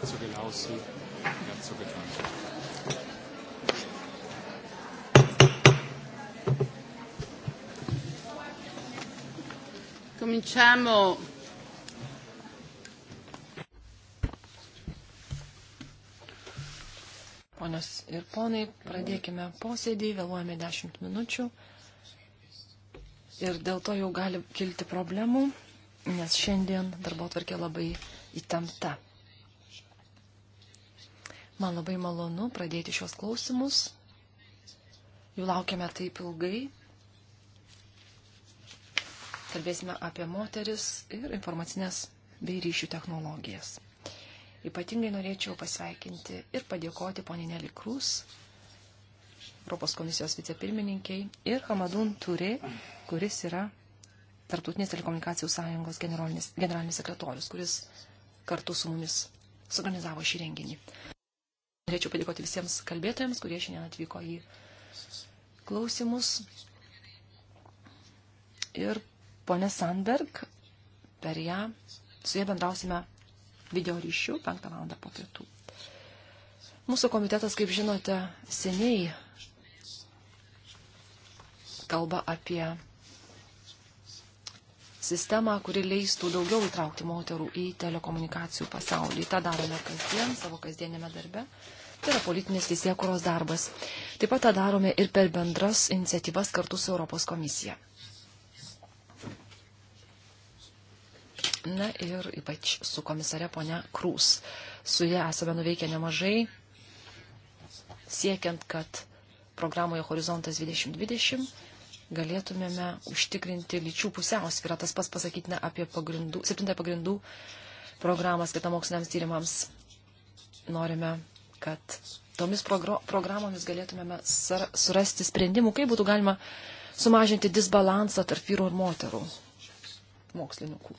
Herzog Elausi, Herzog Etanti. Cominciamo. Ponios ir ponai, pradėkime posėdį, vėluojame 10 minučių ir dėl to jau gali kilti problemų, nes šiandien darbo tvarkė labai įtempta. Man labai malonu pradėti šios klausimus. Jų laukiame taip ilgai. Kalbėsime apie moteris ir informacinės bei ryšių technologijas. Ypatingai norėčiau pasveikinti ir padėkoti poniai Nelly Krus, Europos komisijos vicepirmininkiai, ir Hamadun Turi, kuris yra Tartutinės telekomunikacijų sąjungos generalinis, generalinis sekretorius, kuris kartu su mumis suorganizavo šį renginį. Norėčiau padėkoti visiems kalbėtojams, kurie šiandien atvyko į klausimus. Ir ponė Sandberg, per ją su jie bendrausime video ryšių 5 val. po pietų. Mūsų komitetas, kaip žinote, seniai kalba apie sistemą, kuri leistų daugiau įtraukti moterų į telekomunikacijų pasaulį. Ta darome kasdien, savo kasdienėme darbe. Tai yra politinis teisėkuros darbas. Taip pat tą darome ir per bendras iniciatyvas kartu su Europos komisija. Na ir ypač su komisare ponia Krūs. Su ja esame nuveikę nemažai, siekiant, kad programoje Horizontas 2020 galėtumėme užtikrinti lyčių pusiausvyrą. Tas pats pasakytina apie pagrindų, septintą pagrindų programą skirtą moksliniams tyrimams. Norime kad tomis programomis galėtumėme surasti sprendimų, kaip būtų galima sumažinti disbalansą tarp vyrų ir moterų mokslininkų.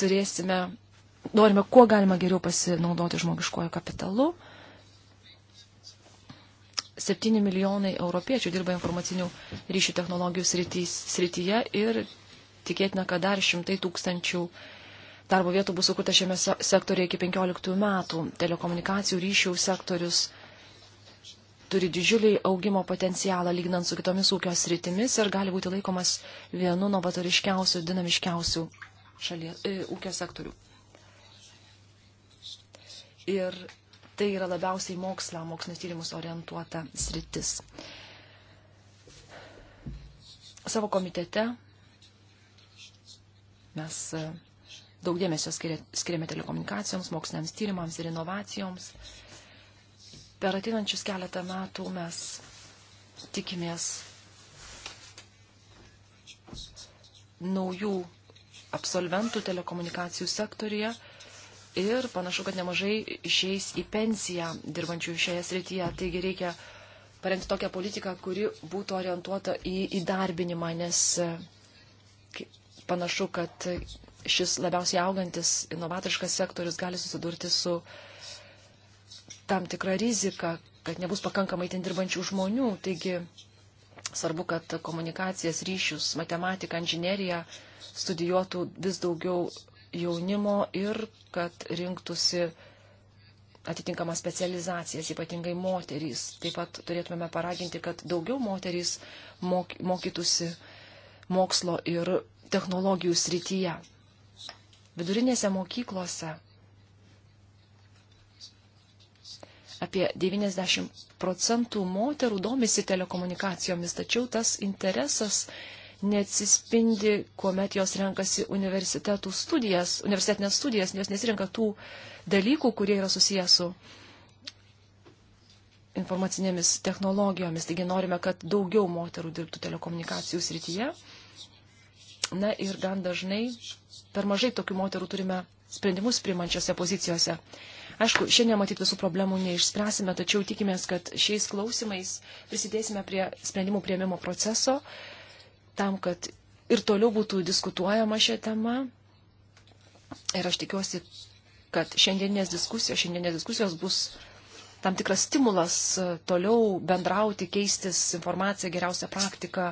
Turėsime, norime kuo galima geriau pasinaudoti žmogiškojo kapitalu. 7 milijonai europiečių dirba informacinių ryšių technologijų srityje ir tikėtina, kad dar šimtai tūkstančių darbo vietų bus sukurta šiame sektorėje iki 15 metų. Telekomunikacijų ryšių sektorius turi didžiulį augimo potencialą lyginant su kitomis ūkio sritimis ir gali būti laikomas vienu novatoriškiausių ir dinamiškiausių šalies, e, ūkio sektorių. Ir tai yra labiausiai moksla, mokslinis tyrimus orientuota sritis. Savo komitete mes e, daug dėmesio skiriame telekomunikacijoms, moksliniams tyrimams ir inovacijoms. Per ateinančius keletą metų mes tikimės naujų absolventų telekomunikacijų sektorija ir panašu, kad nemažai išeis į pensiją dirbančių šioje srityje. Taigi reikia parengti tokią politiką, kuri būtų orientuota į įdarbinimą, nes e, panašu, kad šis labiausiai augantis inovatoriškas sektorius gali susidurti su tam tikra rizika, kad nebus pakankamai ten dirbančių žmonių. Taigi svarbu, kad komunikacijas, ryšius, matematiką, inžineriją studijuotų vis daugiau jaunimo ir kad rinktųsi atitinkamas specializacijas, ypatingai moterys. Taip pat turėtumėme paraginti, kad daugiau moterys mokytųsi mokslo ir technologijų srityje vidurinėse mokyklose apie 90 procentų moterų domisi telekomunikacijomis, tačiau tas interesas neatsispindi, kuomet jos renkasi universitetų studijas, universitetinės studijas, nes nesirenka tų dalykų, kurie yra susijęs su informacinėmis technologijomis. Taigi norime, kad daugiau moterų dirbtų telekomunikacijų srityje. Na ir gan dažnai per mažai tokių moterų turime sprendimus priimančiose pozicijose. Aišku, šiandien matyti visų problemų neišspręsime, tačiau tikimės, kad šiais klausimais prisidėsime prie sprendimų prieimimo proceso, tam, kad ir toliau būtų diskutuojama šią temą. Ir aš tikiuosi, kad šiandienės diskusijos, šiandienės diskusijos bus tam tikras stimulas e, toliau bendrauti, keistis informaciją, geriausią praktiką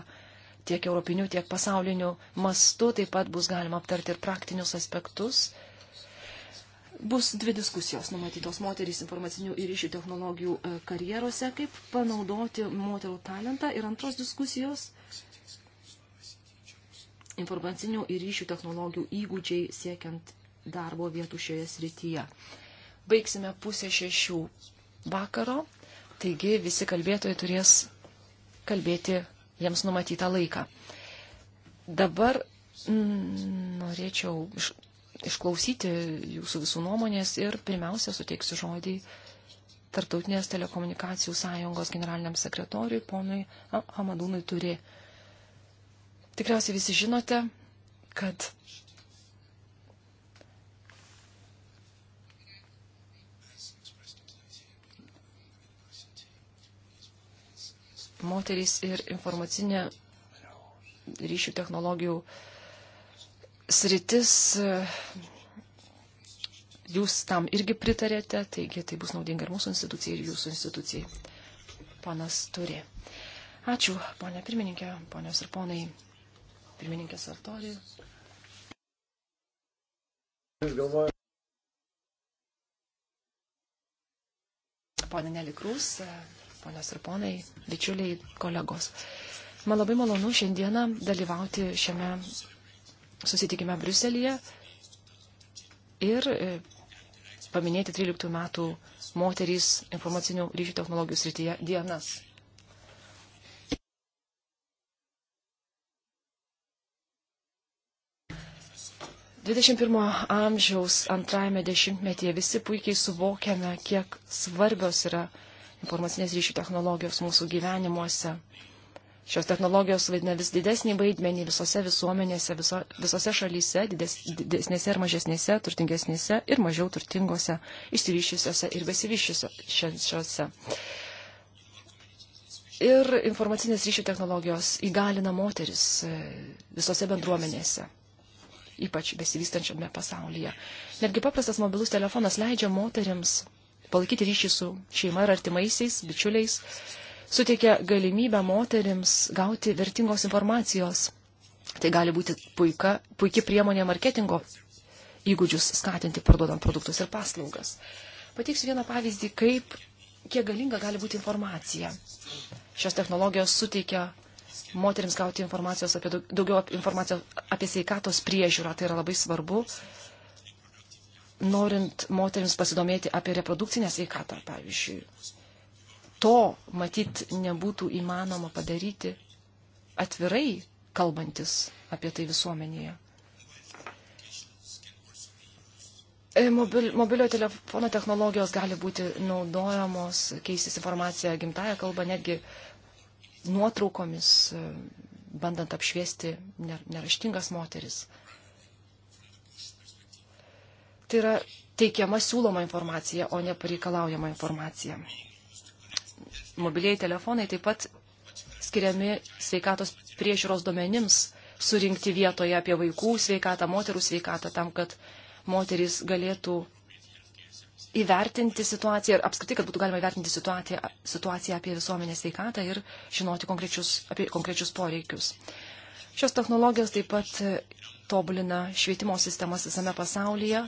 tiek europiniu, tiek pasauliniu mastu. Taip pat bus galima aptarti ir praktinius aspektus. Bus dvi diskusijos numatytos moterys informacinių ir ryšių technologijų e, karjerose, kaip panaudoti moterų talentą ir antros diskusijos informacinių ir ryšių technologijų įgūdžiai siekiant darbo vietų šioje srityje. Baigsime pusę šešių vakaro, taigi visi kalbėtojai turės kalbėti jiems numatytą laiką. Dabar mm, norėčiau iš, išklausyti jūsų visų nuomonės ir pirmiausia suteiksiu žodį Tartautinės telekomunikacijų sąjungos generaliniam sekretoriui, ponui Hamadūnui Turi. Tikriausiai visi žinote, kad moterys ir informacinė ryšių technologijų sritis. E, jūs tam irgi pritarėte, taigi tai bus naudinga ir mūsų institucijai, ir jūsų institucijai. Panas turi. Ačiū, ponė pirmininkė, ponios ir ponai, pirmininkė Sartori. Aš galvoju. Pone Nelikrus, ponios ir ponai, bičiuliai, kolegos. Man labai malonu šiandieną dalyvauti šiame susitikime Bruselėje ir e, paminėti 13 metų moterys informacinių ryšių technologijų srityje dienas. XXI amžiaus antrajame dešimtmetyje visi puikiai suvokiame, kiek svarbios yra informacinės ryšių technologijos mūsų gyvenimuose. Šios technologijos vaidina vis didesnį vaidmenį visose visuomenėse, viso, visose šalyse, dides, didesnėse ir mažesnėse, turtingesnėse ir mažiau turtingose, išsivyščiusiose ir besivyščiusiose. Ir informacinės ryšių technologijos įgalina moteris e, visose bendruomenėse, ypač besivystančiame pasaulyje. Netgi paprastas mobilus telefonas leidžia moteriams palaikyti ryšį su šeima ir artimaisiais, bičiuliais, suteikia galimybę moterims gauti vertingos informacijos. Tai gali būti puika, puikia priemonė marketingo įgūdžius skatinti, parduodant produktus ir paslaugas. Pateiksiu vieną pavyzdį, kaip, kiek galinga gali būti informacija. Šios technologijos suteikia moteriams gauti informacijos apie daugiau informacijos apie sveikatos priežiūrą. Tai yra labai svarbu, norint moteriams pasidomėti apie reprodukcinę sveikatą, pavyzdžiui, to matyt nebūtų įmanoma padaryti atvirai kalbantis apie tai visuomenėje. E, mobil, mobilio telefono technologijos gali būti naudojamos, keistis informaciją gimtają kalbą, netgi nuotraukomis, e, bandant apšviesti neraštingas moteris tai yra teikiama siūloma informacija, o ne pareikalaujama informacija. Mobiliai telefonai taip pat skiriami sveikatos priežiūros duomenims surinkti vietoje apie vaikų sveikatą, moterų sveikatą, tam, kad moteris galėtų įvertinti situaciją ir apskritai, kad būtų galima įvertinti situaciją, situaciją apie visuomenės sveikatą ir žinoti konkrečius, apie konkrečius poreikius. Šios technologijos taip pat tobulina švietimo sistemas visame pasaulyje,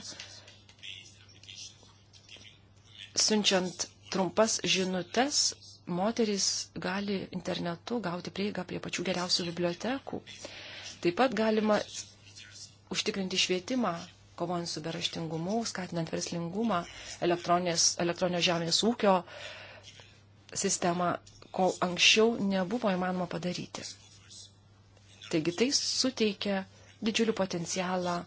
siunčiant trumpas žinutes, moterys gali internetu gauti prieigą prie pačių geriausių bibliotekų. Taip pat galima užtikrinti švietimą, kovojant su beraštingumu, skatinant verslingumą, elektroninio žemės ūkio sistemą, ko anksčiau nebuvo įmanoma padaryti. Taigi tai suteikia didžiulį potencialą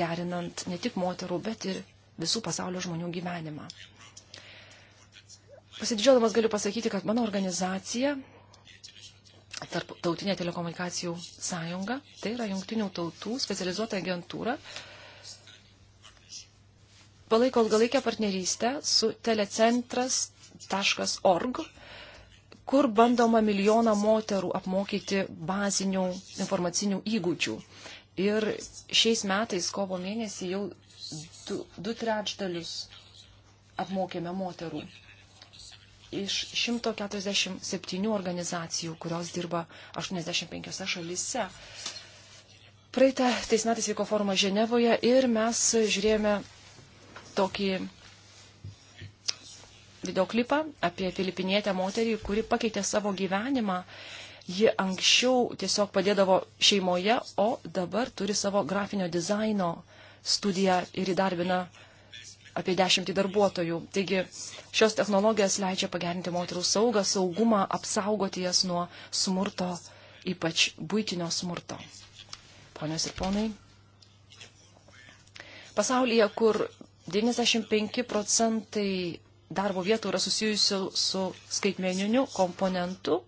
gerinant ne tik moterų, bet ir visų pasaulio žmonių gyvenimą. Pasidžiaudamas galiu pasakyti, kad mano organizacija, Tautinė telekomunikacijų sąjunga, tai yra jungtinių tautų specializuota agentūra, palaiko ilgalaikę partnerystę su telecentras.org, kur bandoma milijoną moterų apmokyti bazinių informacinių įgūdžių. Ir šiais metais, kovo mėnesį, jau du, du trečdalius apmokėme moterų iš 147 organizacijų, kurios dirba 85 šalyse. Praeitą tais metais vyko forma Ženevoje ir mes žiūrėjome tokį videoklipą apie filipinietę moterį, kuri pakeitė savo gyvenimą. Ji anksčiau tiesiog padėdavo šeimoje, o dabar turi savo grafinio dizaino studiją ir įdarbina apie dešimtį darbuotojų. Taigi šios technologijos leidžia pagerinti moterų saugą, saugumą, apsaugoti jas nuo smurto, ypač būtinio smurto. Ponios ir ponai, pasaulyje, kur 95 procentai darbo vietų yra susijusių su skaitmeniniu komponentu,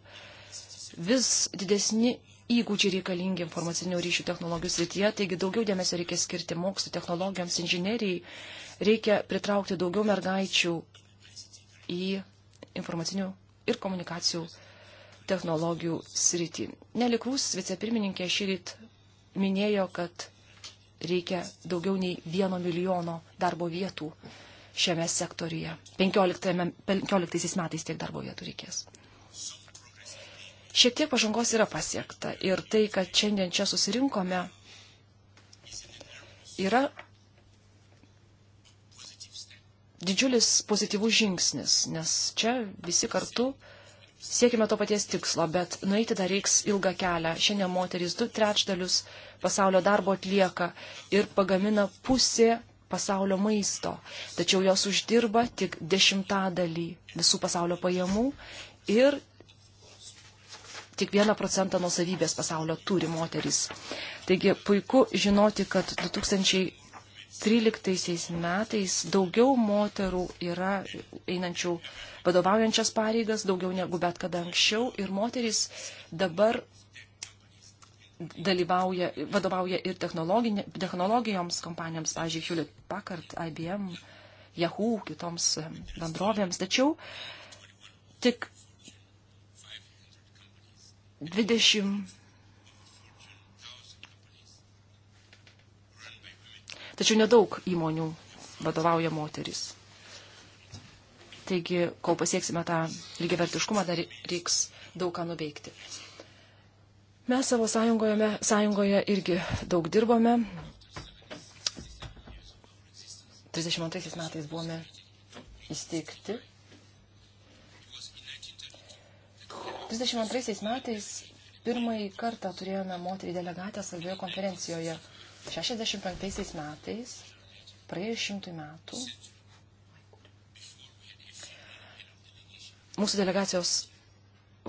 vis didesni įgūdžiai reikalingi informacinių ryšių technologijų srityje, taigi daugiau dėmesio reikia skirti mokslo technologijoms, inžinieriai, reikia pritraukti daugiau mergaičių į informacinių ir komunikacijų technologijų srity. Nelikrus vicepirmininkė šį ryt minėjo, kad reikia daugiau nei vieno milijono darbo vietų šiame sektoriuje. 15, 15 metais tiek darbo vietų reikės. Šiek tiek pažangos yra pasiekta ir tai, kad šiandien čia susirinkome, yra didžiulis pozityvus žingsnis, nes čia visi kartu siekime to paties tikslo, bet nueiti dar reiks ilgą kelią. Šiandien moteris du trečdalius pasaulio darbo atlieka ir pagamina pusė pasaulio maisto, tačiau jos uždirba tik dešimtadalį visų pasaulio pajamų ir tik 1 procentą nusavybės pasaulio turi moterys. Taigi puiku žinoti, kad 2013 metais daugiau moterų yra einančių vadovaujančias pareigas, daugiau negu bet kada anksčiau ir moterys dabar dalyvauja, vadovauja ir technologijoms kompanijoms, pavyzdžiui, Hewlett Packard, IBM, Yahoo, kitoms bendrovėms. Tačiau tik 20. Tačiau nedaug įmonių vadovauja moteris. Taigi, kol pasieksime tą lygiavertiškumą, dar reiks daug ką nuveikti. Mes savo sąjungoje, sąjungoje irgi daug dirbome. 32 metais buvome įsteigti 32 metais pirmąjį kartą turėjome moterį delegatę svarbioje konferencijoje. 65 metais, praėjus šimtui metų, mūsų delegacijos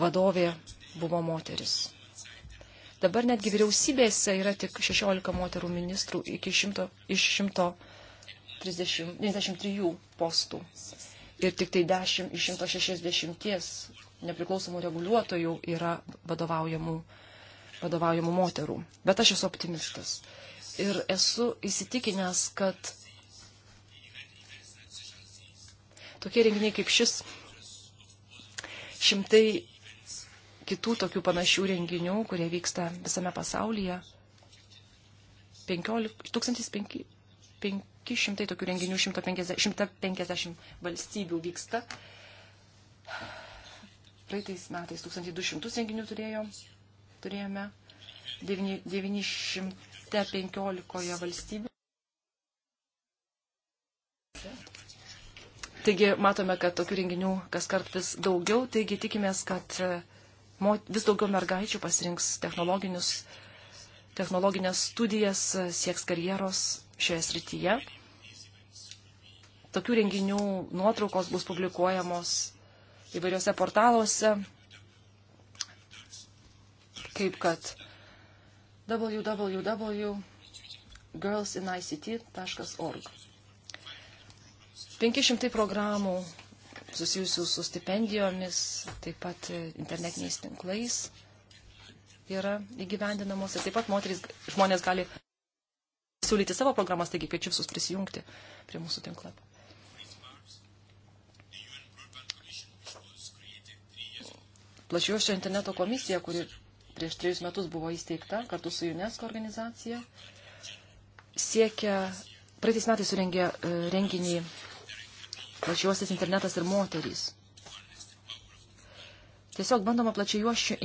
vadovė buvo moteris. Dabar netgi vyriausybėse yra tik 16 moterų ministrų iki 100, iš 193 postų ir tik tai 10 iš 160 nepriklausomų reguliuotojų yra vadovaujamų, vadovaujamų moterų. Bet aš esu optimistas. Ir esu įsitikinęs, kad tokie renginiai kaip šis, šimtai kitų tokių panašių renginių, kurie vyksta visame pasaulyje, 15, 1500 tokių renginių 150, 150 valstybių vyksta. Praeitais metais 1200 renginių turėjo, turėjome 915 valstybių. Taigi matome, kad tokių renginių kas kart vis daugiau, taigi tikimės, kad e, vis daugiau mergaičių pasirinks technologinius, technologinės studijas, e, sieks karjeros šioje srityje. Tokių renginių nuotraukos bus publikuojamos įvairiuose portaluose, kaip kad www.girlsinict.org. 500 programų susijusių su stipendijomis, taip pat internetiniais tinklais yra įgyvendinamos ir taip pat moteris, žmonės gali siūlyti savo programas, taigi kviečiu visus prisijungti prie mūsų tinklapio. plačiuošio interneto komisija, kuri prieš trejus metus buvo įsteigta kartu su UNESCO organizacija, siekia, praeitais metais surengė e, renginį plačiuosias internetas ir moterys. Tiesiog bandoma plačiuošiu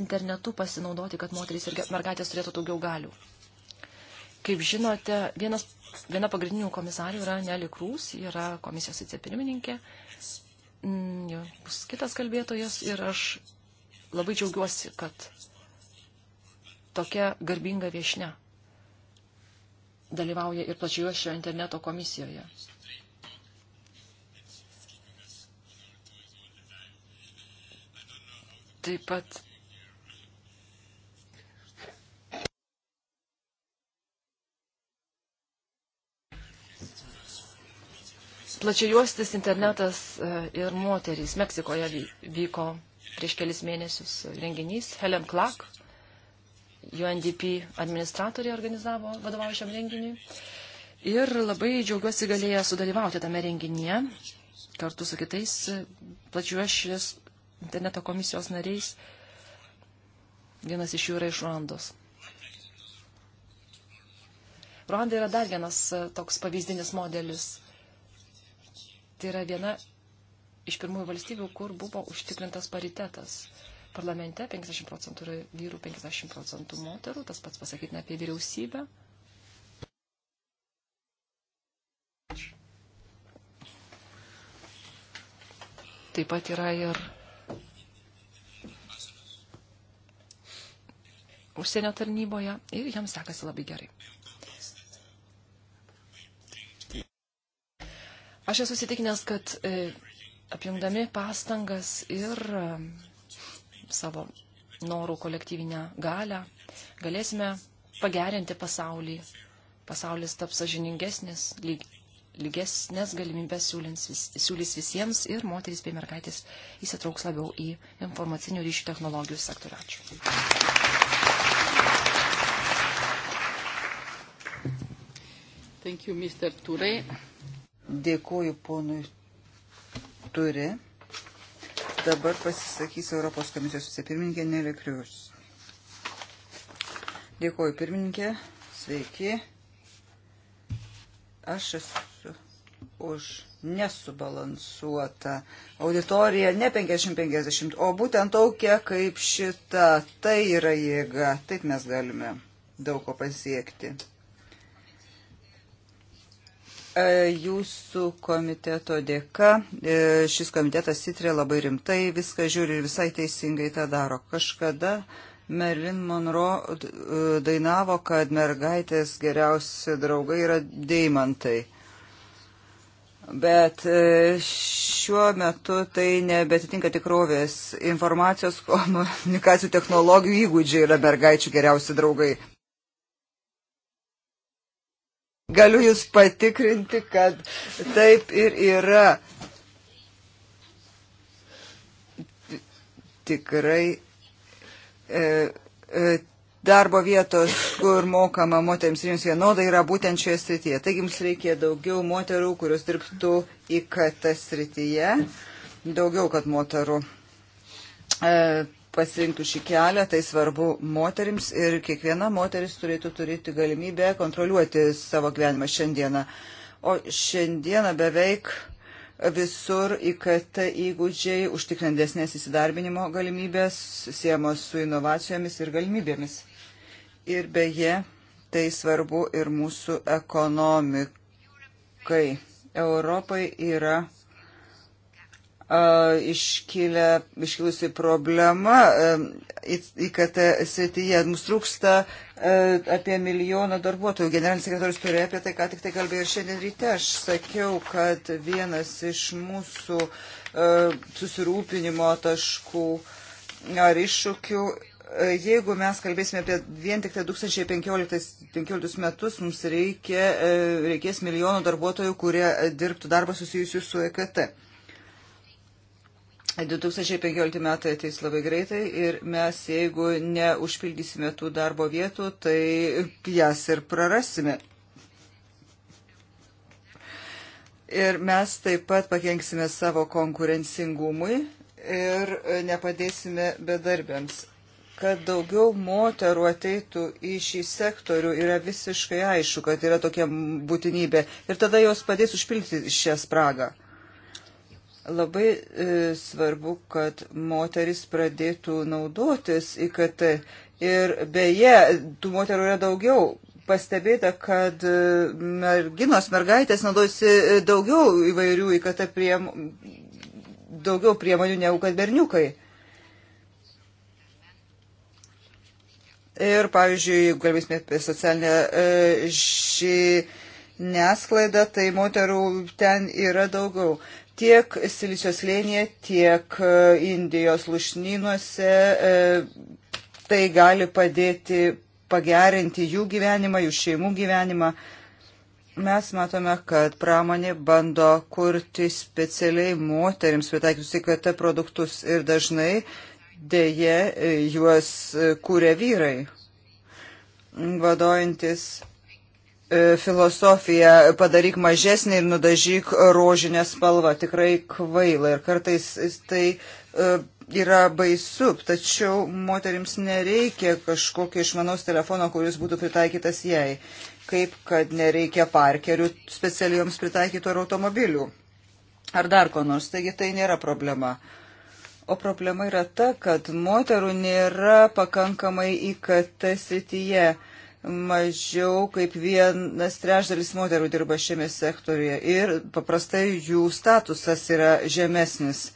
internetu pasinaudoti, kad moterys ir mergaitės turėtų daugiau galių. Kaip žinote, vienas, viena pagrindinių komisarių yra Nelly Krūs, yra komisijos vicepirmininkė. pirmininkė Mm, jo, bus kitas kalbėtojas ir aš labai džiaugiuosi, kad tokia garbinga viešne dalyvauja ir plačiojo šio interneto komisijoje. Taip pat plačiajuostis internetas e, ir moterys. Meksikoje vyko prieš kelis mėnesius renginys. Helen Clark, UNDP administratorė organizavo, vadovavo šiam renginiui. Ir labai džiaugiuosi galėję sudalyvauti tame renginyje kartu su kitais e, plačiuošės interneto komisijos nariais. Vienas iš jų yra iš Ruandos. Ruanda yra dar vienas e, toks pavyzdinis modelis Tai yra viena iš pirmųjų valstybių, kur buvo užtikrintas paritetas. Parlamente 50 procentų yra vyrų, 50 procentų moterų, tas pats pasakyti apie vyriausybę. Taip pat yra ir užsienio tarnyboje ir jam sekasi labai gerai. Aš esu įsitikinęs, kad e, apjungdami pastangas ir e, savo norų kolektyvinę galę galėsime pagerinti pasaulį. Pasaulis taps sažiningesnis, lyg, lygesnės galimybės siūlins, vis, siūlys visiems ir moteris bei mergaitės įsitrauks labiau į informacinių ryšių technologijų sektorių. Ačiū. Thank you, Mr. Touré. Dėkuoju ponui Turi. Dabar pasisakys Europos komisijos vicepirmininkė Nelė Krius. Dėkuoju pirmininkė. Sveiki. Aš esu už nesubalansuotą auditoriją, ne 50-50, o būtent tokia kaip šita. Tai yra jėga. Taip mes galime daug ko pasiekti. E, jūsų komiteto dėka, e, šis komitetas sitrė labai rimtai, viską žiūri ir visai teisingai tą daro. Kažkada Merlin Monroe e, dainavo, kad mergaitės geriausi draugai yra deimantai. Bet šiuo metu tai nebetitinka tikrovės. Informacijos komunikacijų technologijų įgūdžiai yra mergaičių geriausi draugai. Galiu Jūs patikrinti, kad taip ir yra. Tikrai e, e, darbo vietos, kur mokama moteriams rims vienodai, yra būtent šioje srityje. Taigi jums reikia daugiau moterų, kurios dirbtų į KT srityje, daugiau, kad moterų e, pasirinktų šį kelią, tai svarbu moterims ir kiekviena moteris turėtų turėti galimybę kontroliuoti savo gyvenimą šiandieną. O šiandieną beveik visur IKT įgūdžiai užtikrindesnės įsidarbinimo galimybės siemos su inovacijomis ir galimybėmis. Ir beje, tai svarbu ir mūsų ekonomikai. Europai yra iškilę, iškilusi problema IKT srityje. Mums trūksta apie milijoną darbuotojų. Generalinis sekretorius turi apie tai, ką tik tai kalbėjau ir šiandien ryte. Aš sakiau, kad vienas iš mūsų susirūpinimo taškų ar iššūkių jeigu mes kalbėsime apie vien tik tai 2015 metus, mums reikia, reikės milijonų darbuotojų, kurie dirbtų darbą susijusiu su EKT. 2015 metai ateis labai greitai ir mes, jeigu neužpildysime tų darbo vietų, tai jas ir prarasime. Ir mes taip pat pakenksime savo konkurencingumui ir nepadėsime bedarbiams. Kad daugiau moterų ateitų į šį sektorių yra visiškai aišku, kad yra tokia būtinybė. Ir tada jos padės užpildyti šią spragą. Labai e, svarbu, kad moteris pradėtų naudotis IKT. Ir beje, tų moterų yra daugiau. Pastebėta, kad e, merginos, mergaitės naudojasi e, daugiau įvairių IKT priem, daugiau priemonių negu kad berniukai. Ir, pavyzdžiui, jeigu kalbėsime apie socialinę e, žiniasklaidą, tai moterų ten yra daugiau tiek Silicijos lėnėje, tiek e, Indijos lušnynuose. E, tai gali padėti pagerinti jų gyvenimą, jų šeimų gyvenimą. Mes matome, kad pramonė bando kurti specialiai moteriams pritaikytus IKT produktus ir dažnai dėje e, juos kūrė vyrai. Vadojantis E, filosofija padaryk mažesnį ir nudažyk rožinę spalvą tikrai kvaila ir kartais tai e, yra baisu, tačiau moterims nereikia kažkokio išmanaus telefono, kuris būtų pritaikytas jai, kaip kad nereikia parkerių specialijoms pritaikytų ar automobilių ar dar ko nors, taigi tai nėra problema. O problema yra ta, kad moterų nėra pakankamai IKT srityje. Tai mažiau kaip vienas trešdalis moterų dirba šiame sektoriuje ir paprastai jų statusas yra žemesnis.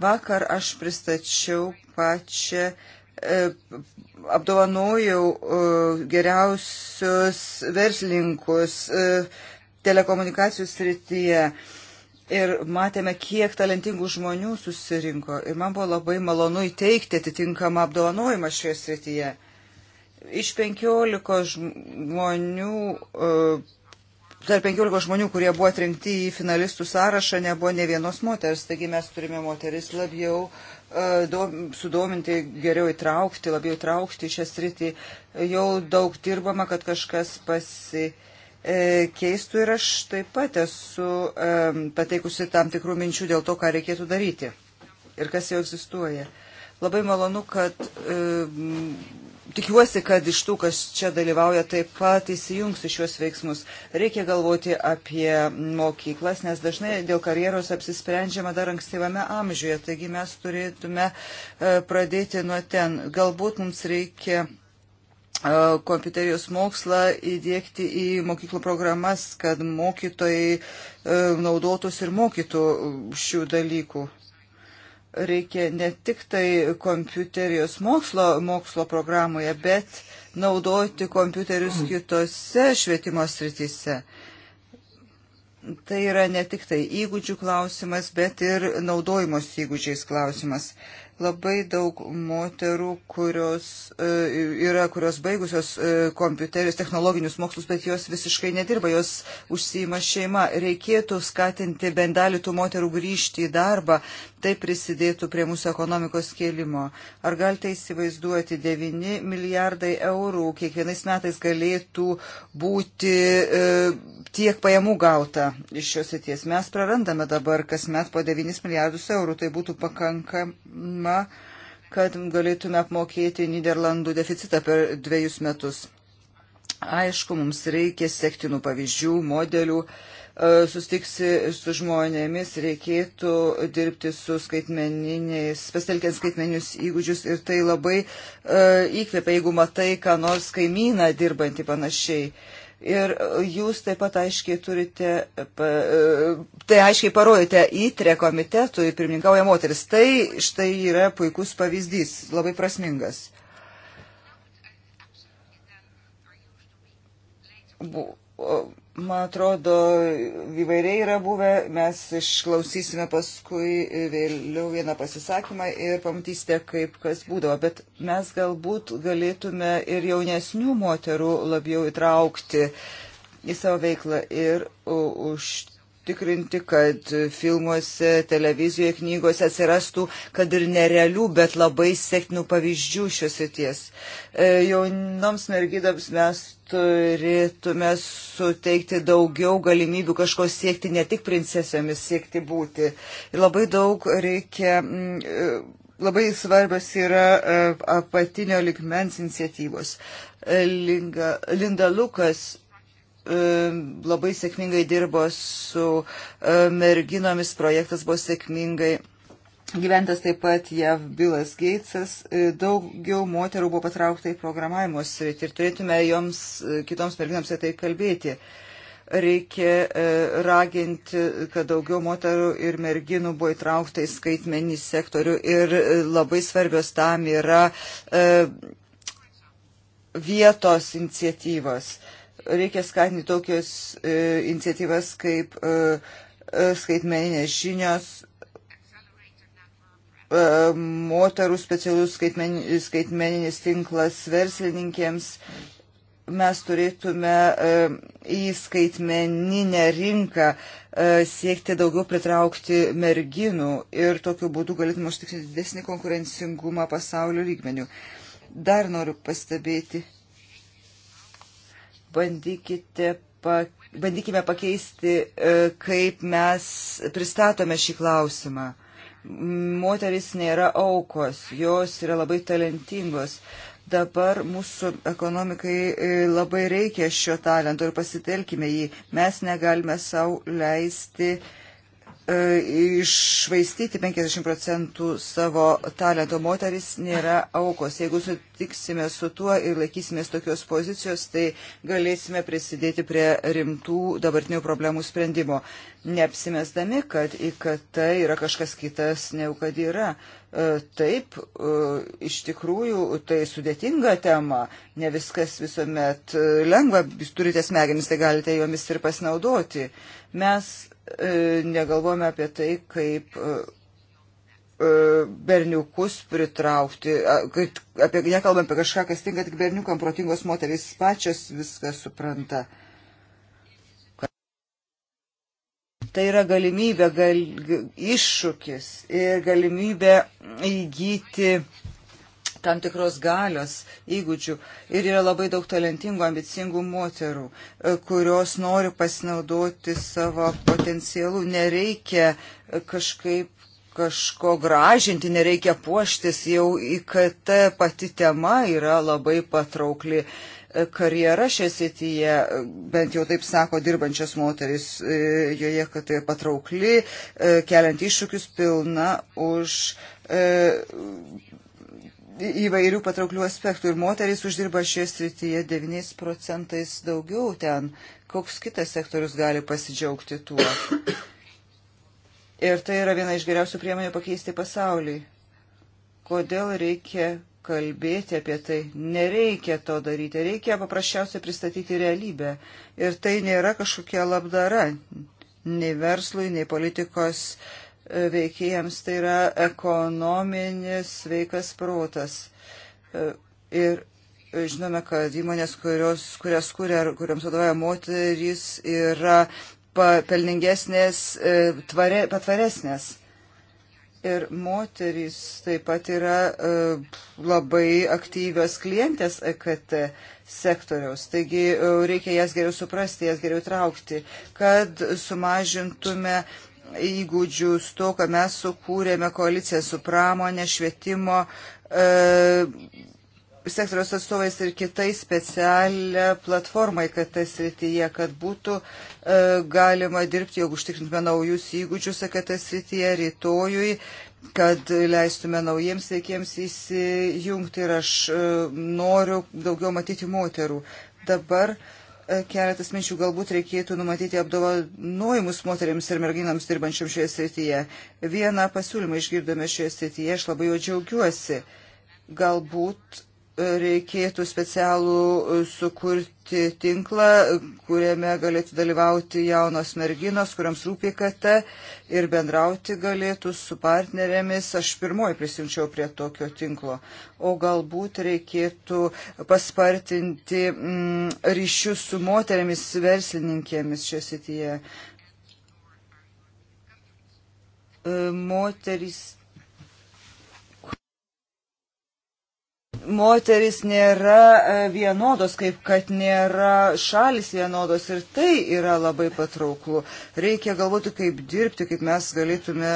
Vakar aš pristačiau pačią, e, apdovanojau e, geriausius verslininkus e, telekomunikacijų srityje. Ir matėme, kiek talentingų žmonių susirinko. Ir man buvo labai malonu įteikti atitinkamą apdovanojimą šioje srityje. Iš 15 žmonių, e, tarp 15 žmonių, kurie buvo atrinkti į finalistų sąrašą, nebuvo ne vienos moters, taigi mes turime moteris labiau e, sudominti, geriau įtraukti, labiau įtraukti šią sritį. Jau daug dirbama, kad kažkas pasiektų keistų ir aš taip pat esu e, pateikusi tam tikrų minčių dėl to, ką reikėtų daryti ir kas jau egzistuoja. Labai malonu, kad tikiuosi, kad iš tų, kas čia dalyvauja, taip pat įsijungs į šiuos veiksmus. Reikia galvoti apie mokyklas, nes dažnai dėl karjeros apsisprendžiama dar ankstyvame amžiuje, taigi mes turėtume e, pradėti nuo ten. Galbūt mums reikia e, kompiuterijos mokslą įdėkti į mokyklų programas, kad mokytojai e, naudotųsi ir mokytų šių dalykų reikia ne tik tai kompiuterijos mokslo, mokslo programoje, bet naudoti kompiuterius kitose švietimo srityse. Tai yra ne tik tai įgūdžių klausimas, bet ir naudojimos įgūdžiais klausimas. Labai daug moterų, kurios e, yra, kurios baigusios e, kompiuterius, technologinius mokslus, bet jos visiškai nedirba, jos užsima šeima. Reikėtų skatinti bendalį tų moterų grįžti į darbą, tai prisidėtų prie mūsų ekonomikos kėlimo. Ar galite įsivaizduoti, 9 milijardai eurų kiekvienais metais galėtų būti e, tiek pajamų gauta iš šios sėties. Mes prarandame dabar kasmet po 9 milijardus eurų, tai būtų pakankama kad galėtume apmokėti Niderlandų deficitą per dviejus metus. Aišku, mums reikia sektinų pavyzdžių, modelių. E, E, sustiksi su žmonėmis, reikėtų dirbti su skaitmeniniais, pasitelkiant skaitmeninius įgūdžius ir tai labai e, įkvepia, jeigu matai, ką nors kaimyną dirbantį panašiai. Ir jūs taip pat aiškiai turite, e, tai aiškiai parodėte įtre komitetui pirmininkauja moteris. Tai štai yra puikus pavyzdys, labai prasmingas. Bu, o, Man atrodo, įvairiai yra buvę, mes išklausysime paskui vėliau vieną pasisakymą ir pamatysite, kaip kas būdavo, bet mes galbūt galėtume ir jaunesnių moterų labiau įtraukti į savo veiklą ir už užtikrinti, kad filmuose, televizijoje, knygose atsirastų, kad ir nerealių, bet labai sėkmių pavyzdžių šios įties. E, jaunoms mergydams mes turėtume suteikti daugiau galimybių kažko siekti, ne tik princesėmis siekti būti. Ir labai daug reikia. Mm, e, labai svarbios yra e, apatinio likmens iniciatyvos. Linga, Linda Lukas labai sėkmingai dirbo su merginomis, projektas buvo sėkmingai. Gyventas taip pat JAV Bilas Geitsas, e, daugiau moterų buvo patraukta į programavimo sritį ir turėtume joms e, kitoms merginams apie tai kalbėti. Reikia e, raginti, kad daugiau moterų ir merginų buvo įtraukta į skaitmenį sektorių ir labai svarbios tam yra vietos iniciatyvos. E, Reikia skatinti tokias e, iniciatyvas kaip e, e, skaitmeninės žinios, e, moterų specialus skaitmen, skaitmeninis tinklas verslininkėms. Mes turėtume e, į skaitmeninę rinką e, siekti daugiau pritraukti merginų ir tokiu būdu galėtume užtikrinti didesnį konkurencingumą pasaulio lygmenių. Dar noriu pastebėti bandykite pakeisti bandykime pakeisti, e, kaip mes pristatome šį klausimą. Moteris nėra aukos, jos yra labai talentingos. Dabar mūsų ekonomikai e, labai reikia šio talento ir pasitelkime jį. Mes negalime savo leisti uh, E, išvaistyti 50 procentų savo talento. Moteris nėra aukos. Jeigu sutiksime su tuo ir laikysimės tokios pozicijos, tai galėsime prisidėti prie rimtų dabartinių problemų sprendimo. Neapsimesdami, kad į KT yra kažkas kitas, negu kad yra. E, taip, e, iš tikrųjų, tai sudėtinga tema, ne viskas visuomet lengva, jūs turite smegenis, tai galite jomis ir pasinaudoti. Mes E, negalvojame apie tai, kaip e, e, berniukus pritraukti, kad apie, nekalbam apie kažką, kas tinka tik berniukam, protingos moterys pačios viską supranta. Tai yra galimybė, gal, iššūkis ir galimybė įgyti tam tikros galios, įgūdžių. Ir yra labai daug talentingų, ambicingų moterų, e, kurios nori pasinaudoti savo potencialų. Nereikia kažkaip kažko gražinti, nereikia puoštis, jau IKT pati tema yra labai patraukli e, karjera šią srityje, bent jau taip sako dirbančios moteris, e, joje, kad tai patraukli, keliant iššūkius pilna už įvairių patrauklių aspektų ir moterys uždirba šioje srityje 9 procentais daugiau ten. Koks kitas sektorius gali pasidžiaugti tuo? Ir tai yra viena iš geriausių priemonių pakeisti pasaulį. Kodėl reikia kalbėti apie tai? Nereikia to daryti, reikia paprasčiausiai pristatyti realybę. Ir tai nėra kažkokia labdara, nei verslui, nei politikos uh, veikėjams, tai yra ekonominis sveikas protas. E, ir žinome, kad įmonės, kurios, kurias kuria ar kuriams vadovauja moterys, yra pelningesnės, e, tvare, patvaresnės. Ir moterys taip pat yra e, labai aktyvios klientės EKT sektoriaus. Taigi reikia jas geriau suprasti, jas geriau traukti, kad sumažintume uh, įgūdžių, to, kad mes sukūrėme koaliciją su pramonė, švietimo e, sektoriaus atstovais ir kitai specialią platformai, kad tas rytyje, kad būtų e, galima dirbti, jog užtikrintume naujus įgūdžius, kad tas rytyje rytojui kad leistume naujiems veikiems įsijungti ir aš e, noriu daugiau matyti moterų. Dabar e, keletas minčių. Galbūt reikėtų numatyti apdovanojimus moteriams ir merginams dirbančiam šioje srityje. Vieną pasiūlymą išgirdome šioje srityje, aš labai jo džiaugiuosi. Galbūt reikėtų specialų sukurti tinklą, kuriame galėtų dalyvauti jaunos merginos, kuriams rūpi KT ir bendrauti galėtų su partnerėmis. Aš pirmoji prisimčiau prie tokio tinklo. O galbūt reikėtų paspartinti mm, ryšius su moterėmis verslininkėmis šią sityje. Moterys moteris nėra e, vienodos, kaip kad nėra šalis vienodos ir tai yra labai patrauklu. Reikia galvoti, kaip dirbti, kaip mes galėtume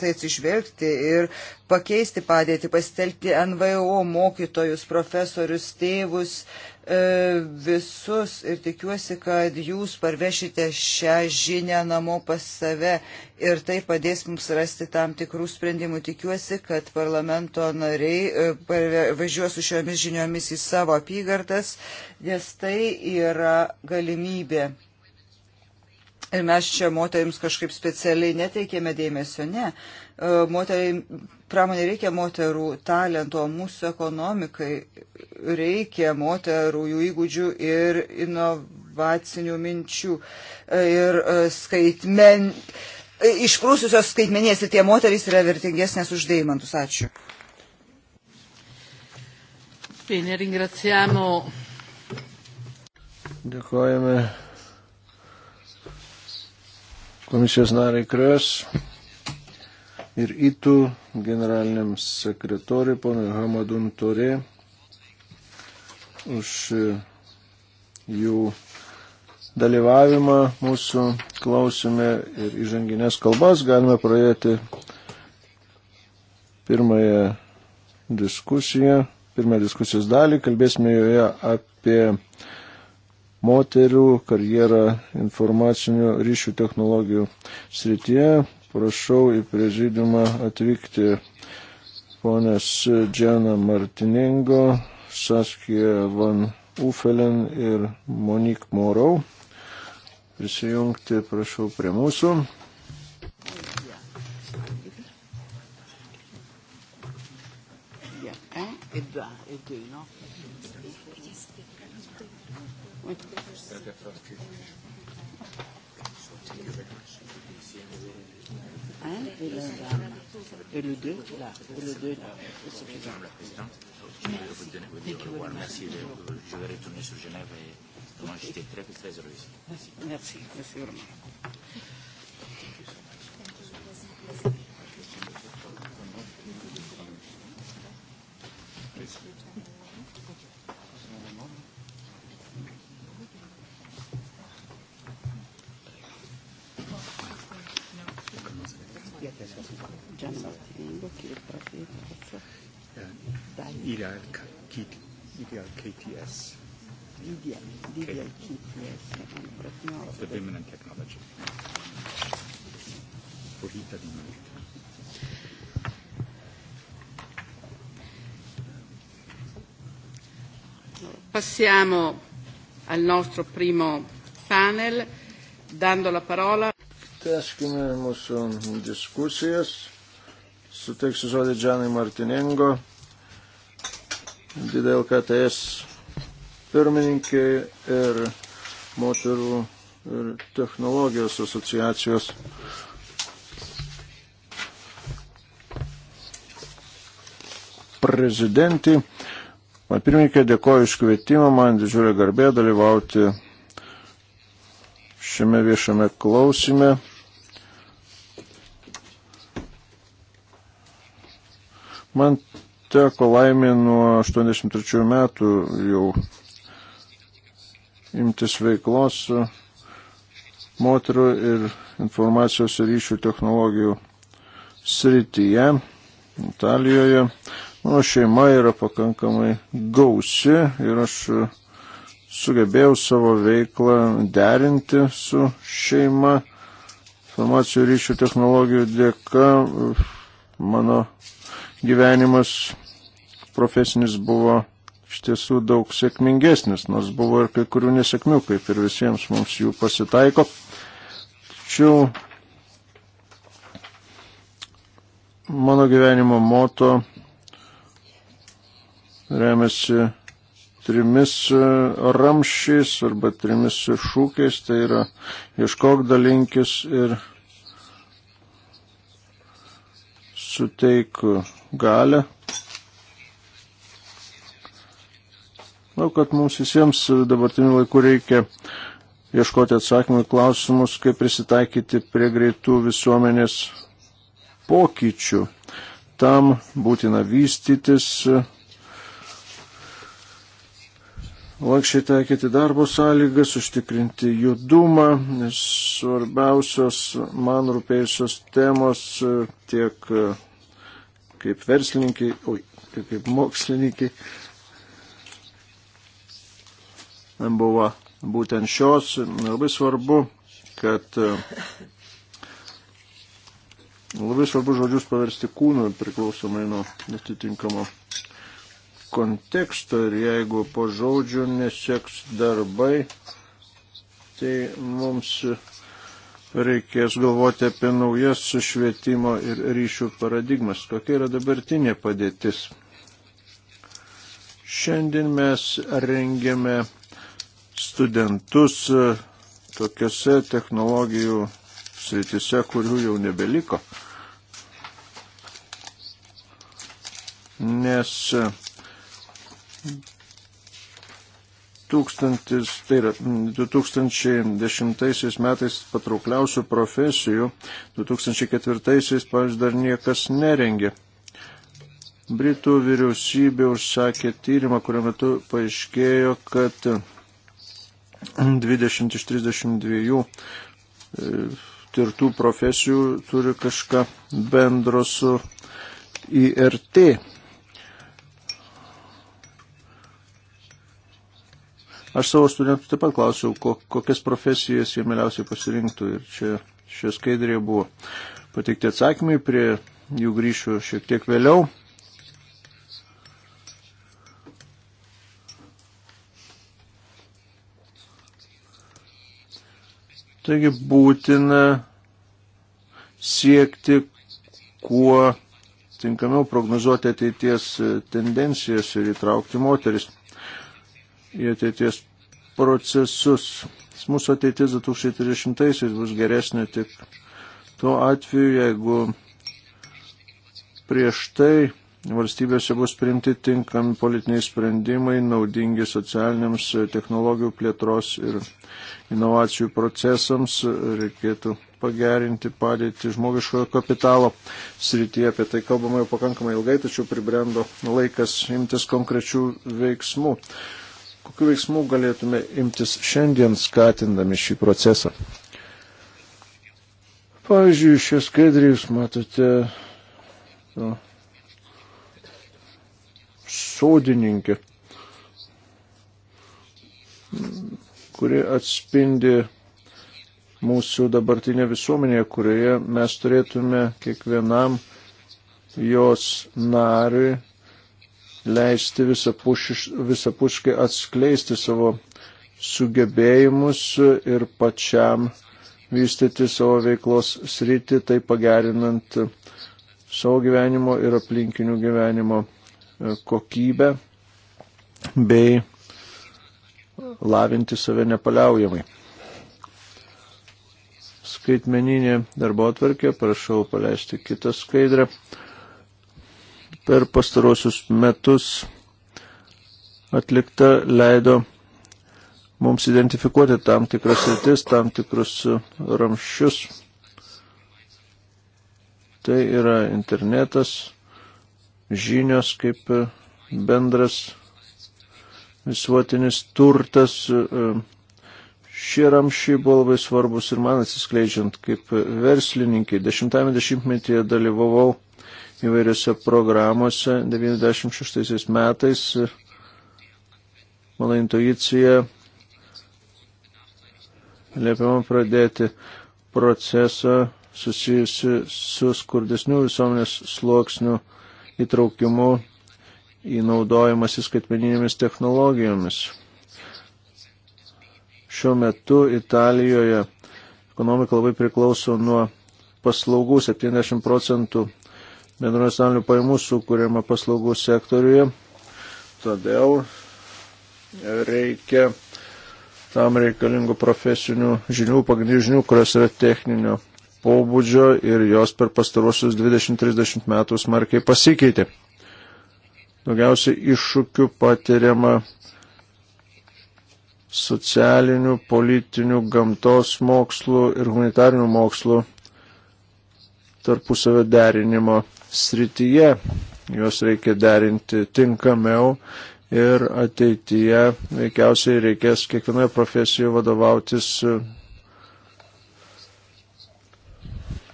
tai atsižvelgti ir pakeisti padėtį, pasitelkti NVO mokytojus, profesorius, tėvus, uh, E, visus ir tikiuosi, kad jūs parvešite šią žinią namo pas save ir tai padės mums rasti tam tikrų sprendimų. Tikiuosi, kad parlamento nariai e, važiuos su šiomis žiniomis į savo apygardas, nes tai yra galimybė. Ir mes čia moteriams kažkaip specialiai neteikėme dėmesio, ne. Uh, E, moteriai, pramonė reikia moterų talento, mūsų ekonomikai reikia moterų, jų įgūdžių ir inovacinių minčių e, ir e, skaitmen. Išprūsusios skaitmenės ir tie moterys yra vertingesnės už deimantus. Ačiū. Bene, ringraziamo. Dėkojame komisijos nariai Krius ir ITU generaliniam sekretoriui, ponui Hamadun Torė, už e, jų dalyvavimą mūsų klausime ir įžanginės kalbas. Galime pradėti pirmąją diskusiją, pirmąją diskusijos dalį. Kalbėsime joje apie moterių karjerą informacinių ryšių technologijų srityje. Prašau į prezidiumą atvykti ponės Džiana Martiningo, Saskija Van Ufelen ir Monik Morau. Prisijungti, prašau, prie mūsų. et deux, et deux, non oui. 1 et le 2 Et le 2 là. Et le 2 là. C'est suffisant. Madame la Présidente, je vais vous donner vous dire au revoir. Merci. Je vais retourner sur Genève et moi j'étais très très heureux ici. Merci. Merci vraiment. Thank you so much. İlal KTS. DDI, DDI KTS, of the women and technology. Rita Di Marco. Passiamo al nostro primo panel, dando la parola. Tęskime mūsų diskusijas suteiksiu žodį Džanai Martiningo, didel KTS pirmininkiai ir moterų ir technologijos asociacijos. Prezidentį. Man pirmininkė dėkoju iš kvietimą, man didžiulė garbė dalyvauti šiame viešame klausime. Man teko laimė nuo 83 metų jau imtis veiklos moterų ir informacijos ryšių technologijų srityje, Italijoje. Mano šeima yra pakankamai gausi ir aš sugebėjau savo veiklą derinti su šeima. Informacijų ryšių technologijų dėka mano gyvenimas profesinis buvo iš tiesų daug sėkmingesnis, nors buvo ir kai kurių nesėkmių, kaip ir visiems mums jų pasitaiko. Tačiau mano gyvenimo moto remiasi trimis e, ramšiais arba trimis šūkiais, tai yra ieškok dalinkis ir suteik galę. Manau, kad mums visiems dabartiniu laiku reikia ieškoti atsakymų į klausimus, kaip prisitaikyti prie greitų visuomenės pokyčių. Tam būtina vystytis, lankščiai taikyti darbo sąlygas, užtikrinti judumą, nes svarbiausios man rūpėjusios temos tiek kaip verslininkai, oi, kaip, kaip mokslininkai. Buvo būtent šios. Labai svarbu, kad labai svarbu žodžius paversti kūnu priklausomai nuo atitinkamo konteksto ir jeigu po žodžių neseks darbai, tai mums reikės galvoti apie naujas švietimo ir ryšių paradigmas. Kokia yra dabartinė padėtis? Šiandien mes rengiame studentus tokiuose technologijų sritise, kurių jau nebeliko. Nes tūkstantis, tai yra 2010 metais patraukliausių profesijų, 2004-aisiais, pavyzdžiui, dar niekas nerengė. Britų vyriausybė užsakė tyrimą, kuriuo metu paaiškėjo, kad 20 iš 32 e, tirtų profesijų turi kažką bendro su IRT Aš savo studentų taip pat klausiau, kokias profesijas jie mieliausiai pasirinktų ir čia šioje skaidrėje buvo pateikti atsakymai, prie jų grįšiu šiek tiek vėliau. Taigi būtina siekti kuo tinkamiau prognozuoti ateities tendencijas ir įtraukti moteris į ateities procesus. Mūsų ateitis 2030-aisiais bus geresnė tik tuo atveju, jeigu prieš tai valstybėse bus priimti tinkami politiniai sprendimai, naudingi socialiniams technologijų plėtros ir inovacijų procesams. Reikėtų pagerinti padėtį žmogiškojo kapitalo srityje. Apie tai kalbama jau pakankamai ilgai, tačiau pribrendo laikas imtis konkrečių veiksmų. Kokiu veiksmu galėtume imtis šiandien skatindami šį procesą? Pavyzdžiui, šią skaidrį jūs matote nu, sodininkę, kuri atspindi mūsų dabartinė visuomenė, kurioje mes turėtume kiekvienam jos nariui leisti visapuškai atskleisti savo sugebėjimus ir pačiam vystyti savo veiklos sritį, tai pagerinant savo gyvenimo ir aplinkinių gyvenimo e, kokybę bei lavinti save nepaliaujamai. Skaitmeninė darbo atvarkė, prašau paleisti kitą skaidrę per pastarosius metus atlikta leido mums identifikuoti tam tikras rytis, tam tikrus ramščius. Tai yra internetas, žinios kaip bendras visuotinis turtas. Šie ramšiai buvo labai svarbus ir man atsiskleidžiant kaip verslininkai. Dešimtame dešimtmetyje dalyvavau įvairiose programuose. 96 metais mano intuicija liepia man pradėti procesą susijusi su skurdesnių visuomenės sluoksnių įtraukimu į naudojimas įskaitmeninėmis technologijomis. Šiuo metu Italijoje ekonomika labai priklauso nuo paslaugų. 70 procentų bendro nacionalinių pajamų sukūrėme paslaugų sektoriuje. Todėl reikia tam reikalingų profesinių žinių, pagrindinių žinių, kurios yra techninio pobūdžio ir jos per pastarosius 20-30 metų smarkiai pasikeitė. Daugiausiai iššūkių patiriama socialinių, politinių, gamtos mokslų ir humanitarinių mokslų tarpusavio derinimo srityje. Juos reikia derinti tinkamiau ir ateityje veikiausiai reikės kiekvienoje profesijoje vadovautis e,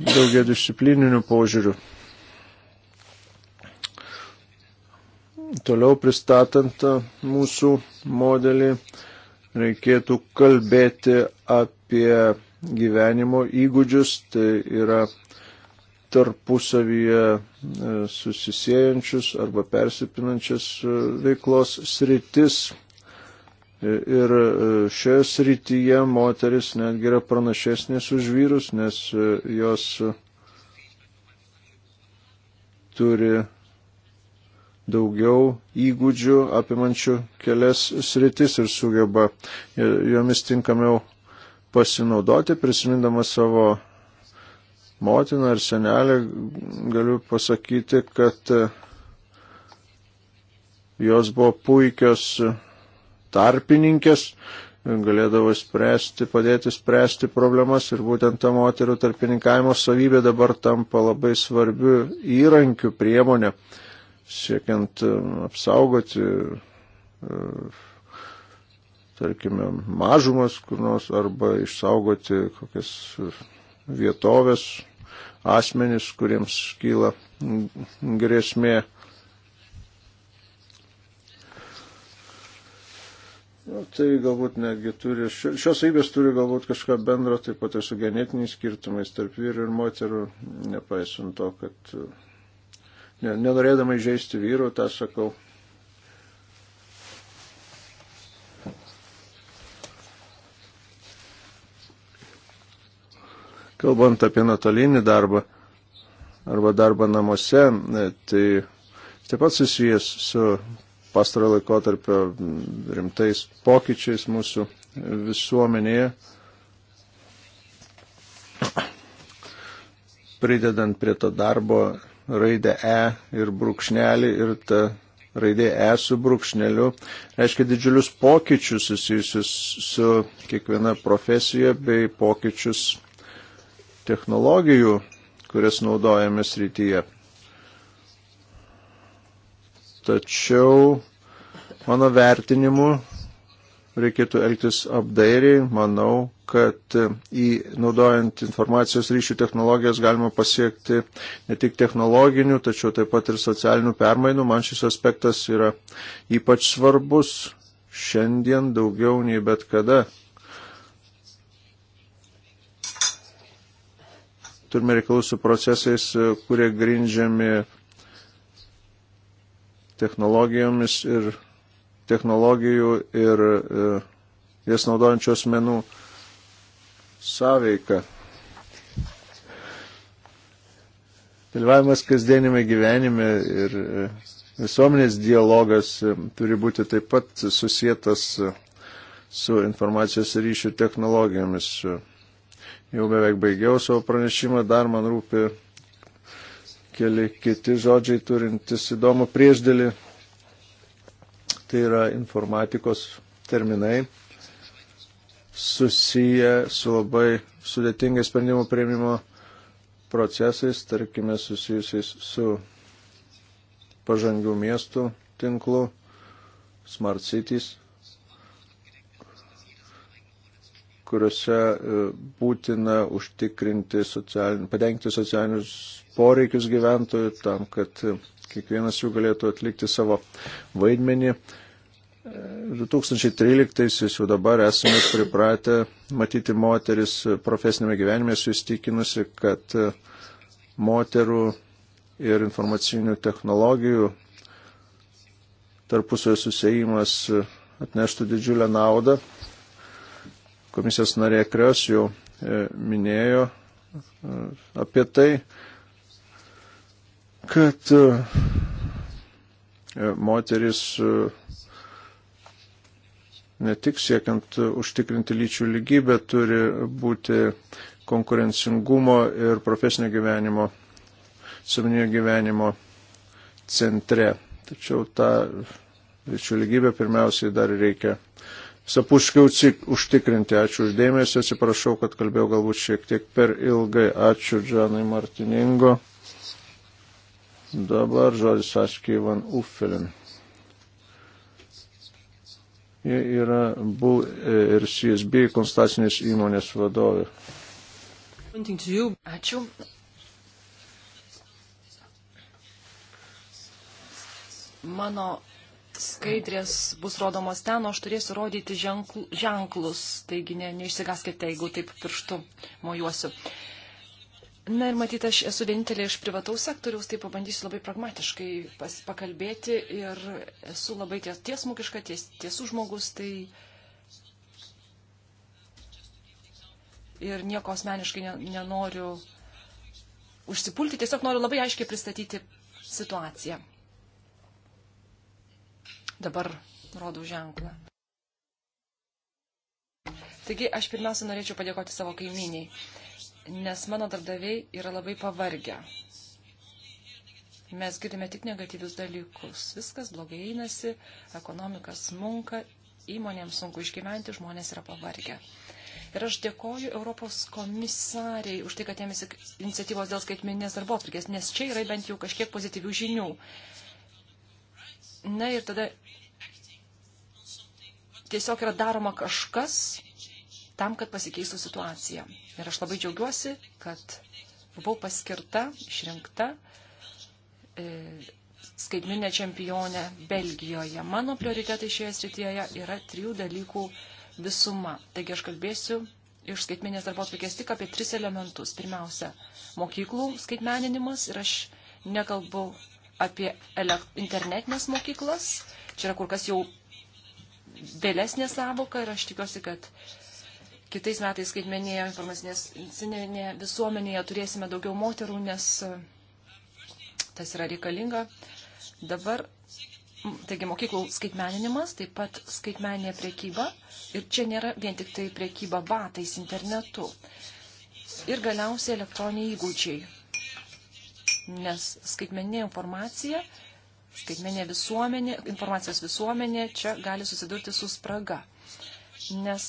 daugia disciplininių požiūrių. Toliau pristatant e, mūsų modelį, reikėtų kalbėti apie gyvenimo įgūdžius, tai yra tarpusavyje e, susisėjančius arba persipinančias e, veiklos sritis. E, ir šioje srityje moteris netgi yra pranašesnės už vyrus, nes jos turi daugiau įgūdžių apimančių kelias sritis ir sugeba jomis tinkamiau pasinaudoti, prisimindamas savo motiną ir senelę, galiu pasakyti, kad e, jos buvo puikios e, tarpininkės, galėdavo spręsti, padėti spręsti problemas ir būtent ta moterų tarpininkavimo savybė dabar tampa labai svarbiu įrankiu priemonė, siekiant e, apsaugoti, tarkime, mažumas kur nors arba išsaugoti kokias vietovės asmenys, kuriems kyla grėsmė. Nu, tai galbūt netgi turi, šios savybės turi galbūt kažką bendro taip pat ir su genetiniais skirtumais tarp vyrų ir moterų, nepaisant to, kad ne, nenorėdama įžeisti vyrų, tą sakau, Kalbant apie nuotolinį darbą arba darbą namuose, e, tai taip pat susijęs su pastarojo laikotarpio rimtais pokyčiais mūsų visuomenėje, pridedant prie to darbo raidę E ir brūkšnelį ir ta raidė E su brūkšneliu reiškia didžiulius pokyčius susijusius su kiekviena profesija bei pokyčius technologijų, kurias naudojame srityje. Tačiau mano vertinimu reikėtų elgtis apdairiai. Manau, kad į, naudojant informacijos ryšių technologijas galima pasiekti ne tik technologinių, tačiau taip pat ir socialinių permainų. Man šis aspektas yra ypač svarbus šiandien daugiau nei bet kada turime reikalų su procesais, e, kurie grindžiami technologijomis ir technologijų ir e, jas naudojančios menų sąveika. Dalyvavimas kasdienime gyvenime ir e, visuomenės dialogas turi būti taip pat susijęs su informacijos ryšių technologijomis. Jau beveik baigiau savo pranešimą, dar man rūpi keli kiti žodžiai turintis įdomų prieždėlį. Tai yra informatikos terminai susiję su labai sudėtingai sprendimų prieimimo procesais, tarkime, susijusiais su pažangių miestų tinklu, smart cities kuriuose e, būtina užtikrinti socialin, padengti socialinius poreikius gyventojų tam, kad e, kiekvienas jų galėtų atlikti savo vaidmenį. 2013-aisiais e, jau dabar esame pripratę matyti moteris profesinėme gyvenime sustikinusi, kad moterų ir informacinių technologijų tarpusio susijimas atneštų didžiulę naudą komisijos narė Krios jau e, minėjo e, apie tai, kad e, moteris ne tik siekiant užtikrinti lyčių lygybę turi būti konkurencingumo ir profesinio gyvenimo, suminio gyvenimo centre. Tačiau tą lyčių lygybę pirmiausiai dar reikia sapuškiau užtikrinti. Ačiū uždėmesi, atsiprašau, kad kalbėjau galbūt šiek tiek per ilgai. Ačiū Džanai Martiningo. Dabar žodis Aškiai Van Ufelin. Jie yra BU e, ir CSB konstatinės įmonės vadovė. Ačiū. Mano skaidrės bus rodomos ten, o aš turėsiu rodyti ženkl, ženklus, taigi ne, neišsigaskite, jeigu taip pirštu mojuosiu. Na ir matyt, aš esu vienintelė iš privataus sektoriaus, tai pabandysiu labai pragmatiškai pas, pakalbėti ir esu labai ties, tiesmukiška, ties, tiesų žmogus, tai ir nieko asmeniškai ne, nenoriu užsipulti, tiesiog noriu labai aiškiai pristatyti situaciją. Dabar rodau ženklą. Taigi aš pirmiausia norėčiau padėkoti savo kaiminiai, nes mano darbdaviai yra labai pavargę. Mes girdime tik negatyvius dalykus. Viskas blogai einasi, ekonomika smunka, įmonėms sunku išgyventi, žmonės yra pavargę. Ir aš dėkoju Europos komisariai už tai, kad ėmėsi iniciatyvos dėl skaitmeninės darbo atvarkės, nes čia yra bent jau kažkiek pozityvių žinių. Na ir tada tiesiog yra daroma kažkas tam, kad pasikeistų situacija. Ir aš labai džiaugiuosi, kad buvau paskirta, išrinkta e, skaitminė čempionė Belgijoje. Mano prioritetai šioje srityje yra trijų dalykų visuma. Taigi aš kalbėsiu iš skaitminės darbo atvarkės tik apie tris elementus. Pirmiausia, mokyklų skaitmeninimas ir aš nekalbu apie internetinės mokyklas. Čia yra kur kas jau vėlesnė savoka ir aš tikiuosi, kad kitais metais skaitmenėje informacinėje visuomenėje turėsime daugiau moterų, nes e, tas yra reikalinga. Dabar, taigi, mokyklų skaitmeninimas, taip pat skaitmeninė priekyba ir čia nėra vien tik tai priekyba batais internetu. Ir galiausiai elektroniniai įgūdžiai, nes skaitmeninė informacija skaitmenė visuomenė, informacijos visuomenė čia gali susidurti su spraga. Nes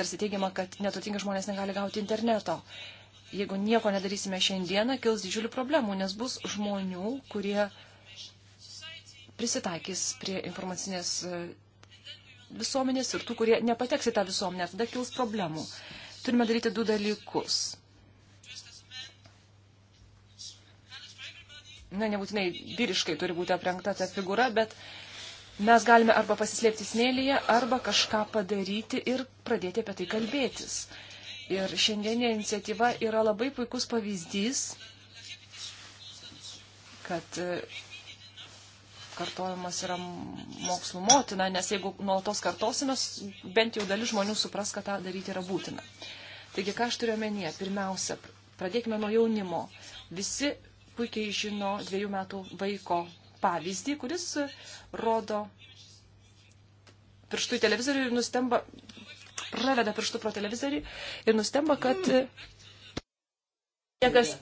tarsi teigiama, kad neturtingi žmonės negali gauti interneto. Jeigu nieko nedarysime šiandieną, kils didžiulių problemų, nes bus žmonių, kurie prisitaikys prie informacinės e, visuomenės ir tų, kurie nepateks į tą visuomenę, tada kils problemų. Turime daryti du dalykus. na, nebūtinai vyriškai turi būti aprengta ta figūra, bet mes galime arba pasislėpti smėlyje, arba kažką padaryti ir pradėti apie tai kalbėtis. Ir šiandienė iniciatyva yra labai puikus pavyzdys, kad e, kartojimas yra mokslų motina, nes jeigu nuolatos kartosimės, bent jau dalis žmonių supras, kad tą daryti yra būtina. Taigi, ką aš turiu omenyje? Pirmiausia, pradėkime nuo jaunimo. Visi puikiai žino dviejų metų vaiko pavyzdį, kuris rodo pirštų į televizorių ir nustemba, praveda pirštų pro televizorių ir nustemba, kad niekas,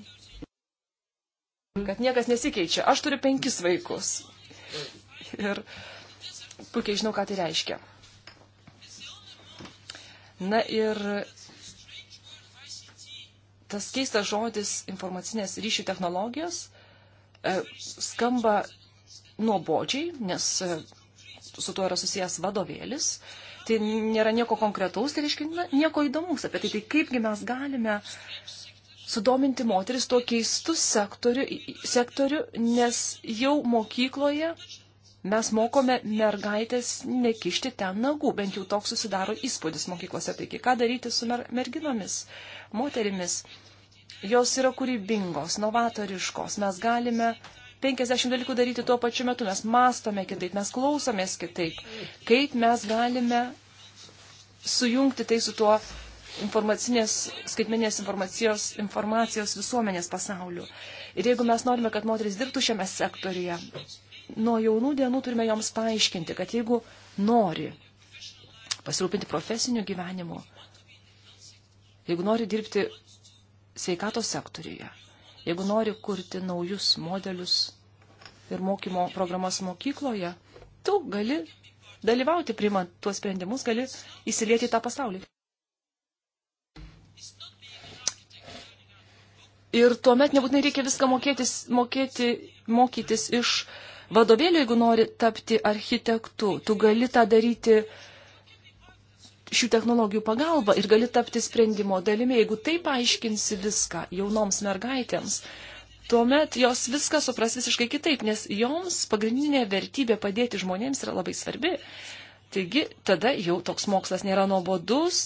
kad niekas nesikeičia. Aš turiu penkis vaikus. Ir puikiai žinau, ką tai reiškia. Na ir tas keistas žodis informacinės ryšių technologijos e, skamba nuobodžiai, nes e, su tuo yra susijęs vadovėlis. Tai nėra nieko konkretaus, tai reiškia na, nieko įdomus apie tai, tai kaipgi mes galime sudominti moteris tuo keistu sektoriu, sektoriu nes jau mokykloje mes mokome mergaitės nekišti ten nagų, bent jau toks susidaro įspūdis mokyklose. Taigi, ką daryti su mer merginomis, moterimis? Jos yra kūrybingos, novatoriškos, mes galime 50 dalykų daryti tuo pačiu metu, mes mastome kitaip, mes klausomės kitaip, kaip mes galime sujungti tai su tuo informacinės, skaitmenės informacijos, informacijos visuomenės pasauliu. Ir jeigu mes norime, kad moteris dirbtų šiame sektoriuje, nuo jaunų dienų turime joms paaiškinti, kad jeigu nori pasirūpinti profesiniu gyvenimu, jeigu nori dirbti sveikatos sektoriuje, jeigu nori kurti naujus modelius ir mokymo programas mokykloje, tu gali dalyvauti, priimant tuos sprendimus, gali įsilieti į tą pasaulį. Ir tuomet nebūtinai reikia viską mokėtis, mokėti, mokytis iš uh, vadovėlio, jeigu nori tapti architektu. Tu gali tą daryti šių technologijų pagalba ir gali tapti sprendimo dalimi. Jeigu taip aiškinsi viską jaunoms mergaitėms, tuomet jos viską supras visiškai kitaip, nes joms pagrindinė vertybė padėti žmonėms yra labai svarbi. Taigi tada jau toks mokslas nėra nuobodus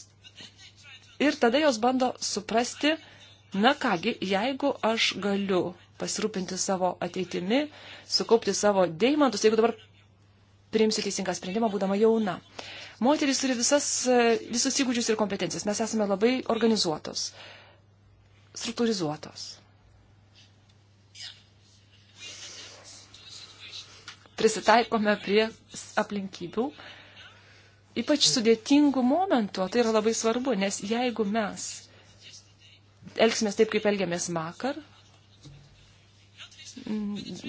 ir tada jos bando suprasti, na kągi, jeigu aš galiu pasirūpinti savo ateitimi, sukaupti savo deimantus, jeigu dabar priimsiu teisingą sprendimą, būdama jauna. Moteris turi visas, visus įgūdžius ir kompetencijas. Mes esame labai organizuotos, struktūrizuotos. Prisitaikome prie aplinkybių, ypač sudėtingų momentų, tai yra labai svarbu, nes jeigu mes elgsimės taip, kaip elgiamės vakar,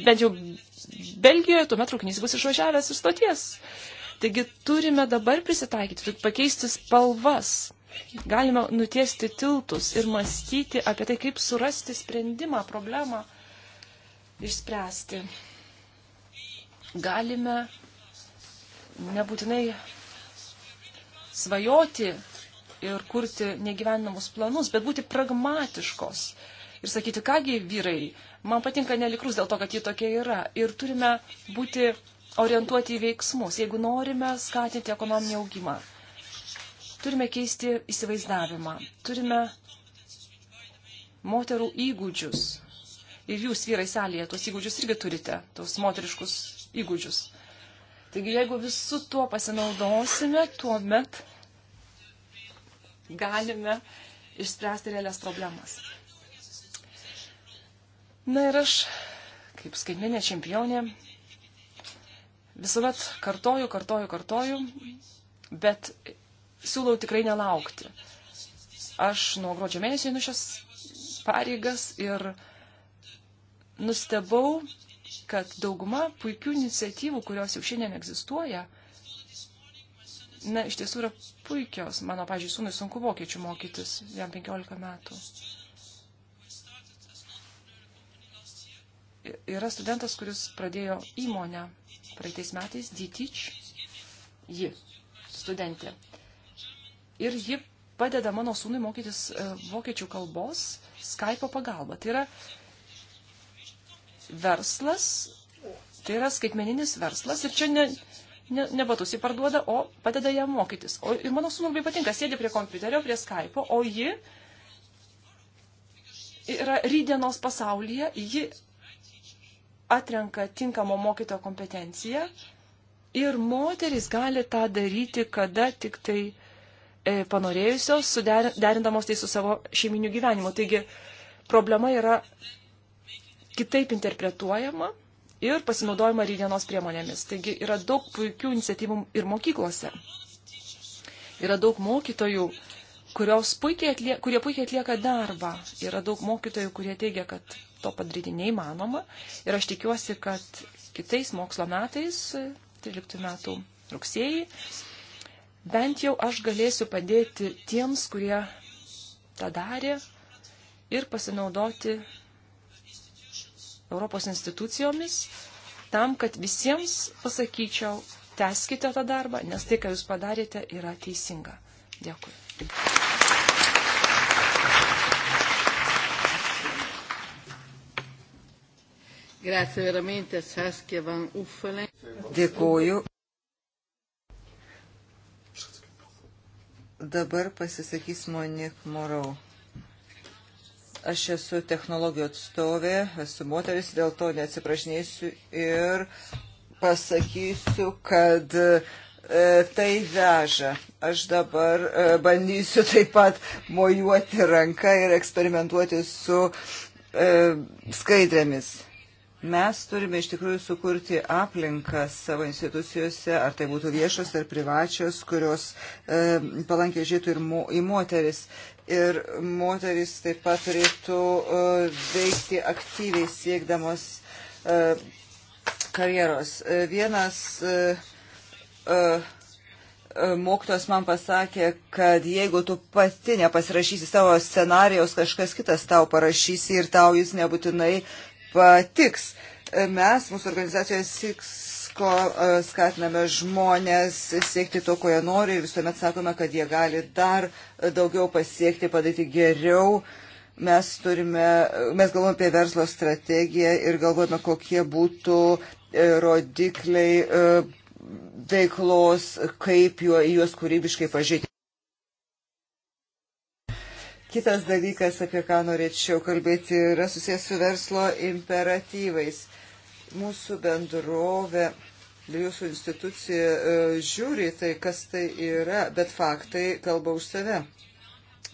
bent jau Belgijoje, tuomet traukinys bus išvažiavęs iš stoties. Taigi turime dabar prisitaikyti, pakeisti spalvas. Galime nutiesti tiltus ir mąstyti apie tai, kaip surasti sprendimą, problemą išspręsti. Galime nebūtinai svajoti ir kurti negyvenamus planus, bet būti pragmatiškos ir sakyti, kągi vyrai, man patinka nelikrus dėl to, kad ji tokia yra. Ir turime būti orientuoti į veiksmus, jeigu norime skatinti ekonominį augimą. Turime keisti įsivaizdavimą, turime moterų įgūdžius. Ir jūs, vyrai salėje, tuos įgūdžius irgi turite, tuos moteriškus įgūdžius. Taigi, jeigu visu tuo pasinaudosime, tuomet galime išspręsti realias problemas. Na ir aš, kaip skaitmenė čempionė, visuomet kartoju, kartoju, kartoju, bet siūlau tikrai nelaukti. Aš nuo gruodžio mėnesio einu šias pareigas ir nustebau, kad dauguma puikių iniciatyvų, kurios jau šiandien egzistuoja, na, iš tiesų yra puikios. Mano, pažiūrėjau, sūnui sunku vokiečių mokytis, jam 15 metų. yra studentas, kuris pradėjo įmonę praeitais metais, D-Teach, ji, studentė. Ir ji padeda mano sūnui mokytis e, vokiečių kalbos Skype pagalba. Tai yra verslas, tai yra skaitmeninis verslas ir čia ne, ne, ne batus įparduoda, o padeda jam mokytis. O, ir mano sūnui labai patinka, sėdi prie kompiuterio, prie Skype, o ji yra rydienos pasaulyje, ji atrenka tinkamo mokytojo kompetenciją ir moteris gali tą daryti, kada tik tai e, panorėjusios, suderindamos tai su savo šeiminiu gyvenimu. Taigi problema yra kitaip interpretuojama ir pasinaudojama rydienos priemonėmis. Taigi yra daug puikių iniciatyvų ir mokyklose. Yra daug mokytojų, puikiai atlie, kurie puikiai atlieka darbą. Yra daug mokytojų, kurie teigia, kad to padaryti neįmanoma. Ir aš tikiuosi, kad kitais mokslo metais, 13 metų rugsėjai, bent jau aš galėsiu padėti tiems, kurie tą darė ir pasinaudoti Europos institucijomis tam, kad visiems pasakyčiau, teskite tą darbą, nes tai, ką jūs padarėte, yra teisinga. Dėkui. Grazie veramente a Saskia Van Uffelen. Dėkoju. Dabar pasisakys Monik Morau. Aš esu technologijų atstovė, esu moteris, dėl to neatsiprašinėsiu ir pasakysiu, kad uh, E, tai veža. Aš dabar e, bandysiu taip pat mojuoti ranką ir eksperimentuoti su e, skaidrėmis. Mes turime iš tikrųjų sukurti aplinką savo institucijose, ar tai būtų viešos ar privačios, kurios e, palankiai žiūrėtų ir mo, į moteris. Ir moteris taip pat turėtų e, veikti aktyviai siekdamos e, karjeros. E, vienas e, E, e, mokytojas man pasakė, kad jeigu tu pati nepasirašysi savo scenarijos, kažkas kitas tau parašysi ir tau jis nebūtinai patiks. E, mes, mūsų organizacijos Siksko, skatiname žmonės siekti to, ko jie nori ir visuomet sakome, kad jie gali dar daugiau pasiekti, padaryti geriau. Mes, turime, mes galvojame apie verslo strategiją ir galvojame, kokie būtų rodikliai veiklos, kaip juos kūrybiškai pažiūrėti. Kitas dalykas, apie ką norėčiau kalbėti, yra susijęs su verslo imperatyvais. Mūsų bendrovė, jūsų institucija e, žiūri tai, kas tai yra, bet faktai kalba už save.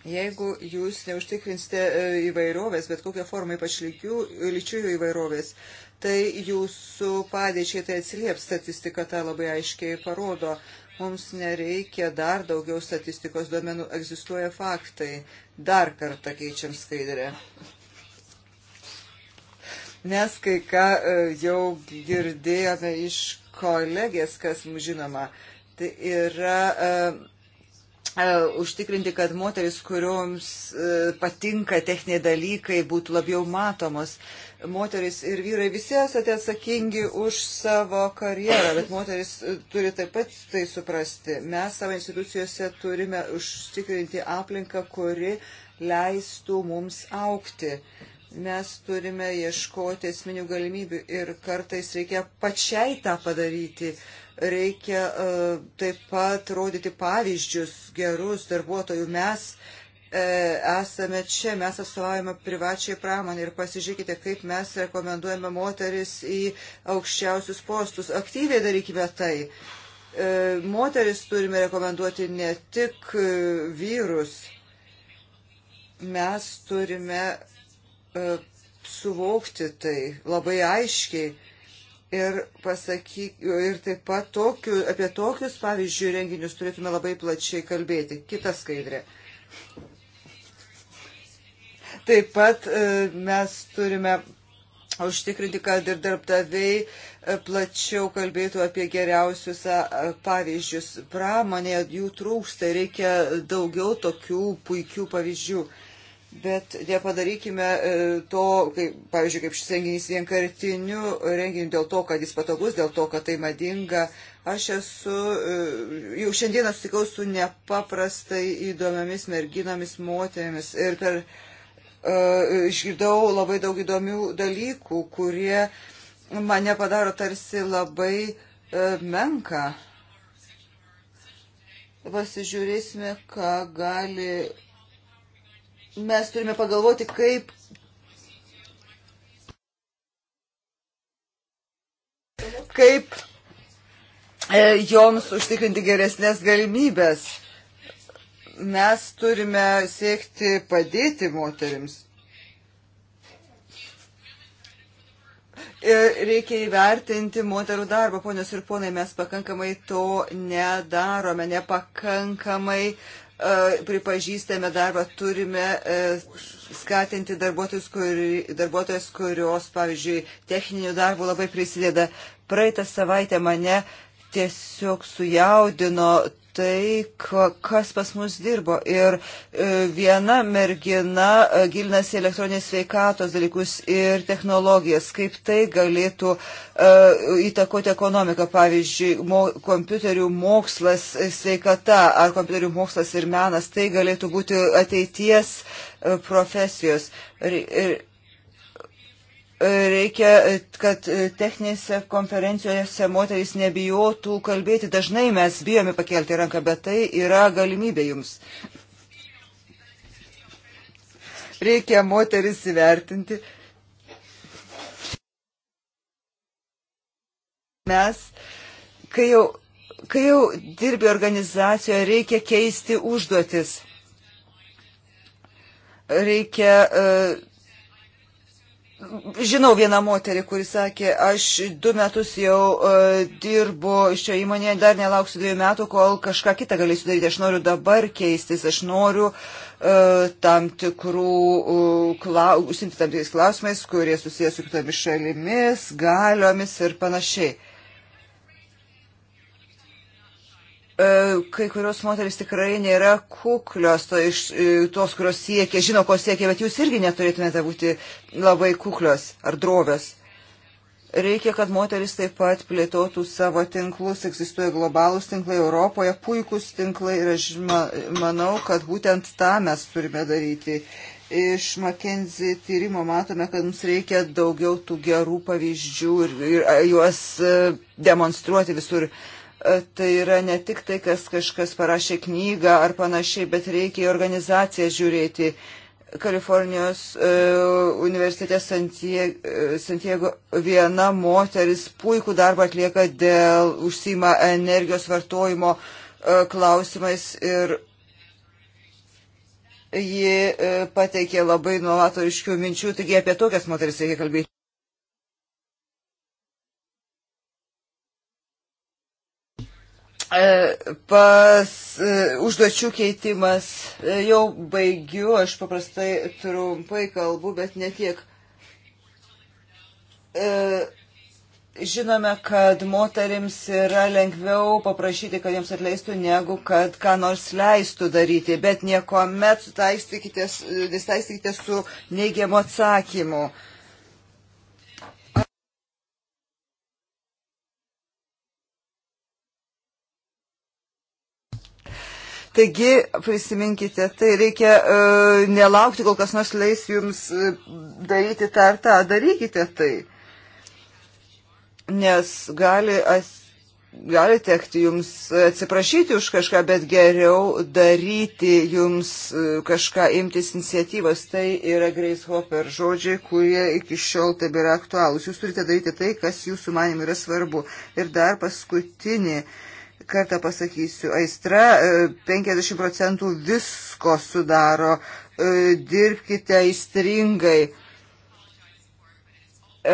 Jeigu jūs neužtikrinsite e, įvairovės, bet kokią formą, ypač lyčių įvairovės, tai jūsų padėčiai tai atsilieps. Statistika tą labai aiškiai parodo. Mums nereikia dar daugiau statistikos duomenų, egzistuoja faktai. Dar kartą keičiam skaidrę. Nes kai ką e, jau girdėjome iš kolegės, kas mums žinoma, tai yra e, E, užtikrinti, kad moteris, kurioms e, patinka techniniai dalykai, būtų labiau matomos. Moteris ir vyrai visi esate atsakingi už savo karjerą, bet moteris e, turi taip pat tai suprasti. Mes savo institucijose turime užtikrinti aplinką, kuri leistų mums aukti. Uh, Mes turime ieškoti esminių galimybių ir kartais reikia pačiai tą padaryti. Reikia uh, taip pat rodyti pavyzdžius gerus darbuotojų. Mes e, esame čia, mes atstovaujame privačiai pramonį ir pasižiūrėkite, kaip mes rekomenduojame moteris į aukščiausius postus. Aktyviai darykime tai. E, moteris turime rekomenduoti ne tik vyrus. Mes turime E, suvokti tai labai aiškiai ir, pasakyk, ir taip pat tokiu, apie tokius, pavyzdžiui, renginius turėtume labai plačiai kalbėti. Kita skaidrė. Taip pat e, mes turime užtikrinti, kad ir darbdaviai e, plačiau kalbėtų apie geriausius pavyzdžius. Pramonėje jų trūksta, reikia daugiau tokių puikių pavyzdžių. Bet nepadarykime e, to, kaip, pavyzdžiui, kaip šis renginys vienkartiniu renginiu dėl to, kad jis patogus, dėl to, kad tai madinga. Aš esu, e, jau šiandieną susikau su nepaprastai įdomiamis merginomis, moterimis ir per, uh, išgirdau labai daug įdomių dalykų, kurie mane padaro tarsi labai uh, menka. Pasižiūrėsime, ką gali mes turime pagalvoti, kaip kaip e, joms užtikrinti geresnės galimybės. Mes turime siekti padėti moterims. Ir reikia įvertinti moterų darbą, ponios ir ponai, mes pakankamai to nedarome, nepakankamai uh, pripažįstame darbą, turime e, skatinti darbuotojas, kurios, pavyzdžiui, techninių darbų labai prisideda. Praeitą savaitę mane tiesiog sujaudino tai, kas pas mus dirbo. Ir e, viena mergina e, gilinasi elektroninės sveikatos dalykus ir technologijas, kaip tai galėtų e, įtakoti ekonomiką. Pavyzdžiui, mo, kompiuterių mokslas sveikata ar kompiuterių mokslas ir menas, tai galėtų būti ateities profesijos. Ir, ir, Reikia, kad techninėse konferencijose moteris nebijotų kalbėti. Dažnai mes bijome pakelti ranką, bet tai yra galimybė jums. Reikia moteris įvertinti. Mes, kai jau, kai jau dirbi organizacijoje, reikia keisti užduotis. Reikia. Uh, Žinau vieną moterį, kuris sakė, aš du metus jau uh, dirbu šio įmonėje, dar nelauksiu dviejų metų, kol kažką kitą galėsiu daryti. Aš noriu dabar keistis, aš noriu uh, tam tikrų, uh, klau, užsimti tam tikrais klausimais, kurie susijęs su kitomis šalimis, galiomis ir panašiai. E, kai kurios moteris tikrai nėra kuklios, to iš, e, tos, kurios siekia, žino, ko siekia, bet jūs irgi neturėtumėte būti labai kuklios ar drovios. Reikia, kad moteris taip pat plėtotų savo tinklus, egzistuoja globalūs tinklai Europoje, puikūs tinklai ir aš manau, kad būtent tą mes turime daryti. Iš McKenzie tyrimo matome, kad mums reikia daugiau tų gerų pavyzdžių ir, ir juos e, demonstruoti visur. Uh, E, tai yra ne tik tai, kas kažkas parašė knygą ar panašiai, bet reikia į organizaciją žiūrėti. Kalifornijos uh, universitete e, Santiago viena moteris puikų darbą atlieka dėl užsima energijos vartojimo uh, klausimais ir ji pateikė labai novatoriškių minčių, taigi apie tokias moteris reikia kalbėti. E, pas e, užduočių keitimas e, jau baigiu, aš paprastai trumpai kalbu, bet netiek. Žinome, kad moterims yra lengviau paprašyti, kad jiems atleistų, negu kad ką nors leistų daryti, bet nieko met sutaistykite su neigiamu atsakymu. Uh, Taigi, prisiminkite, tai reikia e, nelaukti, kol kas nors leis jums e, daryti tą ar tą, darykite tai. Nes gali, as, gali tekti jums atsiprašyti už kažką, bet geriau daryti jums e, kažką, imtis iniciatyvos. Tai yra Grace Hopper žodžiai, kurie iki šiol taip yra aktualūs. Jūs turite daryti tai, kas jūsų manim yra svarbu. Ir dar paskutinį. E, kartą pasakysiu, aistra 50 e, procentų visko sudaro, e, dirbkite aistringai. E,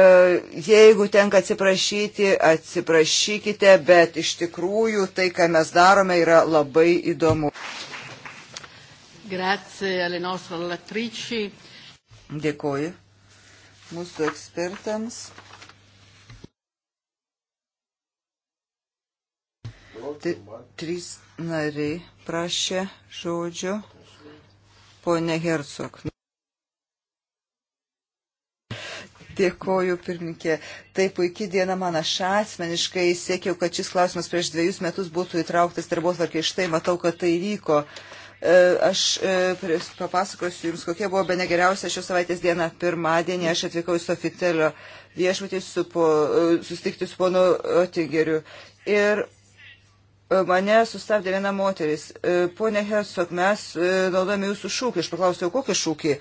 jeigu tenka atsiprašyti, atsiprašykite, bet iš tikrųjų tai, ką mes darome, yra labai įdomu. Grazie alle nostre relatrici. Dėkoju mūsų ekspertams. Trys nariai prašė žodžio. Pone Hercog. Dėkoju, pirmininkė. Tai puikiai diena man. Aš asmeniškai siekiau, kad šis klausimas prieš dviejus metus būtų įtrauktas darbos varkiai. Štai matau, kad tai vyko. E, aš e, papasakosiu Jums, kokia buvo be negeriausia šios savaitės diena. Pirmadienį aš atvykau į Sofitelio viešbutį su po, e, susitikti su ponu Otingeriu. Ir E, mane sustabdė viena moteris. E, pone Hersok, mes e, naudojame jūsų šūkį. Aš paklausiau, kokį šūkį?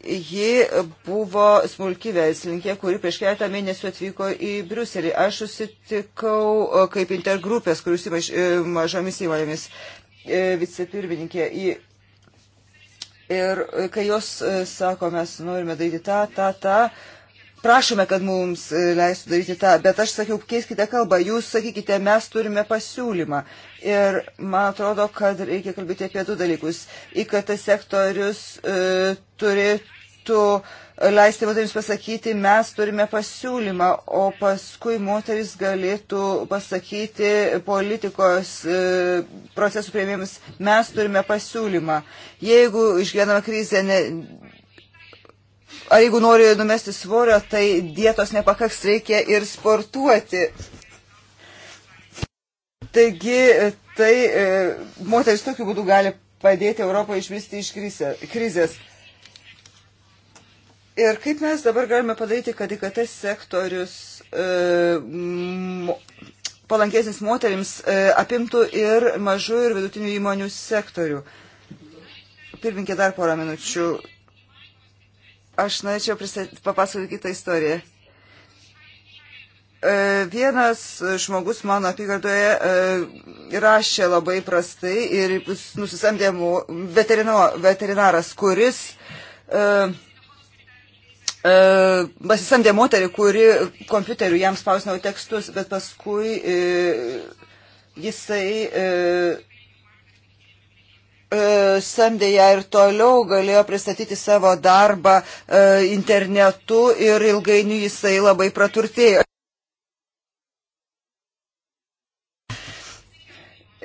Ji buvo smulki verslininkė, kuri prieš keletą mėnesių atvyko į Briuselį. Aš susitikau kaip intergrupės, kuris maž, mažomis įmonėmis vicepirmininkė. Ir kai jos sako, mes norime daryti tą, tą, tą, prašome, kad mums e, leistų daryti tą, bet aš sakiau, keiskite kalbą, jūs sakykite, mes turime pasiūlymą. Ir man atrodo, kad reikia kalbėti apie du dalykus. IKT sektorius e, turėtų leisti moterims pasakyti, mes turime pasiūlymą, o paskui moteris galėtų pasakyti politikos e, procesų prieimėjams, mes turime pasiūlymą. Jeigu išgyvename krizę, ne, ar jeigu nori numesti svorio, tai dietos nepakaks, reikia ir sportuoti. Taigi, tai e, moteris tokiu būdu gali padėti Europoje išbristi iš krizės. Ir kaip mes dabar galime padaryti, kad IKT sektorius e, mo, palankesnis moterims e, apimtų ir mažų ir vidutinių įmonių sektorių? Pirminkė dar porą minučių Aš norėčiau papasakoti kitą istoriją. E, vienas žmogus mano apygardoje e, rašė labai prastai ir nusisamdė veterinaras, kuris e, pasisamdė moterį, kuri kompiuteriu jam spausino tekstus, bet paskui jisai E, samdė ją ir toliau galėjo pristatyti savo darbą e, internetu ir ilgainiui jisai labai praturtėjo.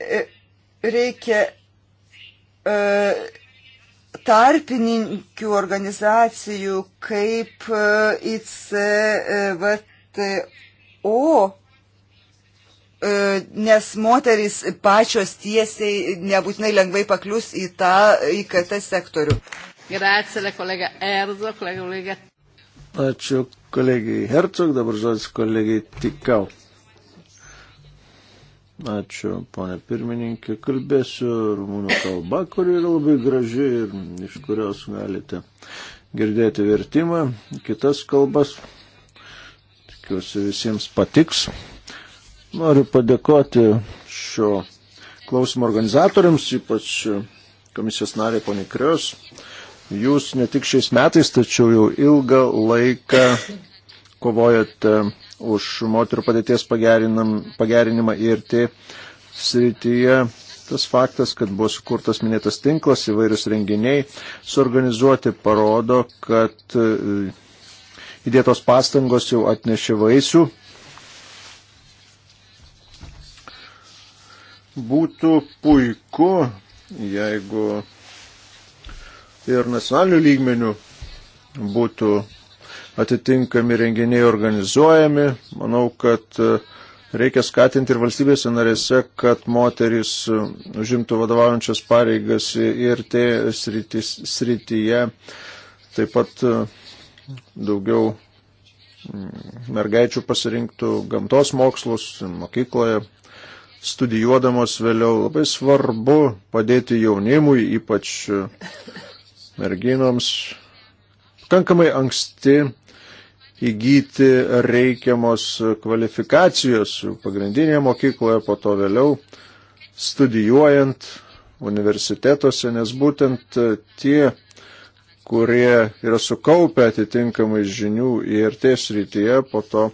E, reikia tarpininkių organizacijų kaip ICVTO E, nes moterys pačios tiesiai nebūtinai lengvai paklius į tą IKT sektorių. Grazie, kolega Erzo, kolega. Ačiū kolegijai Hercog, dabar žodis kolegijai Tikau. Ačiū, ponė pirmininkė. Kalbėsiu rumūnų kalba, kuri yra labai graži ir iš kurios galite girdėti vertimą, kitas kalbas. Tikiuosi visiems patiks. Noriu padėkoti šio klausimo organizatoriams, ypač komisijos nariai ponikrius. Jūs ne tik šiais metais, tačiau jau ilgą laiką kovojate už moterų padėties pagerinimą ir tai srityje. Tas faktas, kad buvo sukurtas minėtas tinklas, įvairius renginiai suorganizuoti parodo, kad e, įdėtos pastangos jau atnešė vaisių būtų puiku, jeigu ir nacionalinių lygmenių būtų atitinkami renginiai organizuojami. Manau, kad e, reikia skatinti ir valstybėse narėse, kad moteris e, užimtų vadovaujančias pareigas ir te sritis, srityje. Taip pat e, daugiau mergaičių pasirinktų gamtos mokslus mokykloje, studijuodamos vėliau. Labai svarbu padėti jaunimui, ypač e, merginoms, pakankamai anksti įgyti reikiamos kvalifikacijos pagrindinėje mokykloje, po to vėliau studijuojant universitetuose, nes būtent e, tie, kurie yra sukaupę atitinkamai žinių ir er ties rytyje, po to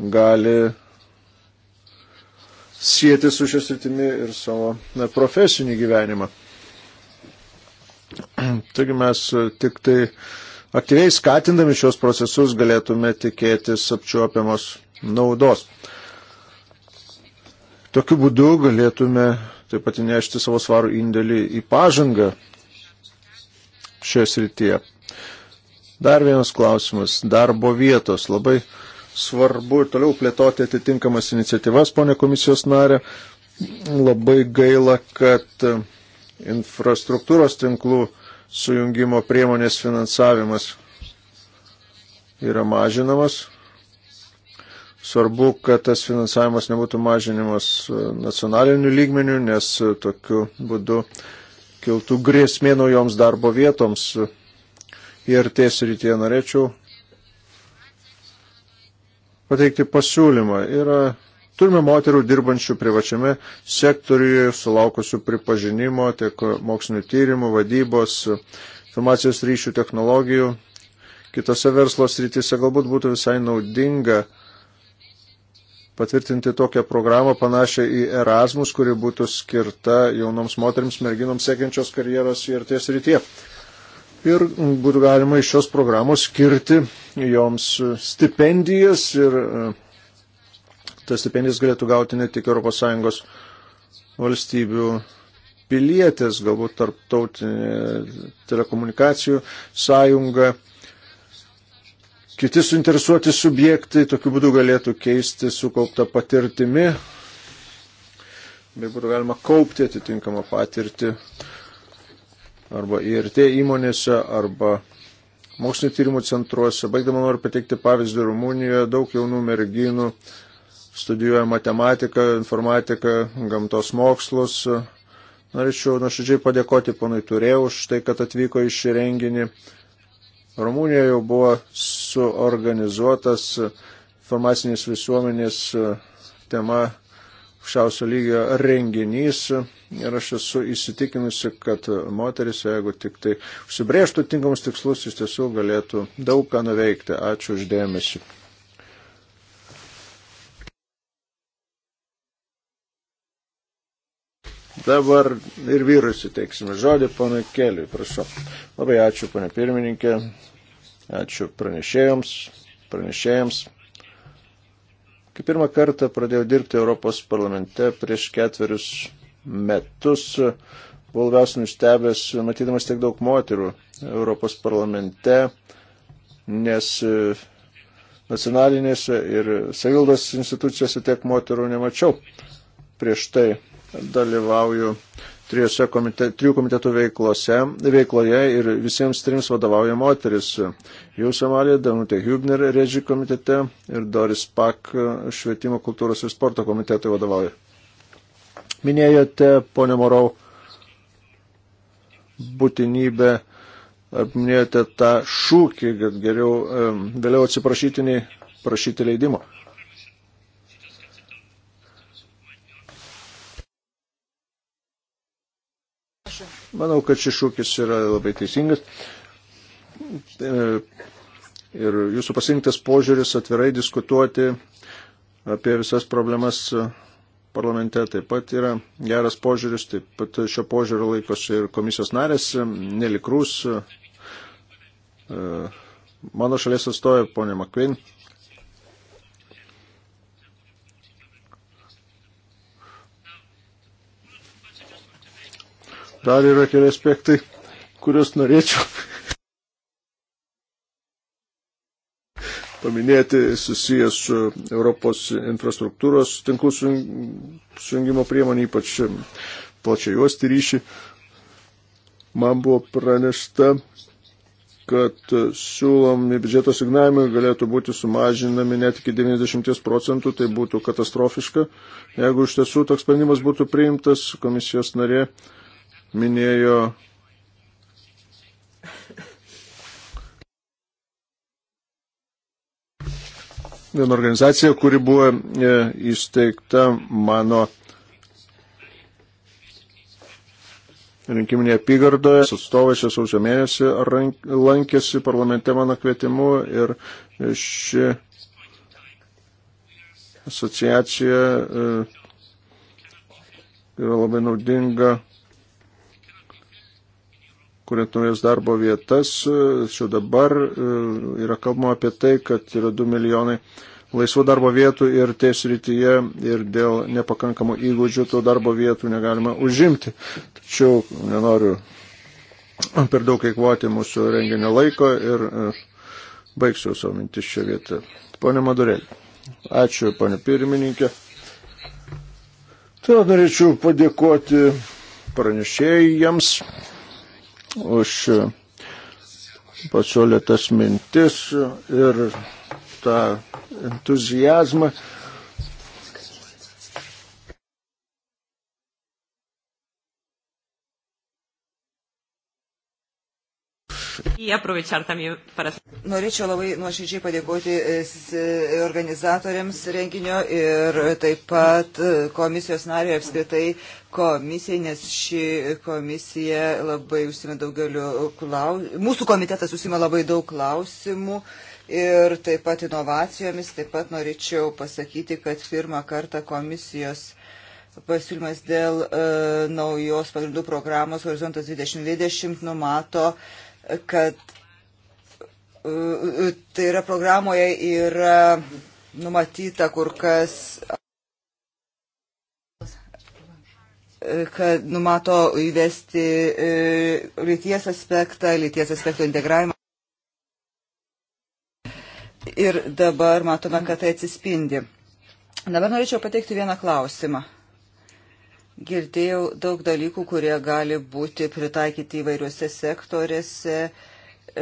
gali sieti su šios rytimi ir savo profesinį gyvenimą. Taigi mes e, tik tai aktyviai skatindami šios procesus galėtume tikėtis apčiuopiamos naudos. Tokiu būdu galėtume taip pat įnešti savo svarų indėlį į pažangą šioje srityje. Dar vienas klausimas - darbo vietos. Labai uh, svarbu ir toliau plėtoti atitinkamas iniciatyvas, ponė komisijos narė. Labai gaila, kad e, infrastruktūros tinklų sujungimo priemonės finansavimas yra mažinamas. Svarbu, kad tas finansavimas nebūtų mažinimas e, nacionaliniu lygmeniu, nes e, tokiu būdu kiltų grėsmė naujoms darbo vietoms. Ir ties rytie norėčiau pateikti pasiūlymą. Yra, turime moterų dirbančių privačiame sektoriuje, sulaukusių pripažinimo tiek mokslinių tyrimų, vadybos, informacijos ryšių technologijų, kitose verslo srityse galbūt būtų visai naudinga patvirtinti tokią programą panašią į Erasmus, kuri būtų skirta jaunoms moteriams, merginoms siekiančios karjeros ir ties rytie ir būtų galima iš šios programos skirti joms stipendijas ir e, tas stipendijas galėtų gauti ne tik ES valstybių pilietės, galbūt tarptautinė telekomunikacijų sąjunga, kiti suinteresuoti subjektai tokiu būdu galėtų keisti sukauptą patirtimi, bei būtų galima kaupti atitinkamą patirtį arba IRT įmonėse, arba mokslinio tyrimų centruose. Baigdama noriu pateikti pavyzdį Rumunijoje, daug jaunų merginų studijuoja matematiką, informatiką, gamtos mokslus. Norėčiau nuoširdžiai padėkoti ponui Turėjau už tai, kad atvyko į šį renginį. Rumunijoje jau buvo suorganizuotas informacinės visuomenės tema aukščiausio lygio renginys ir aš esu įsitikinusi, kad moteris, jeigu tik tai užsibrėžtų tinkamus tikslus, iš tiesų galėtų daug ką nuveikti. Ačiū uždėmesi. Dabar ir vyrui suteiksime žodį, ponui Keliui, prašau. Labai ačiū, ponė pirmininkė, ačiū pranešėjams, pranešėjams. Kai pirmą kartą pradėjau dirbti Europos parlamente prieš ketverius metus, buvau labiausiai nustebęs, matydamas tiek daug moterų Europos parlamente, nes e, nacionalinėse ir savildos institucijose tiek moterų nemačiau. Prieš tai dalyvauju trijose komite, trijų komitetų veiklose, veikloje ir visiems trims vadovauja moteris. Jau Somalija, Danutė Hübner Regi komitete ir Doris Pak švietimo, kultūros ir sporto komitetui vadovauja. Minėjote, ponė Morau, būtinybę, ar minėjote tą šūkį, kad geriau vėliau atsiprašyti nei prašyti leidimo. Manau, kad šis šūkis yra labai teisingas. E, ir jūsų pasirinktas požiūris atvirai diskutuoti apie visas problemas parlamente taip pat yra geras požiūris, taip pat šio požiūrio laikosi ir komisijos narės, nelikrus. E, mano šalies atstovė, ponė Makvin, Dar yra keli aspektai, kuriuos norėčiau paminėti susijęs su Europos infrastruktūros tinklų sujungimo priemonė, ypač plačiai juosti ryšį. Man buvo pranešta, kad siūlomi biudžeto signavimai galėtų būti sumažinami net iki 90 procentų, tai būtų katastrofiška. Jeigu iš tiesų toks sprendimas būtų priimtas, komisijos narė minėjo viena organizacija, kuri buvo e, įsteigta mano rinkiminėje apygardoje. Atstovai šią sausio mėnesį lankėsi parlamente mano kvietimu ir ši asociacija e, yra labai naudinga kuriant naujas darbo vietas. Čia dabar e, yra kalbama apie tai, kad yra 2 milijonai laisvų darbo vietų ir tie srityje ir dėl nepakankamų įgūdžių tų darbo vietų negalima užimti. Tačiau nenoriu per daug eikvoti mūsų renginio laiko ir e, baigsiu savo mintis šią vietą. Pone Madurėlė. Ačiū, pane pirmininkė. Tai norėčiau padėkoti pranešėjams už pasiūlytas mintis ir tą entuzijazmą. Norėčiau labai nuoširdžiai padėkoti e, e, organizatoriams renginio ir taip pat e, komisijos nariai apskritai komisijai, nes ši komisija labai užsima daugeliu klausimų. Mūsų komitetas užsima labai daug klausimų ir taip pat inovacijomis. Taip pat norėčiau pasakyti, kad pirmą kartą komisijos pasiūlymas dėl e, naujos pagrindų programos Horizontas 2020 numato kad e, tai yra programoje yra numatyta kur kas e, kad numato įvesti e, lyties aspektą, lyties aspekto integravimą. Ir dabar matome, kad tai atsispindi. Dabar norėčiau pateikti vieną klausimą. Girdėjau daug dalykų, kurie gali būti pritaikyti įvairiuose sektorėse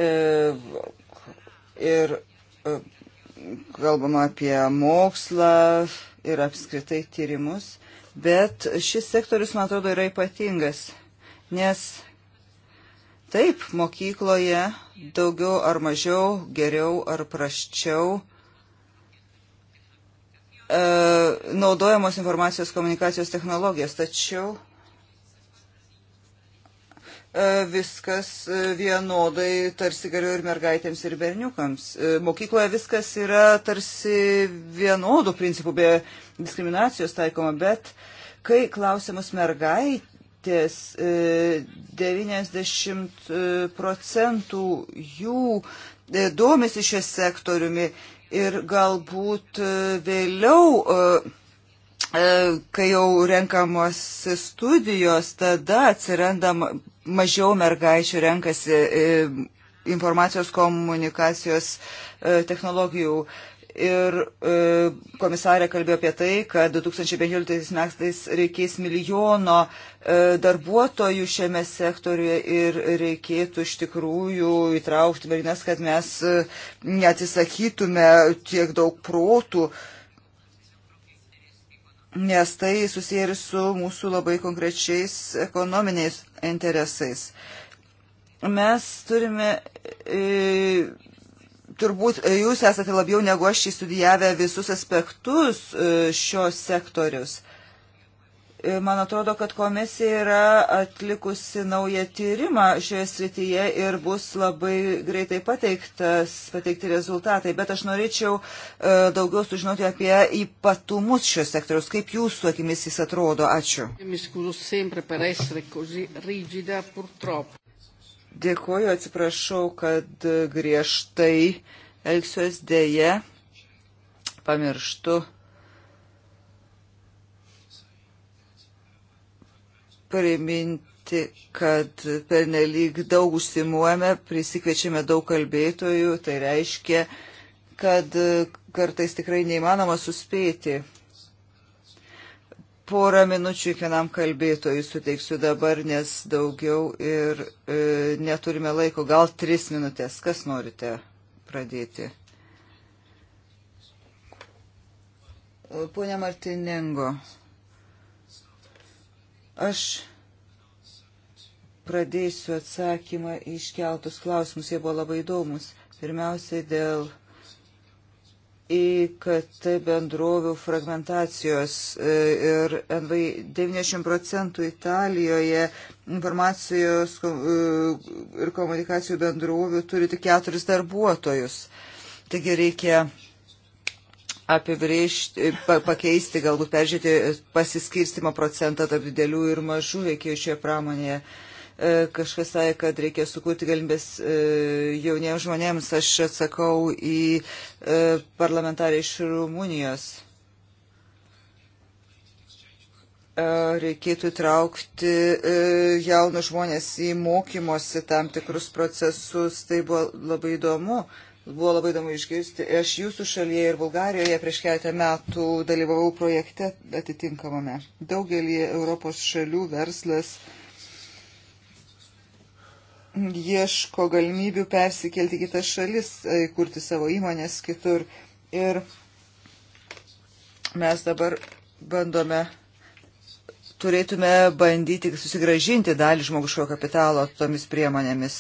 e, ir e, kalbama apie mokslą ir apskritai tyrimus, bet šis sektorius, man atrodo, yra ypatingas, nes taip, mokykloje daugiau ar mažiau, geriau ar praščiau, E, naudojamos informacijos komunikacijos technologijos, tačiau e, viskas e, vienodai tarsi galiu ir mergaitėms, ir berniukams. Mokykloje viskas yra tarsi vienodų principų, be diskriminacijos taikoma, bet kai klausimus mergaitės, 90 procentų jų domisi šiuo sektoriumi ir galbūt e, vėliau e, e, kai jau renkamos studijos, tada atsiranda mažiau mergaičių renkasi informacijos komunikacijos technologijų Ir e, komisarė kalbėjo apie tai, kad 2015 metais reikės milijono e, darbuotojų šiame sektoriuje ir reikėtų iš tikrųjų įtraukti merginas, kad mes e, neatsisakytume tiek daug protų, nes tai susiję ir su mūsų labai konkrečiais ekonominiais interesais. Mes turime. E, turbūt e, jūs esate labiau negu aš įstudijavę visus aspektus e, šios sektorius. E, man atrodo, kad komisija yra atlikusi naują tyrimą šioje srityje ir bus labai greitai pateiktas, pateikti rezultatai. Bet aš norėčiau daugiau sužinoti apie ypatumus šios sektoriaus. Kaip jūsų akimis jis atrodo? Ačiū. Dėkuoju, atsiprašau, kad griežtai elgsiuos dėje, pamirštu. Priminti, kad per nelik daug užsimuojame, prisikvečiame daug kalbėtojų, tai reiškia, kad kartais tikrai neįmanoma suspėti Porą minučių kiekvienam kalbėtojui suteiksiu dabar, nes daugiau ir e, neturime laiko. Gal tris minutės. Kas norite pradėti? Pone Martinengo, aš pradėsiu atsakymą iškeltus klausimus. Jie buvo labai įdomus. Pirmiausiai dėl IKT bendrovių fragmentacijos e, ir NVI 90 procentų Italijoje informacijos e, ir komunikacijų bendrovių turi tik keturis darbuotojus. Taigi reikia apibrėžti, pa, pakeisti, galbūt peržiūrėti pasiskirstimo procentą tarp didelių ir mažų veikėjų šioje pramonėje. Uh, E, kažkas sakė, kad reikia sukurti galimybės e, jauniems žmonėms. Aš atsakau į e, parlamentarį iš Rumunijos. Reikėtų traukti jaunus žmonės į mokymosi tam tikrus procesus. Tai buvo labai įdomu. Buvo labai įdomu išgirsti. Aš jūsų šalyje ir Bulgarijoje prieš keletą metų dalyvavau projekte atitinkamame. Daugelį Europos šalių verslas ieško galimybių persikelti kitas šalis, e, kurti savo įmonės kitur. Ir mes dabar bandome, turėtume bandyti susigražinti dalį žmoguško kapitalo tomis priemonėmis.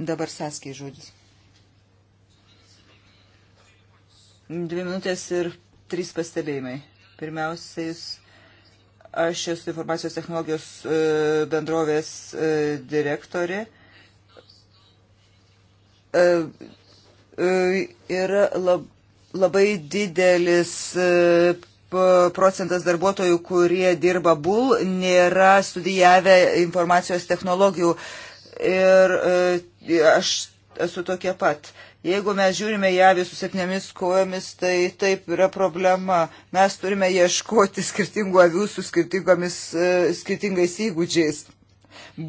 Dabar saskiai žodis. Dvi minutės ir trys pastebėjimai. Pirmiausia, jūs Aš esu informacijos technologijos e, bendrovės e, direktorė. E, yra labai didelis procentas darbuotojų, kurie dirba BUL, nėra studijavę informacijos technologijų. Ir aš esu tokia pat. E, Jeigu mes žiūrime ją visų septynėmis kojomis, tai taip yra problema. Mes turime ieškoti skirtingų avių su e, skirtingais įgūdžiais.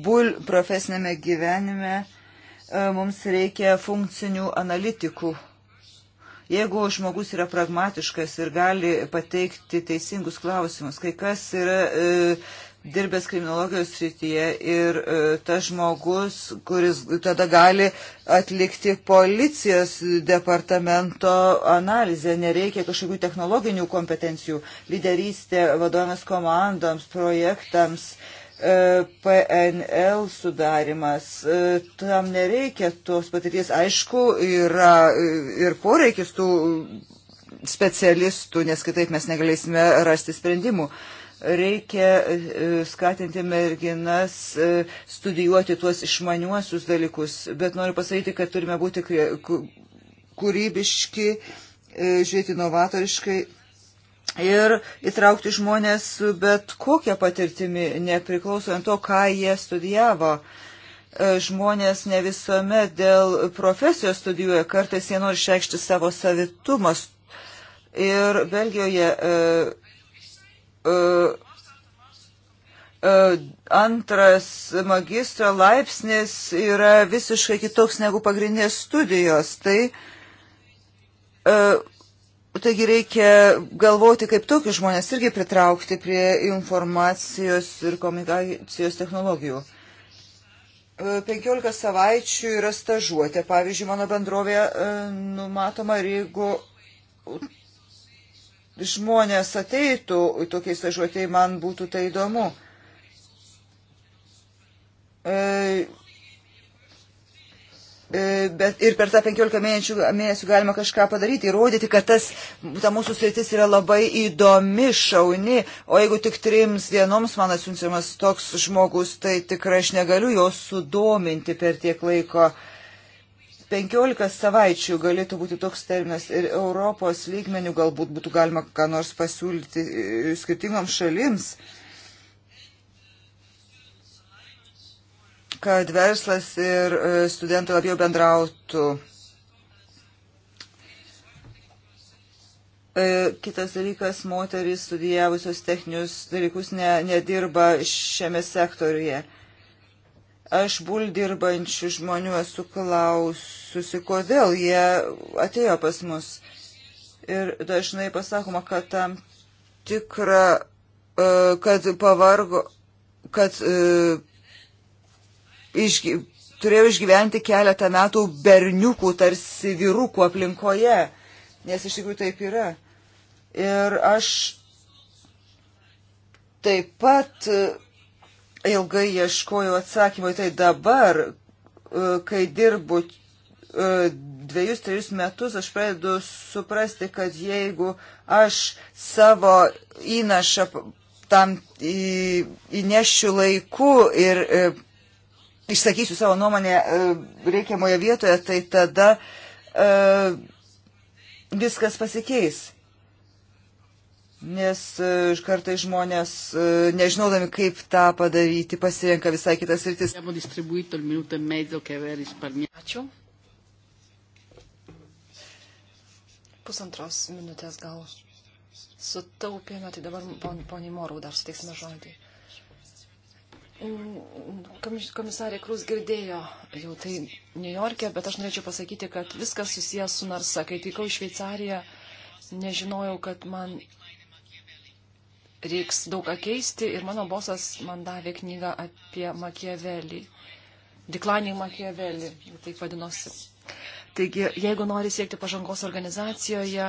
Bul profesinėme gyvenime e, mums reikia funkcinių analitikų. Jeigu žmogus yra pragmatiškas ir gali pateikti teisingus klausimus, kai kas yra e, dirbęs kriminologijos srityje ir e, tas žmogus, kuris tada gali atlikti policijos departamento analizę, nereikia kažkokių technologinių kompetencijų, lyderystė, vadovavimas komandoms, projektams. E, PNL sudarimas. E, tam nereikia tos patirties. Aišku, yra e, ir poreikis tų specialistų, nes kitaip mes negalėsime rasti sprendimų. Reikia e, skatinti merginas e, studijuoti tuos išmaniuosius dalykus, bet noriu pasakyti, kad turime būti kūrybiški, e, žiūrėti novatoriškai ir įtraukti žmonės su bet kokia patirtimi, nepriklausant to, ką jie studijavo. Žmonės ne visuomet dėl profesijos studijuoja, kartais jie nori išreikšti savo savitumas. Ir Belgijoje E, e, antras magistro laipsnis yra visiškai kitoks negu pagrindinės studijos. Tai, e, taigi reikia galvoti, kaip tokius žmonės irgi pritraukti prie informacijos ir komunikacijos technologijų. 15 savaičių yra stažuotė. Pavyzdžiui, mano bendrovė numatoma ir jeigu žmonės ateitų tokiai stažuotėjai, man būtų tai įdomu. E, e bet ir per tą 15 mėnesių, mėnesių galima kažką padaryti, įrodyti, kad tas, ta mūsų sritis yra labai įdomi, šauni, o jeigu tik trims dienoms man atsiunčiamas toks žmogus, tai tikrai aš negaliu jo sudominti per tiek laiko. Uh, 15 savaičių galėtų būti toks terminas ir Europos lygmenių galbūt būtų galima ką nors pasiūlyti e, skirtingoms šalims, kad verslas ir e, studentai labiau bendrautų. E, kitas dalykas, moteris studijavusios techninius dalykus ne, nedirba šiame sektoriuje. Aš buldirbančių žmonių esu klaususi, kodėl jie atėjo pas mus. Ir dažnai pasakoma, kad tam tikra, e, kad pavargo, kad e, išgy, turėjau išgyventi keletą metų berniukų, tarsi vyrukų aplinkoje, nes iš tikrųjų taip yra. Ir aš taip pat ilgai ieškojau atsakymų į tai dabar, e, kai dirbu e, dviejus, trejus metus, aš pradedu suprasti, kad jeigu aš savo įnašą tam į, įnešiu laiku ir e, išsakysiu savo nuomonę e, reikiamoje vietoje, tai tada e, viskas pasikeis. Nes e, kartai žmonės, e, nežinodami kaip tą padaryti, pasirenka visai kitas rytis. E Ačiū. Pusantros minutės gal sutaupėme, tai dabar pon, poniai Morau dar suteiksime žodį. Komisarė Krūs girdėjo jau tai New York'e, bet aš norėčiau pasakyti, kad viskas susijęs su Narsa. Kai atvykau į Šveicariją, nežinojau, kad man reiks daug ką keisti ir mano bosas man davė knygą apie Makiavelį. Diklanį Makiavelį, taip vadinosi. Taigi, jeigu nori siekti pažangos organizacijoje,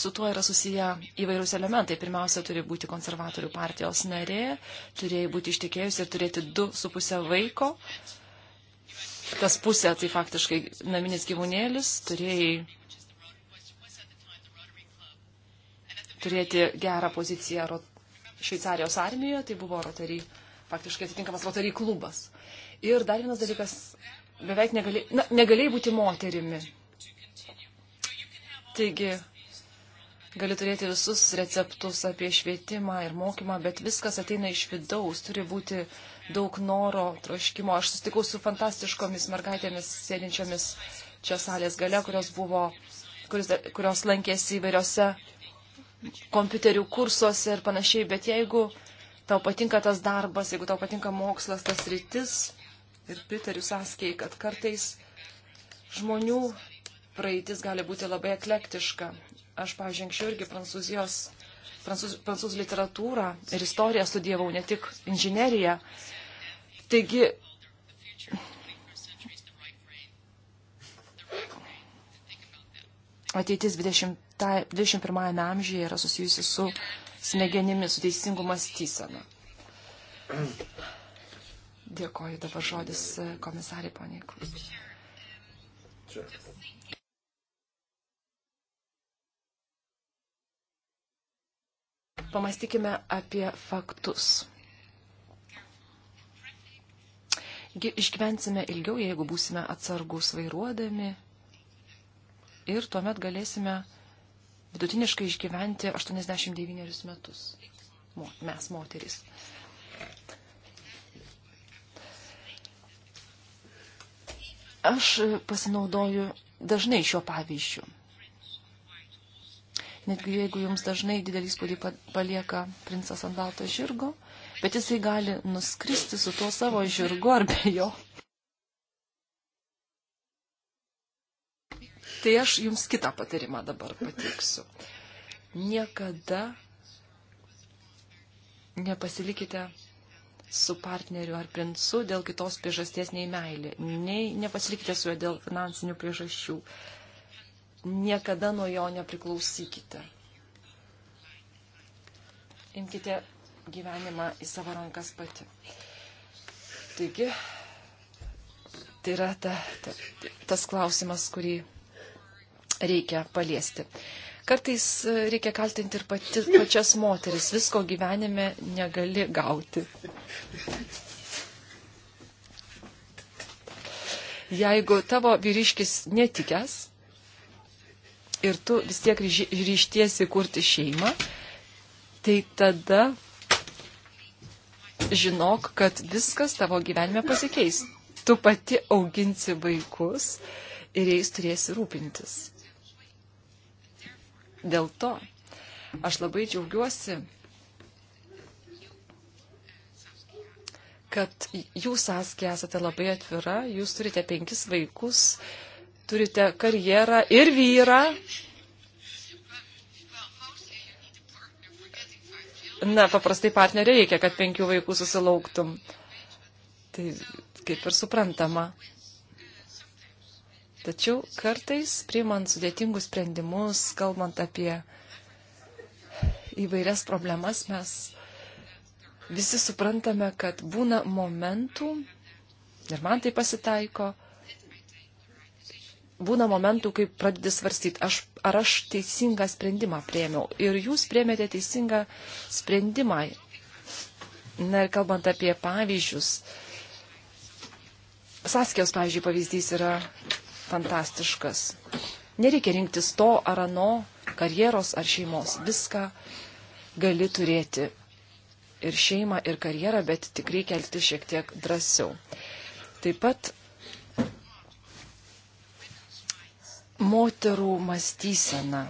su tuo yra susiję įvairūs elementai. Pirmiausia, turi būti konservatorių partijos narė, turėjai būti ištikėjusi ir turėti du su pusę vaiko. Tas pusė tai faktiškai naminis gyvūnėlis, turėjai turėti gerą poziciją Šveicarijos armijoje, tai buvo Rotary, faktiškai atitinkamas Rotary klubas. Ir dar vienas dalykas, beveik negali, na, negalėjai būti moterimi. Taigi, gali turėti visus receptus apie švietimą ir mokymą, bet viskas ateina iš vidaus, turi būti daug noro, troškimo. Aš sustikau su fantastiškomis mergaitėmis sėdinčiomis čia salės gale, kurios buvo kurios, kurios lankėsi įvairiose kompiuterių kursuose ir panašiai, bet jeigu tau patinka tas darbas, jeigu tau patinka mokslas, tas rytis, ir pritariu sąskiai, kad kartais žmonių praeitis gali būti labai eklektiška. Aš, pavyzdžiui, anksčiau irgi prancūzijos, prancūz, prancūzų literatūrą ir istoriją studijavau, ne tik inžineriją. Taigi, ateitis 20 21 amžiuje yra susijusi su smegenimis, su teisingu mąstysena. Dėkoju dabar žodis e, komisarė poniai Krus. Pamastykime apie faktus. Išgyvensime ilgiau, jeigu būsime atsargus vairuodami ir tuomet galėsime vidutiniškai išgyventi 89 metus. Mes moterys. Aš pasinaudoju dažnai šio pavyzdžiu. Netgi jeigu jums dažnai didelį spūdį palieka princas ant balto žirgo, bet jisai gali nuskristi su tuo savo žirgu ar be jo Tai aš jums kitą patarimą dabar pateiksiu. Niekada nepasilikite su partneriu ar princu dėl kitos priežasties nei meilė, nei nepasilikite su juo dėl finansinių priežasčių. Niekada nuo jo nepriklausykite. Imkite gyvenimą į savo rankas pati. Taigi, tai yra ta, ta, tas klausimas, kurį reikia paliesti. Kartais e, reikia kaltinti ir pati, pačias moteris. Visko gyvenime negali gauti. Jeigu tavo vyriškis netikęs ir tu vis tiek ryštiesi kurti šeimą, tai tada žinok, kad viskas tavo gyvenime pasikeis. Tu pati auginsi vaikus ir jais turėsi rūpintis. Dėl to aš labai džiaugiuosi, kad jūs, Askė, esate labai atvira, jūs turite penkis vaikus, turite karjerą ir vyrą. Na, paprastai partnerio reikia, kad penkių vaikų susilauktum. Tai kaip ir suprantama. Tačiau kartais, priimant sudėtingus sprendimus, kalbant apie įvairias problemas, mes visi suprantame, kad būna momentų, ir man tai pasitaiko, būna momentų, kai pradedi svarstyti, aš, ar aš teisingą sprendimą prieimiau. Ir jūs prieimėte teisingą sprendimą. Na ir kalbant apie pavyzdžius, Saskijos, pavyzdžiui, pavyzdys yra fantastiškas. Nereikia rinktis to ar ano, karjeros ar šeimos. Viską gali turėti ir šeimą, ir karjerą, bet tik reikia elgti šiek tiek drąsiau. Taip pat moterų mąstysena,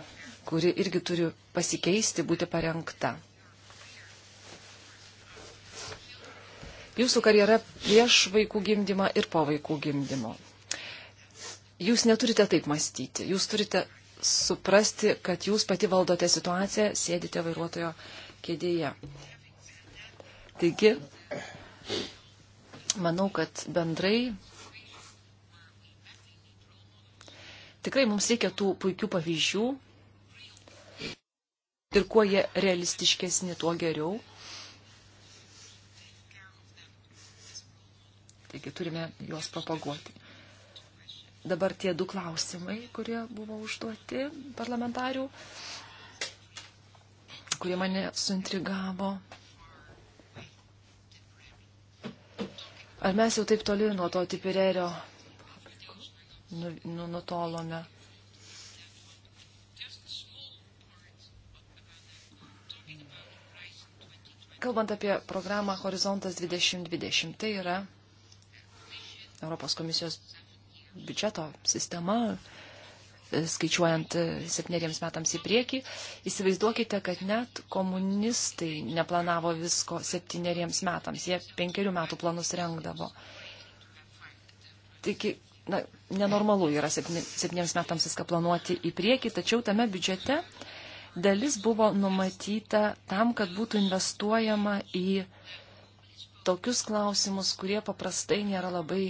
kuri irgi turi pasikeisti, būti parengta. Jūsų karjera prieš vaikų gimdymą ir po vaikų gimdymo jūs neturite taip mąstyti. Jūs turite suprasti, kad jūs pati valdote situaciją, sėdite vairuotojo kėdėje. Taigi, manau, kad bendrai tikrai mums reikia tų puikių pavyzdžių ir kuo jie realistiškesni, tuo geriau. Taigi turime juos propaguoti dabar tie du klausimai, kurie buvo užduoti parlamentarių, kurie mane suintrigavo. Ar mes jau taip toli nuo to tipirerio nu, nu, nutolome? Kalbant apie programą Horizontas 2020, tai yra Europos komisijos biudžeto sistema, e, skaičiuojant e, septyneriems metams į priekį, įsivaizduokite, kad net komunistai neplanavo visko septyneriems metams, jie penkerių metų planus rengdavo. Taigi, na, nenormalu yra septyniems metams viską planuoti į priekį, tačiau tame biudžete dalis buvo numatyta tam, kad būtų investuojama į tokius klausimus, kurie paprastai nėra labai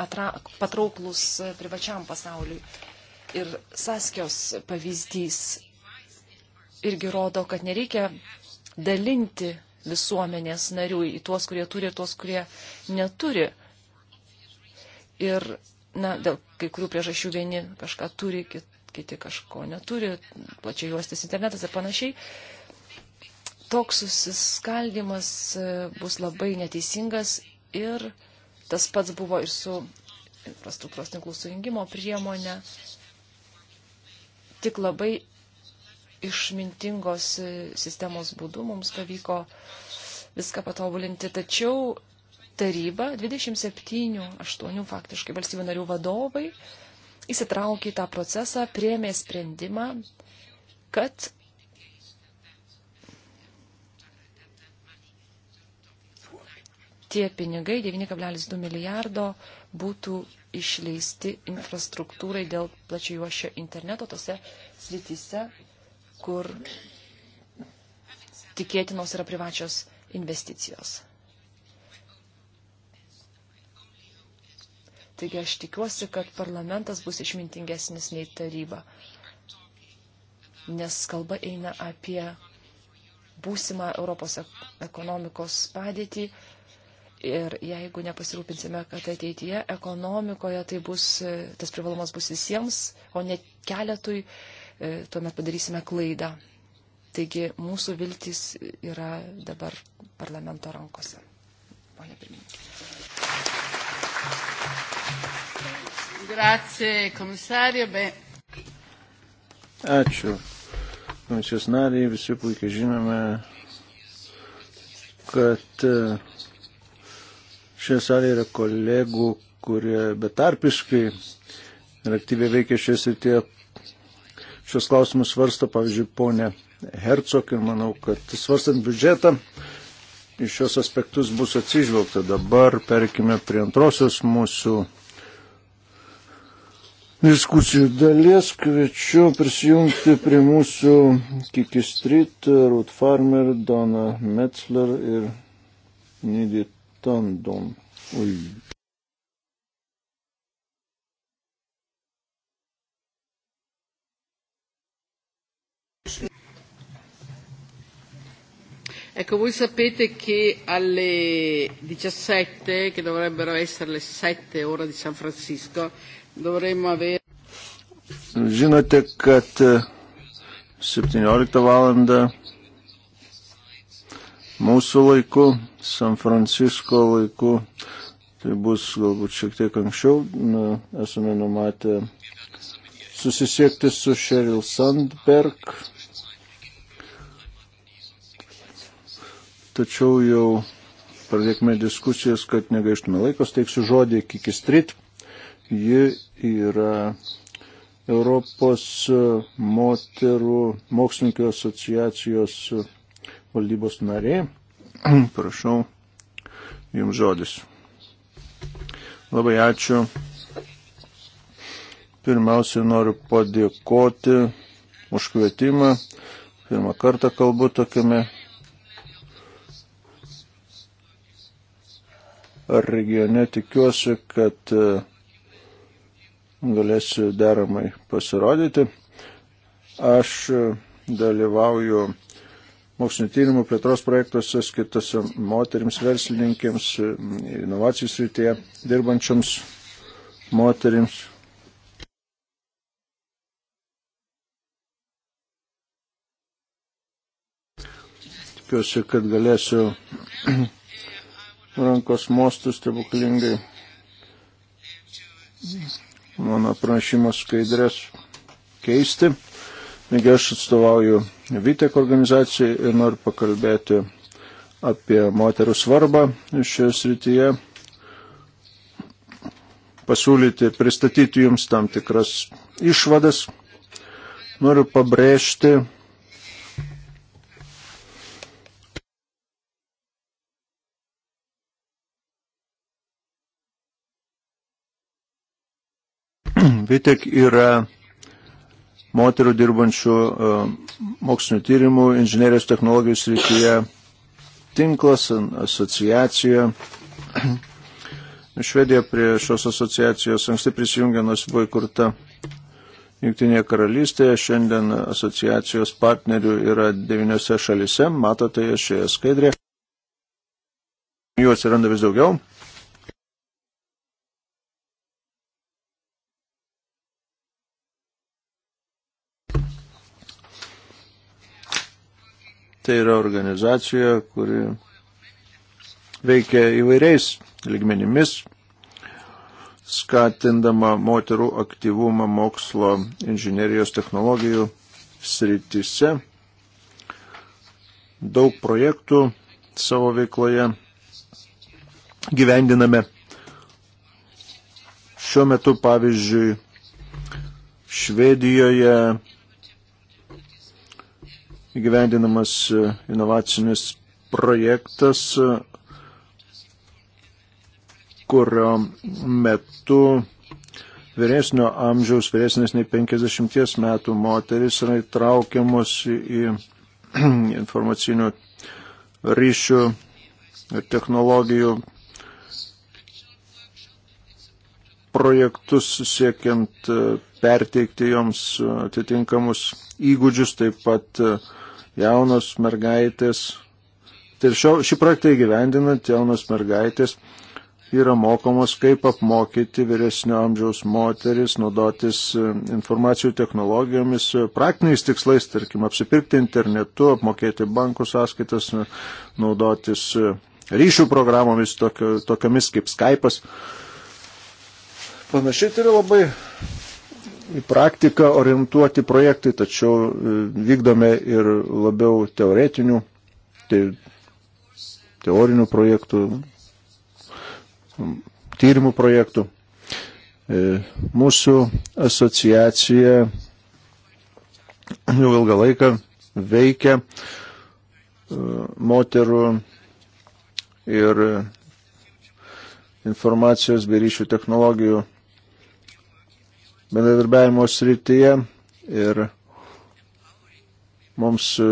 atra, patrauklus privačiam pasauliui. Ir Saskios pavyzdys irgi rodo, kad nereikia dalinti visuomenės narių į tuos, kurie turi ir tuos, kurie neturi. Ir, na, dėl kai kurių priežasčių vieni kažką turi, kiti kažko neturi, plačiai juostis internetas ir panašiai toks susiskaldimas e, bus labai neteisingas ir Tas pats buvo ir su infrastruktūros tinklų sujungimo priemonė. Tik labai išmintingos sistemos būdu mums pavyko viską patobulinti. Tačiau taryba, 27, 8 faktiškai valstybių narių vadovai įsitraukė į tą procesą, priemė sprendimą, kad tie pinigai, 9,2 milijardo, būtų išleisti infrastruktūrai dėl plačiajuošio interneto tose srityse, kur tikėtinos yra privačios investicijos. Taigi aš tikiuosi, kad parlamentas bus išmintingesnis nei taryba, nes kalba eina apie būsimą Europos ekonomikos padėtį, Ir jeigu nepasirūpinsime, kad ateityje ekonomikoje tai bus, tas privalumas bus visiems, o ne keletui, e, tuomet padarysime klaidą. Taigi mūsų viltis yra dabar parlamento rankose. Pone pirmininkė. Grazie, komisarė. Be... Ačiū. Komisijos nariai visi puikiai žinome, kad uh, Šioje salėje yra kolegų, kurie betarpiškai ir aktyviai veikia šioje srityje. Šios klausimus svarsto, pavyzdžiui, ponė Hercog ir manau, kad svarstant biudžetą iš šios aspektus bus atsižvelgta. Dabar perkime prie antrosios mūsų diskusijų dalies. Kviečiu prisijungti prie mūsų Kiki Street, Ruth Farmer, Donna Metzler ir Nidit Tandon. Uy. Ecco, voi sapete che alle 17, che dovrebbero essere le 7 ora di San Francisco, dovremmo avere... Žinote, kad 17 eh, valandą mūsų laiku, San Francisko laiku, tai bus galbūt šiek tiek anksčiau, na, esame numatę susisiekti su Sheryl Sandberg, tačiau jau pradėkime diskusijas, kad negaištume laikos, teiksiu žodį Kikistrit. Ji yra Europos moterų mokslininkų asociacijos valdybos narė. Prašau, jums žodis. Labai ačiū. Pirmiausia, noriu padėkoti už kvietimą. Pirmą kartą kalbu tokiame regione. Tikiuosi, kad e, galėsiu deramai pasirodyti. Aš e, dalyvauju mokslinio tyrimų plėtros projektuose skirtose moteriams, verslininkėms, inovacijų srityje dirbančioms moteriams. Tikiuosi, kad galėsiu rankos mostus stebuklingai mano prašymo skaidrės keisti. Negi aš atstovauju Vitek organizacijai ir noriu pakalbėti apie moterų svarbą šioje srityje, pasiūlyti, pristatyti jums tam tikras išvadas. Noriu pabrėžti, Vitek yra moterų dirbančių e, mokslinio tyrimų, inžinierijos technologijų srityje tinklas, asociacija. Švedija prie šios asociacijos anksti prisijungė, nors buvo įkurta Junktinėje karalystėje. Šiandien asociacijos partnerių yra devyniose šalise, matote šioje skaidrėje. Jų atsiranda vis daugiau. Tai yra organizacija, kuri veikia įvairiais ligmenimis, skatindama moterų aktyvumą mokslo inžinerijos technologijų srityse. Daug projektų savo veikloje gyvendiname. Šiuo metu, pavyzdžiui, Švedijoje įgyvendinamas e, inovacinis projektas, e, kurio metu vyresnio amžiaus, vyresnės nei 50 metų moteris yra įtraukiamos į informacinių ryšių ir technologijų projektus siekiant e, perteikti joms atitinkamus įgūdžius, taip pat uh, jaunos mergaitės. Tai šio, šį projektą įgyvendinant jaunos mergaitės yra mokomos, kaip apmokyti vyresnio amžiaus moteris, naudotis e, informacijų technologijomis, e, praktiniais tikslais, tarkim, apsipirkti internetu, apmokėti bankų sąskaitas, e, naudotis ryšių programomis, tokio, tokiamis kaip Skype'as. Panašiai tai yra labai į praktiką orientuoti projektai, tačiau e, vykdome ir labiau teoretinių, te, teorinių projektų, tyrimų projektų. E, mūsų asociacija jau ilgą laiką veikia e, moterų ir informacijos bei ryšių technologijų bendradarbiavimo srityje ir mums e,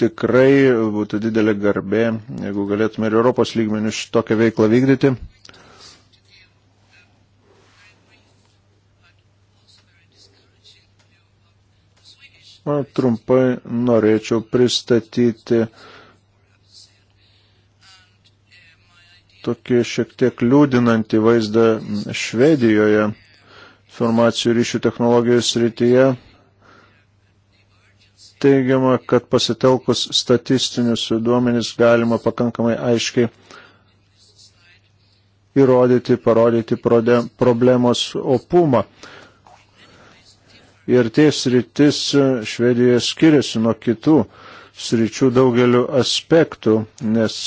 tikrai būtų didelė garbė, jeigu galėtume ir Europos lygmenių šitokią veiklą vykdyti. Man trumpai norėčiau pristatyti tokį šiek tiek liūdinantį vaizdą Švedijoje informacijų ryšių technologijų srityje. Teigiama, kad pasitelkus statistinius duomenis galima pakankamai aiškiai įrodyti, parodyti problemos opumą. Ir tie sritis Švedijoje skiriasi nuo kitų sričių daugeliu aspektų, nes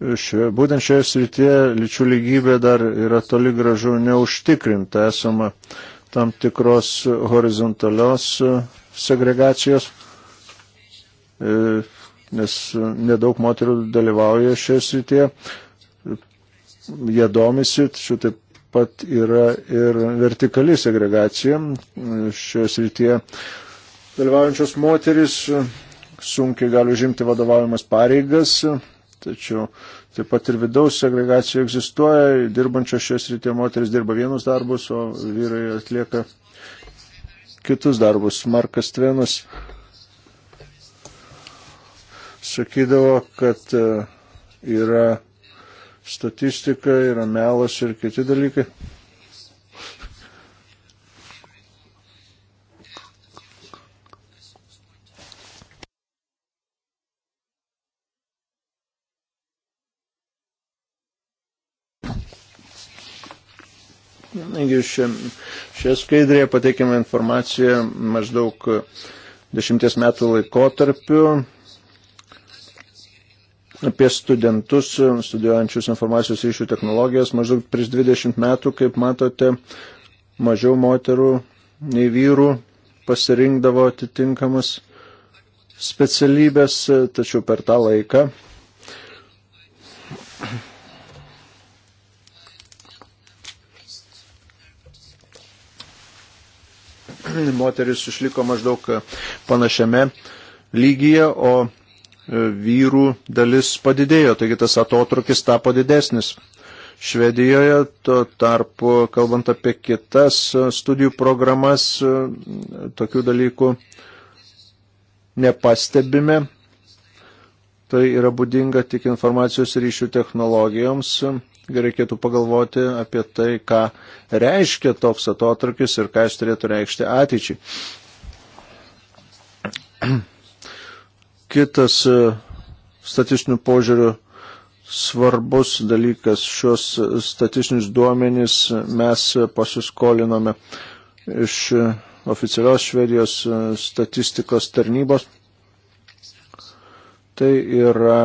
Šio, būtent šioje srityje lyčių lygybė dar yra toli gražu neužtikrinta, esama tam tikros horizontalios segregacijos, e, nes nedaug moterų dalyvauja šioje srityje, jie domisi, tačiau taip pat yra ir vertikali segregacija šioje srityje. Dalyvaujančios moteris sunkiai gali užimti vadovaujamas pareigas, tačiau taip pat ir vidaus segregacija egzistuoja, dirbančios šios rytė moteris dirba vienus darbus, o vyrai atlieka kitus darbus. Markas Tvenas sakydavo, kad e, yra statistika, yra melas ir kiti dalykai. Taigi šioje skaidrėje pateikime informaciją maždaug dešimties metų laikotarpiu apie studentus studijuojančius informacijos ryšių technologijas. Maždaug prieš 20 metų, kaip matote, mažiau moterų nei vyrų pasirinkdavo atitinkamas specialybės, tačiau per tą laiką moteris išliko maždaug e, panašiame lygyje, o e, vyrų dalis padidėjo, taigi tas atotrukis tapo didesnis. Švedijoje, tuo tarpu, kalbant apie kitas e, studijų programas, tokių dalykų nepastebime. Tai yra būdinga tik informacijos ryšių technologijoms reikėtų pagalvoti apie tai, ką reiškia toks atotrukis ir ką jis turėtų reikšti ateičiai. Kitas e, statistinių požiūrių svarbus dalykas, šios statistinius duomenys mes pasiskolinome iš oficialios Švedijos e, statistikos tarnybos. Tai yra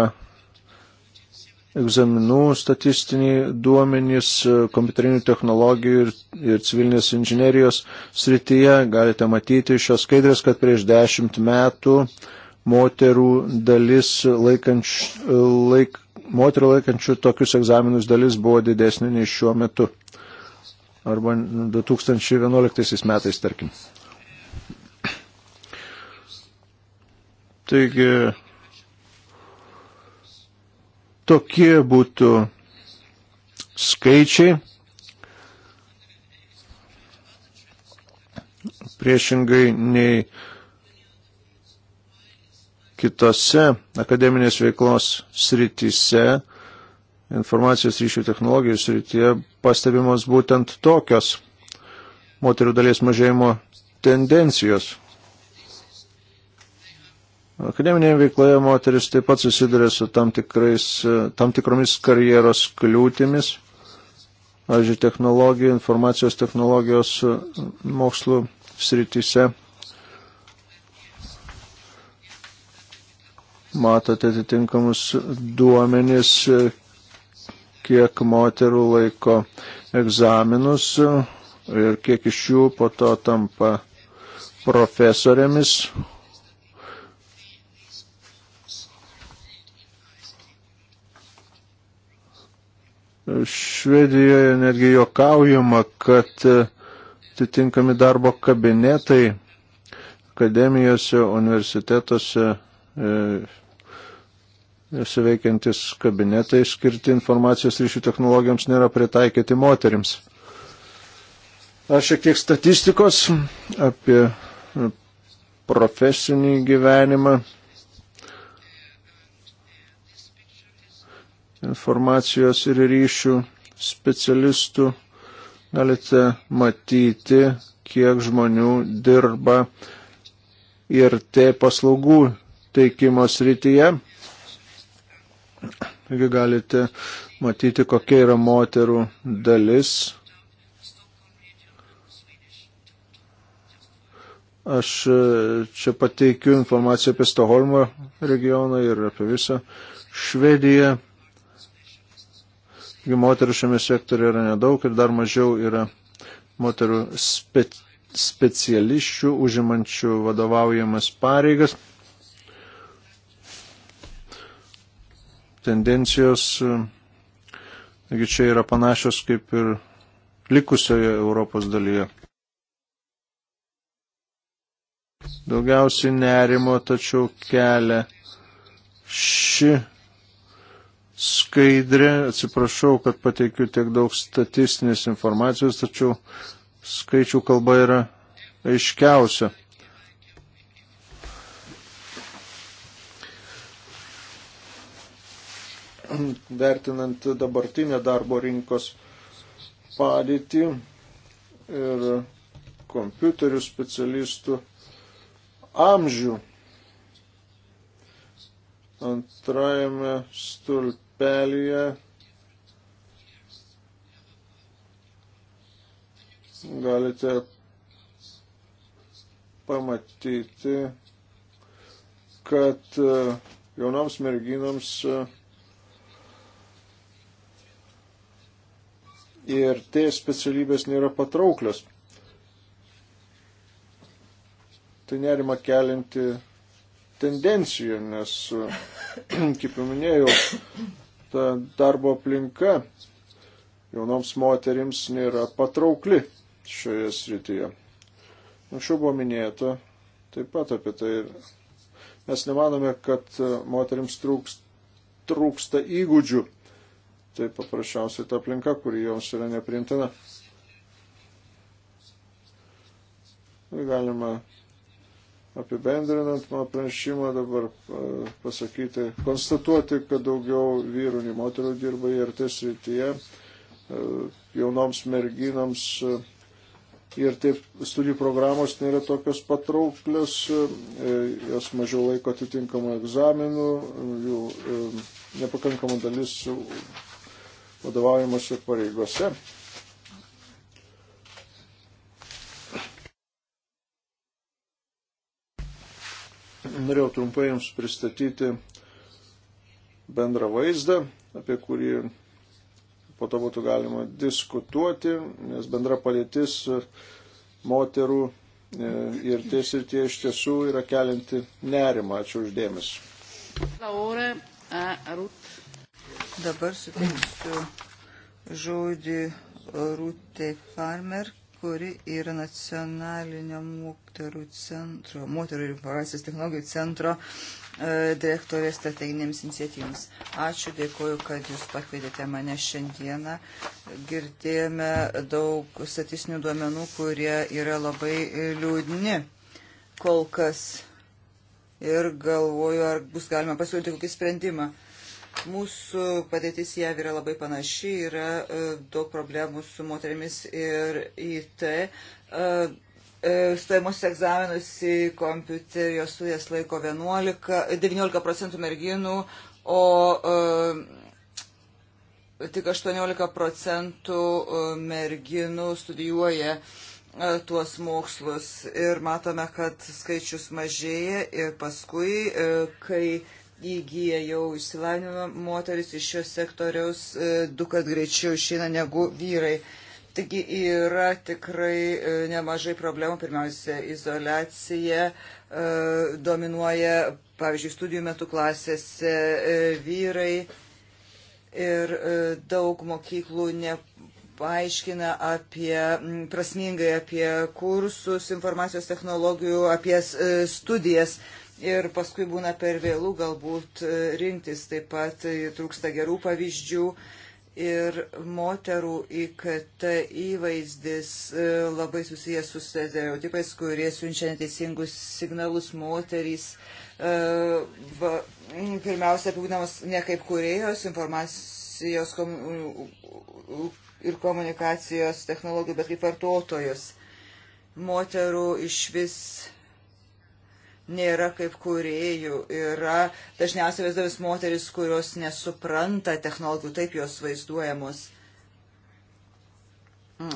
egzaminų statistiniai duomenys e, kompiuterinių technologijų ir, ir civilinės inžinerijos srityje. Galite matyti šios skaidrės, kad prieš dešimt metų moterų dalis laikanč, e, laik, moterų laikančių tokius egzaminus dalis buvo didesnė nei šiuo metu. Arba 2011 metais, tarkim. Taigi, Tokie būtų skaičiai. Priešingai nei kitose akademinės veiklos srityse, informacijos ryšių technologijų srityje pastebimos būtent tokios moterių dalies mažėjimo tendencijos. Akademinėje veikloje moteris taip pat susiduria su tam, tikrais, e, tam tikromis karjeros kliūtimis, pavyzdžiui, technologijų, informacijos technologijos e, mokslų srityse. Matote atitinkamus duomenys, e, kiek moterų laiko egzaminus ir kiek iš jų po to tampa profesorėmis, Švedijoje netgi jokaujama, kad e, atitinkami darbo kabinetai akademijose, universitetuose, jose veikiantis kabinetai skirti informacijos ryšių technologijoms nėra pritaikyti moterims. Aš šiek tiek statistikos apie profesinį gyvenimą informacijos ir ryšių specialistų galite matyti, kiek žmonių dirba ir te paslaugų teikimo srityje. Taigi galite matyti, kokia yra moterų dalis. Aš e, čia pateikiu informaciją apie Stoholmo regioną ir apie visą Švediją. Jų moterų šiame sektoriu yra nedaug ir dar mažiau yra moterų spe, speciališčių užimančių vadovaujamas pareigas. Tendencijos, taigi čia yra panašios kaip ir likusioje Europos dalyje. Daugiausiai nerimo tačiau kelia ši skaidrė. Atsiprašau, kad pateikiu tiek daug statistinės informacijos, tačiau skaičių kalba yra aiškiausia. Vertinant dabartinę darbo rinkos padėtį ir kompiuterių specialistų amžių antrajame stulpe upelyje galite pamatyti, kad e, jaunoms merginoms e, ir tie specialybės nėra patrauklios. Tai nerima kelinti tendencijų, nes, e, kaip jau minėjau, ta darbo aplinka jaunoms moterims nėra patraukli šioje srityje. Anksčiau buvo minėta taip pat apie tai. Mes nemanome, kad e, moteriams trūks, trūksta įgūdžių. Tai paprasčiausiai ta aplinka, kuri joms yra neprimtina. Galima apibendrinant mano pranešimą dabar e, pasakyti, konstatuoti, kad daugiau vyrų nei moterų dirba IRT srityje, e, jaunoms merginams e, ir taip studijų programos nėra tokios patrauklios, jos mažiau laiko atitinkamų egzaminų, jų nepakankama dalis vadovaujamosi pareigose. Norėjau trumpai Jums pristatyti bendrą vaizdą, apie kurį po to būtų galima diskutuoti, nes bendra padėtis moterų e, ir ties ir tie iš tiesų yra kelinti nerimą. Ačiū uždėmesi. Dabar suteiksiu žodį Rūtai Farmer, kuri yra nacionalinio moterų centro, moterų ir informacijos technologijų centro e, direktorė strateginėms iniciatyvams. Ačiū, dėkuoju, kad jūs pakvietėte mane šiandieną. Girdėjome daug statistinių duomenų, kurie yra labai liūdni kol kas. Ir galvoju, ar bus galima pasiūlyti kokį sprendimą. Mūsų padėtis jav yra labai panaši, yra e, daug problemų su moterimis ir IT. E, e, Stojimus egzaminus į kompiuterio studijas laiko 11, 19 procentų merginų, o tik 18 procentų merginų studijuoja tuos mokslus ir matome, kad skaičius mažėja ir paskui, kai įgyja jau išsilavinimą, moteris iš šios sektoriaus e, du kad greičiau išeina negu vyrai. Taigi yra tikrai e, nemažai problemų. Pirmiausia, izolacija e, dominuoja, pavyzdžiui, studijų metu klasėse vyrai ir daug mokyklų ne paaiškina apie, prasmingai apie kursus informacijos technologijų, apie studijas ir paskui būna per vėlų galbūt e, rinktis. Taip pat e, trūksta gerų pavyzdžių ir moterų IKT įvaizdis e, labai susijęs su stereotipais, kurie siunčia neteisingus signalus moterys. Va, pirmiausia, apibūdamos ne kaip kuriejos informacijos kom ir komunikacijos technologijų, bet kaip vartotojos. Moterų iš vis nėra kaip kuriejų. Yra dažniausiai vaizduojamas moteris, kurios nesupranta technologijų, taip jos vaizduojamos.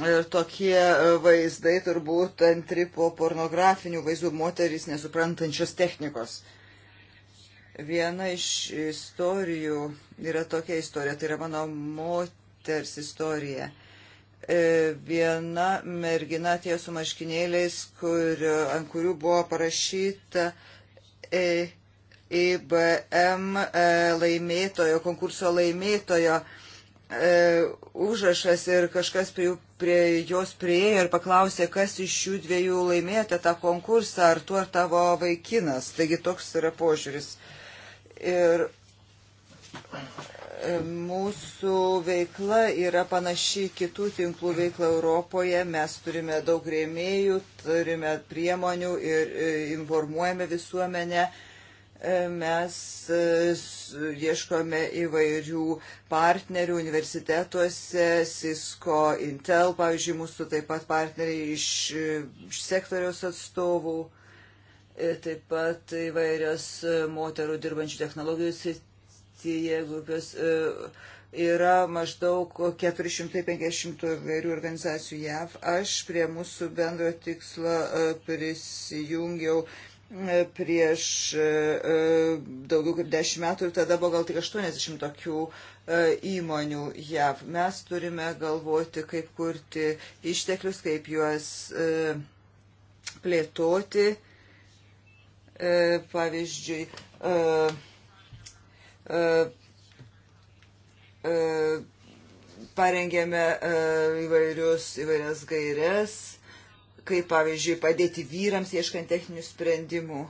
Ir tokie vaizdai turbūt antri po pornografinių vaizdų moteris nesuprantančios technikos. Viena iš istorijų yra tokia istorija, tai yra mano moters istorija. Uh, E, viena mergina atėjo su maškinėliais, kur, ant kurių buvo parašyta IBM e, e, laimėtojo, konkurso laimėtojo e, užrašas ir kažkas prie, jų, prie jos prieėjo ir paklausė, kas iš šių dviejų laimėjote tą konkursą, ar tu ar tavo vaikinas. Taigi toks yra požiūris. Ir Mūsų veikla yra panaši kitų tinklų veikla Europoje. Mes turime daug rėmėjų, turime priemonių ir e, informuojame visuomenę. E, mes e, ieškome įvairių partnerių universitetuose, Cisco, Intel, pavyzdžiui, mūsų taip pat partneriai iš, iš sektoriaus atstovų, taip pat įvairios moterų dirbančių technologijų srityje grupės e, yra maždaug 450 vairių organizacijų JAV. Aš prie mūsų bendro tikslo e, prisijungiau e, prieš daugiau kaip 10 metų ir tada buvo gal tik 80 tokių įmonių JAV. Mes turime galvoti, kaip kurti išteklius, kaip juos plėtoti. Pavyzdžiui, E, e, parengėme e, įvairius, įvairias gairias, kaip pavyzdžiui padėti vyrams ieškant techninių sprendimų.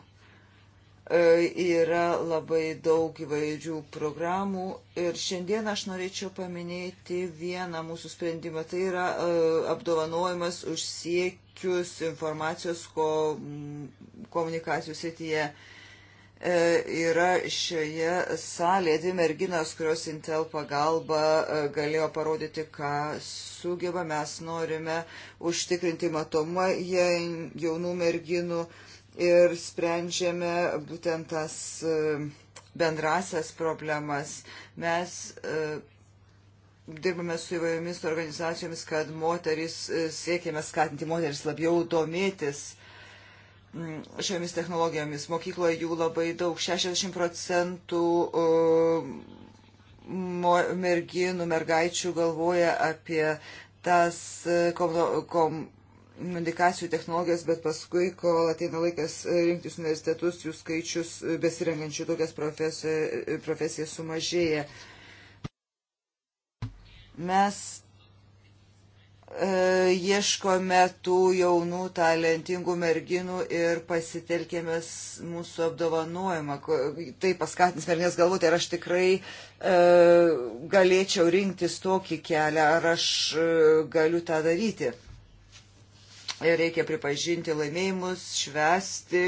Yra labai daug įvairių programų ir šiandien aš norėčiau paminėti vieną mūsų sprendimą. Tai yra apdovanojimas už siekius informacijos komunikacijos srityje. Tai E, yra šioje salėje dvi merginos, kurios Intel pagalba e, galėjo parodyti, ką sugeba, mes norime užtikrinti matomą jaunų merginų ir sprendžiame būtent tas e, bendrasias problemas. Mes dirbame su įvairiomis organizacijomis, kad moteris, siekėme skatinti moteris labiau domėtis Mm, šiomis technologijomis. Mokykloje jų labai daug, 60 procentų e, merginų, mergaičių galvoja apie tas e, komunikacijų technologijas, bet paskui, kol ateina laikas rinktis universitetus, jų skaičius besirengančių tokias profesijas sumažėja. Mes E, ieškome tų jaunų, talentingų merginų ir pasitelkėme mūsų apdovanojimą. Tai paskatins merginės galvoti, ar aš tikrai e, galėčiau rinktis tokį kelią, ar aš e, galiu tą daryti. Ir reikia pripažinti laimėjimus, švesti,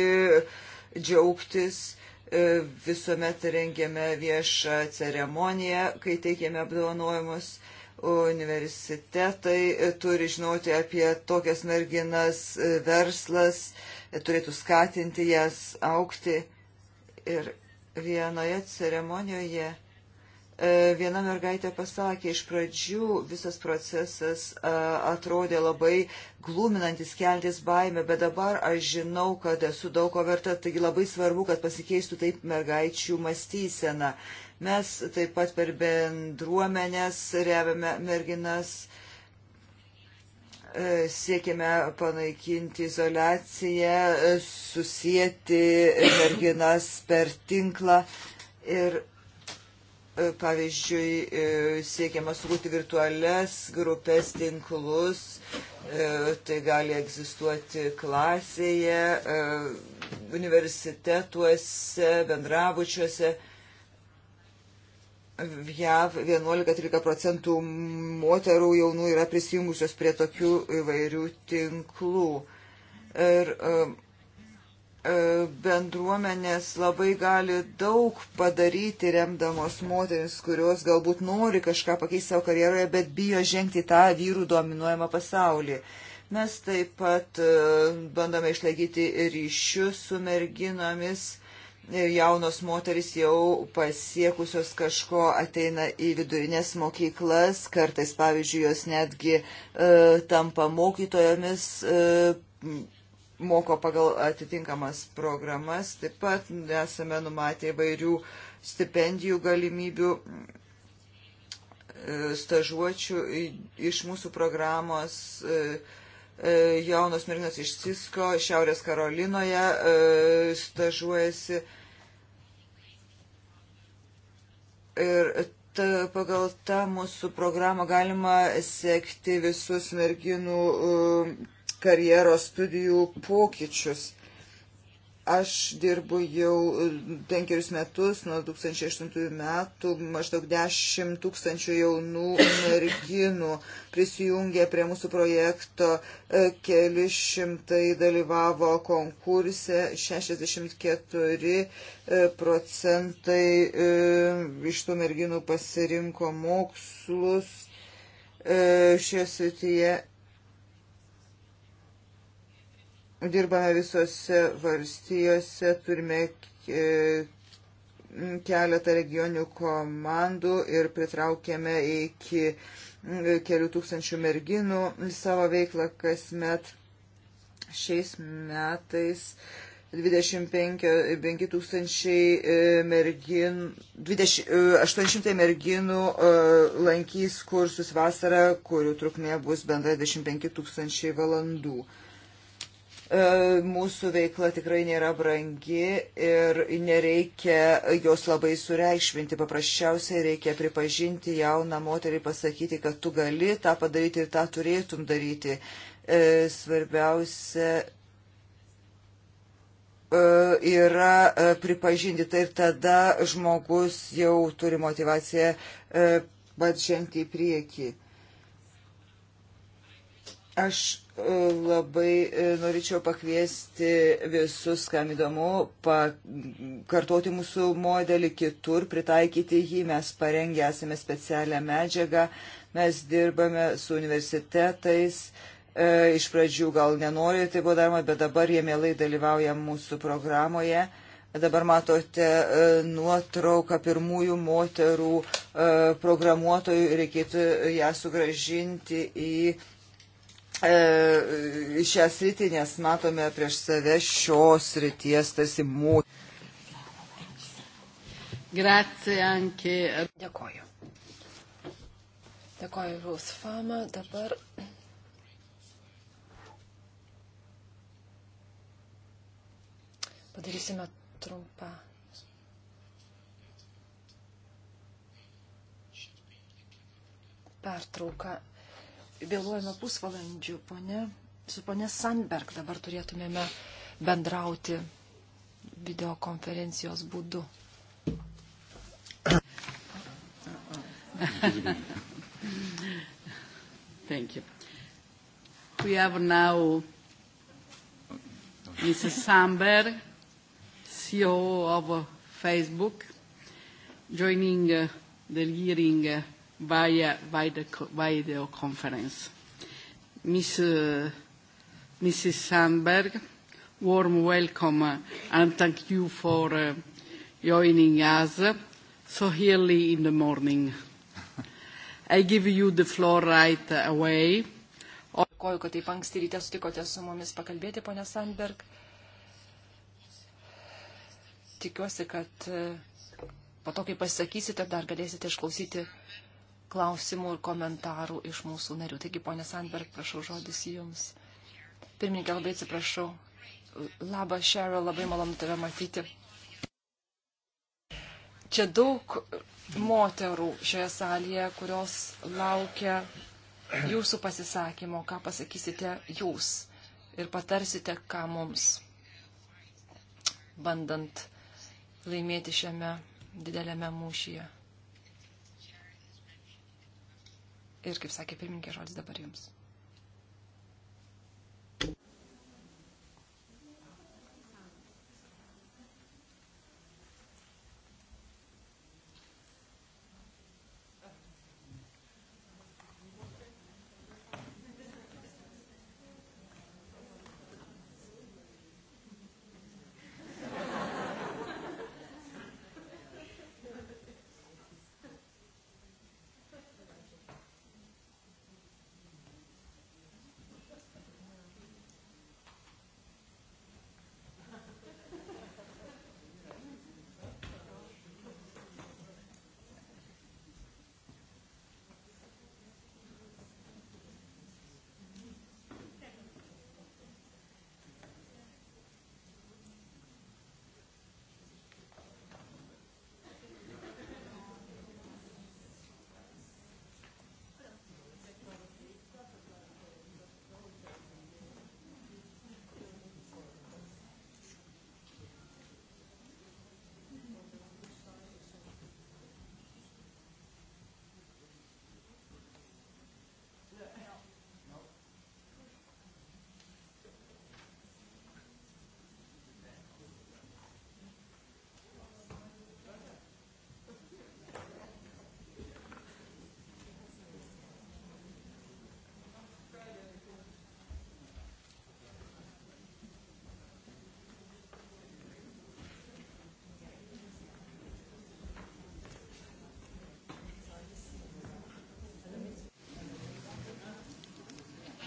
džiaugtis e, visuomet rengiame viešą ceremoniją, kai teikiame apdovanojimus. E, universitetai e, turi žinoti apie tokias merginas, e, verslas, e, turėtų skatinti jas aukti. Ir vienoje ceremonijoje viena mergaitė pasakė, iš pradžių visas procesas atrodė labai glūminantis, keltis baimę, bet dabar aš žinau, kad esu daug ko verta, taigi labai svarbu, kad pasikeistų taip mergaičių mąstysena. Mes taip pat per bendruomenės remiame merginas, e, siekime panaikinti izolaciją, e, susijęti merginas per tinklą ir e, pavyzdžiui, siekiama sukurti virtualias grupės tinklus, tai gali egzistuoti klasėje, universitetuose, bendrabučiuose. JAV 11-13 procentų moterų jaunų yra prisijungusios prie tokių įvairių tinklų. Ir um, e, bendruomenės labai gali daug padaryti remdamos moteris, kurios galbūt nori kažką pakeisti savo karjeroje, bet bijo žengti tą vyrų dominuojamą pasaulį. Mes taip pat e, bandome išlaikyti ryšius su merginomis jaunos moteris jau pasiekusios kažko ateina į vidurinės mokyklas, kartais, pavyzdžiui, jos netgi e, tampa mokytojomis, e, moko pagal atitinkamas programas. Taip pat esame numatę įvairių stipendijų galimybių e, stažuočių iš mūsų programos e, e, jaunos merginos iš Cisko, Šiaurės Karolinoje stažuojasi Ir ta, pagal tą mūsų programą galima sekti visus merginų um, karjeros studijų pokyčius. Aš dirbu jau e, penkerius metus, nuo 2008 metų, maždaug 10 tūkstančių jaunų merginų prisijungė prie mūsų projekto, e, keli šimtai dalyvavo konkurse, 64 e, procentai iš tų merginų pasirinko mokslus šioje srityje dirbame visose valstijose, turime e, keletą regionių komandų ir pritraukėme iki e, kelių tūkstančių merginų savo veiklą kasmet. Šiais metais 25 tūkstančiai e, merginų, 800 merginų lankys kursus vasarą, kurių trukmė bus bendrai 25 tūkstančiai valandų. E, mūsų veikla tikrai nėra brangi ir nereikia jos labai sureikšminti. Paprasčiausiai reikia pripažinti jauną moterį, pasakyti, kad tu gali tą padaryti ir tą turėtum daryti. E, svarbiausia e, yra pripažinti tai ir tada žmogus jau turi motivaciją pat žengti į priekį. Aš labai e, norėčiau pakviesti visus, kam įdomu, pakartoti mūsų modelį kitur, pritaikyti jį. Mes parengę esame specialią medžiagą, mes dirbame su universitetais. E, iš pradžių gal nenori, tai buvo daroma, bet dabar jie mielai dalyvauja mūsų programoje. Dabar matote e, nuotrauką pirmųjų moterų programuotojų, reikėtų ją sugražinti į E, šią sritį, nes matome prieš save šios srities tarsi mūsų. Grazie anche. Dėkoju. Dėkoju Rus Fama. Dabar. Padarysime trumpą. Pertrauka vėluojame pusvalandžių, ponė, su ponė Sandberg dabar turėtumėme bendrauti videokonferencijos būdu. Thank you. We have now Mrs. Sandberg, CEO of Facebook, joining uh, the hearing uh, via, via the video conference. Ms. Uh, Mrs. Sandberg, warm welcome uh, and thank you for uh, joining us uh, so early in the morning. I give you the floor right away. Dėkoju, kad taip anksti ryte sutikote su mumis pakalbėti, ponė Sandberg. Tikiuosi, kad uh, po to, kai pasisakysite, dar galėsite išklausyti klausimų ir komentarų iš mūsų narių. Taigi, ponė Sandberg, prašau žodis jums. Pirmininkė, labai atsiprašau. Labą, Sheryl, labai malonu tave matyti. Čia daug moterų šioje salėje, kurios laukia jūsų pasisakymo, ką pasakysite jūs ir patarsite, ką mums, bandant laimėti šiame dideliame mūšyje. Ir kaip sakė pirmininkė, žodis dabar jums.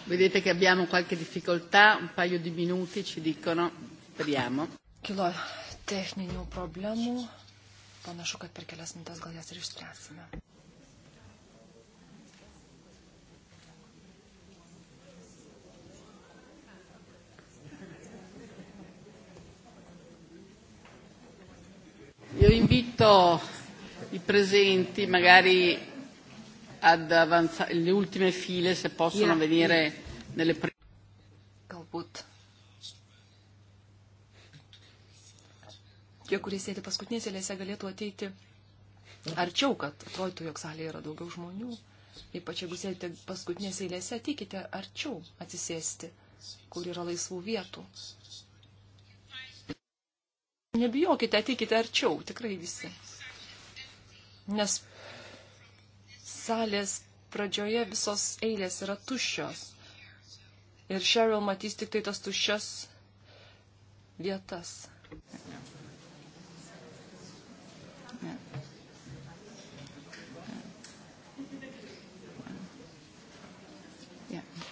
Vedete che abbiamo qualche difficoltà, un paio di minuti ci dicono, speriamo. Kilo techninių problemų, panašu, kad per kelias minutės gal jas ir išspręsime. Io invito i presenti magari ad avanzare, le ultime file se possono yeah. venire nelle prime. Galbūt. Tie, kurie sėdi paskutinėse lėse, galėtų ateiti arčiau, kad atrodytų, jog salėje yra daugiau žmonių. Ypač jeigu sėdite paskutinėse eilėse, ateikite arčiau atsisėsti, kur yra laisvų vietų. Nebijokite, ateikite arčiau, tikrai visi. Nes salės pradžioje visos eilės yra tuščios. Ir Cheryl matys tik tai tas tuščias vietas. Yeah. Yeah.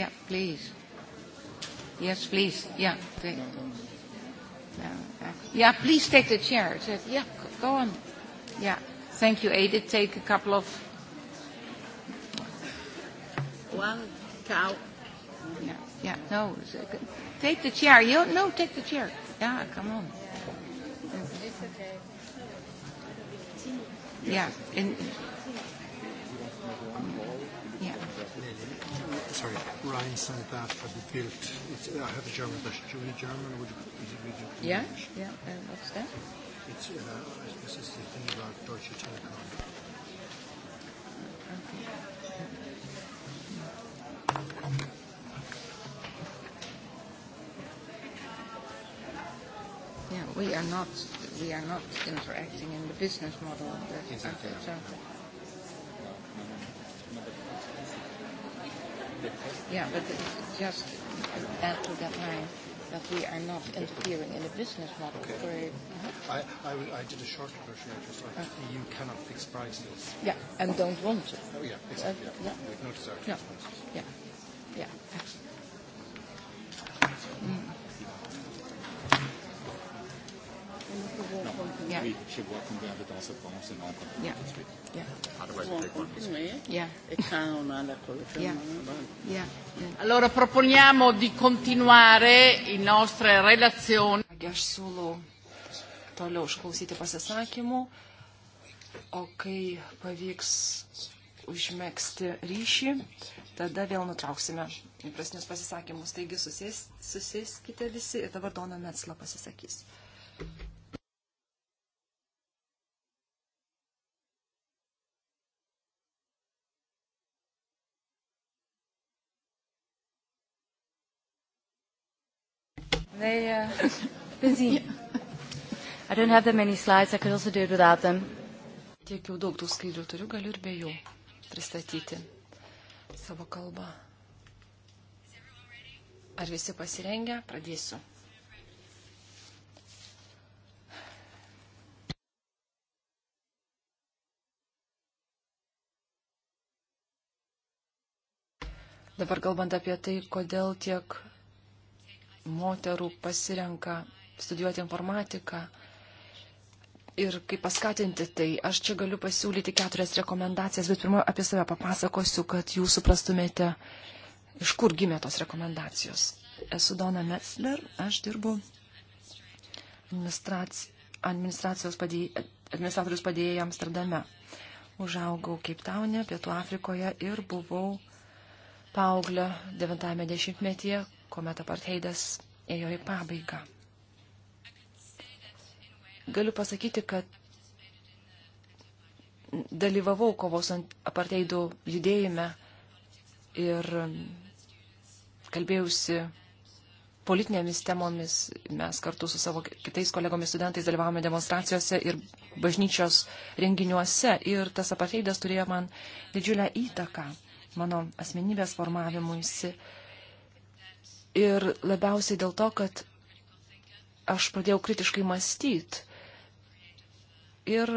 Yeah, please. Yes, please. Yeah. Take. Yeah, please take the chair. Yeah, go on. Yeah. Thank you, Edith. Take a couple of... One cow. Yeah, yeah, no. Take the chair. You, no, take the chair. Yeah, come on. It's okay. Yeah, and... Yeah. Sorry, Ryan sent that for the field. It's, I have a German version. Do you read German or would you, would you read it? Yeah, yeah. Uh, what's that? It's about, I suppose it's the thing about Deutsche Telekom. Yeah, we are not we are not interacting in the business model of the exactly. center. Yeah, but just add to that line that we are not interfering in the business model. Okay. For, uh-huh. Mm-hmm. I, I, I did a short version, I just like, uh. the EU cannot fix prices. Yeah, and don't want to. Oh, yeah, exactly. Uh, yeah. Yeah. We've noticed our yeah. yeah, yeah, yeah. maybe she welcomed that at also comments and all yeah. yeah. Otherwise we take one. Yeah. Yeah. Yeah. Allora proponiamo di continuare il nostre relazioni. Aš siūlau toliau išklausyti pasisakymų, o kai pavyks užmėgsti ryšį, tada vėl nutrauksime įprasnius pasisakymus. Taigi susės, susėskite visi ir dabar Dona Metsla pasisakys. They uh, busy. I don't have that many slides. I could also do it without them. Tiek jau daug tų skaidrių turiu, galiu ir be jų pristatyti savo kalbą. Ar visi pasirengę? Pradėsiu. Dabar kalbant apie tai, kodėl tiek moterų pasirenka studijuoti informatiką ir kaip paskatinti tai. Aš čia galiu pasiūlyti keturias rekomendacijas, bet pirmiau apie save papasakosiu, kad jūs suprastumėte, iš kur gimė tos rekomendacijos. Esu Dona Metzler, aš dirbu administrac... administracijos padėj... administratorius padėjėjai Amsterdame. Užaugau Keiptaune, Pietų Afrikoje ir buvau paauglio 90-metyje, kuomet apartheidas ėjo į pabaigą. Galiu pasakyti, kad dalyvavau kovos ant aparteidų judėjime ir um, kalbėjausi politinėmis temomis. Mes kartu su savo kitais kolegomis studentais dalyvavome demonstracijose ir bažnyčios renginiuose. Ir tas aparteidas turėjo man didžiulę įtaką mano asmenybės formavimuisi ir labiausiai dėl to, kad aš pradėjau kritiškai mąstyti ir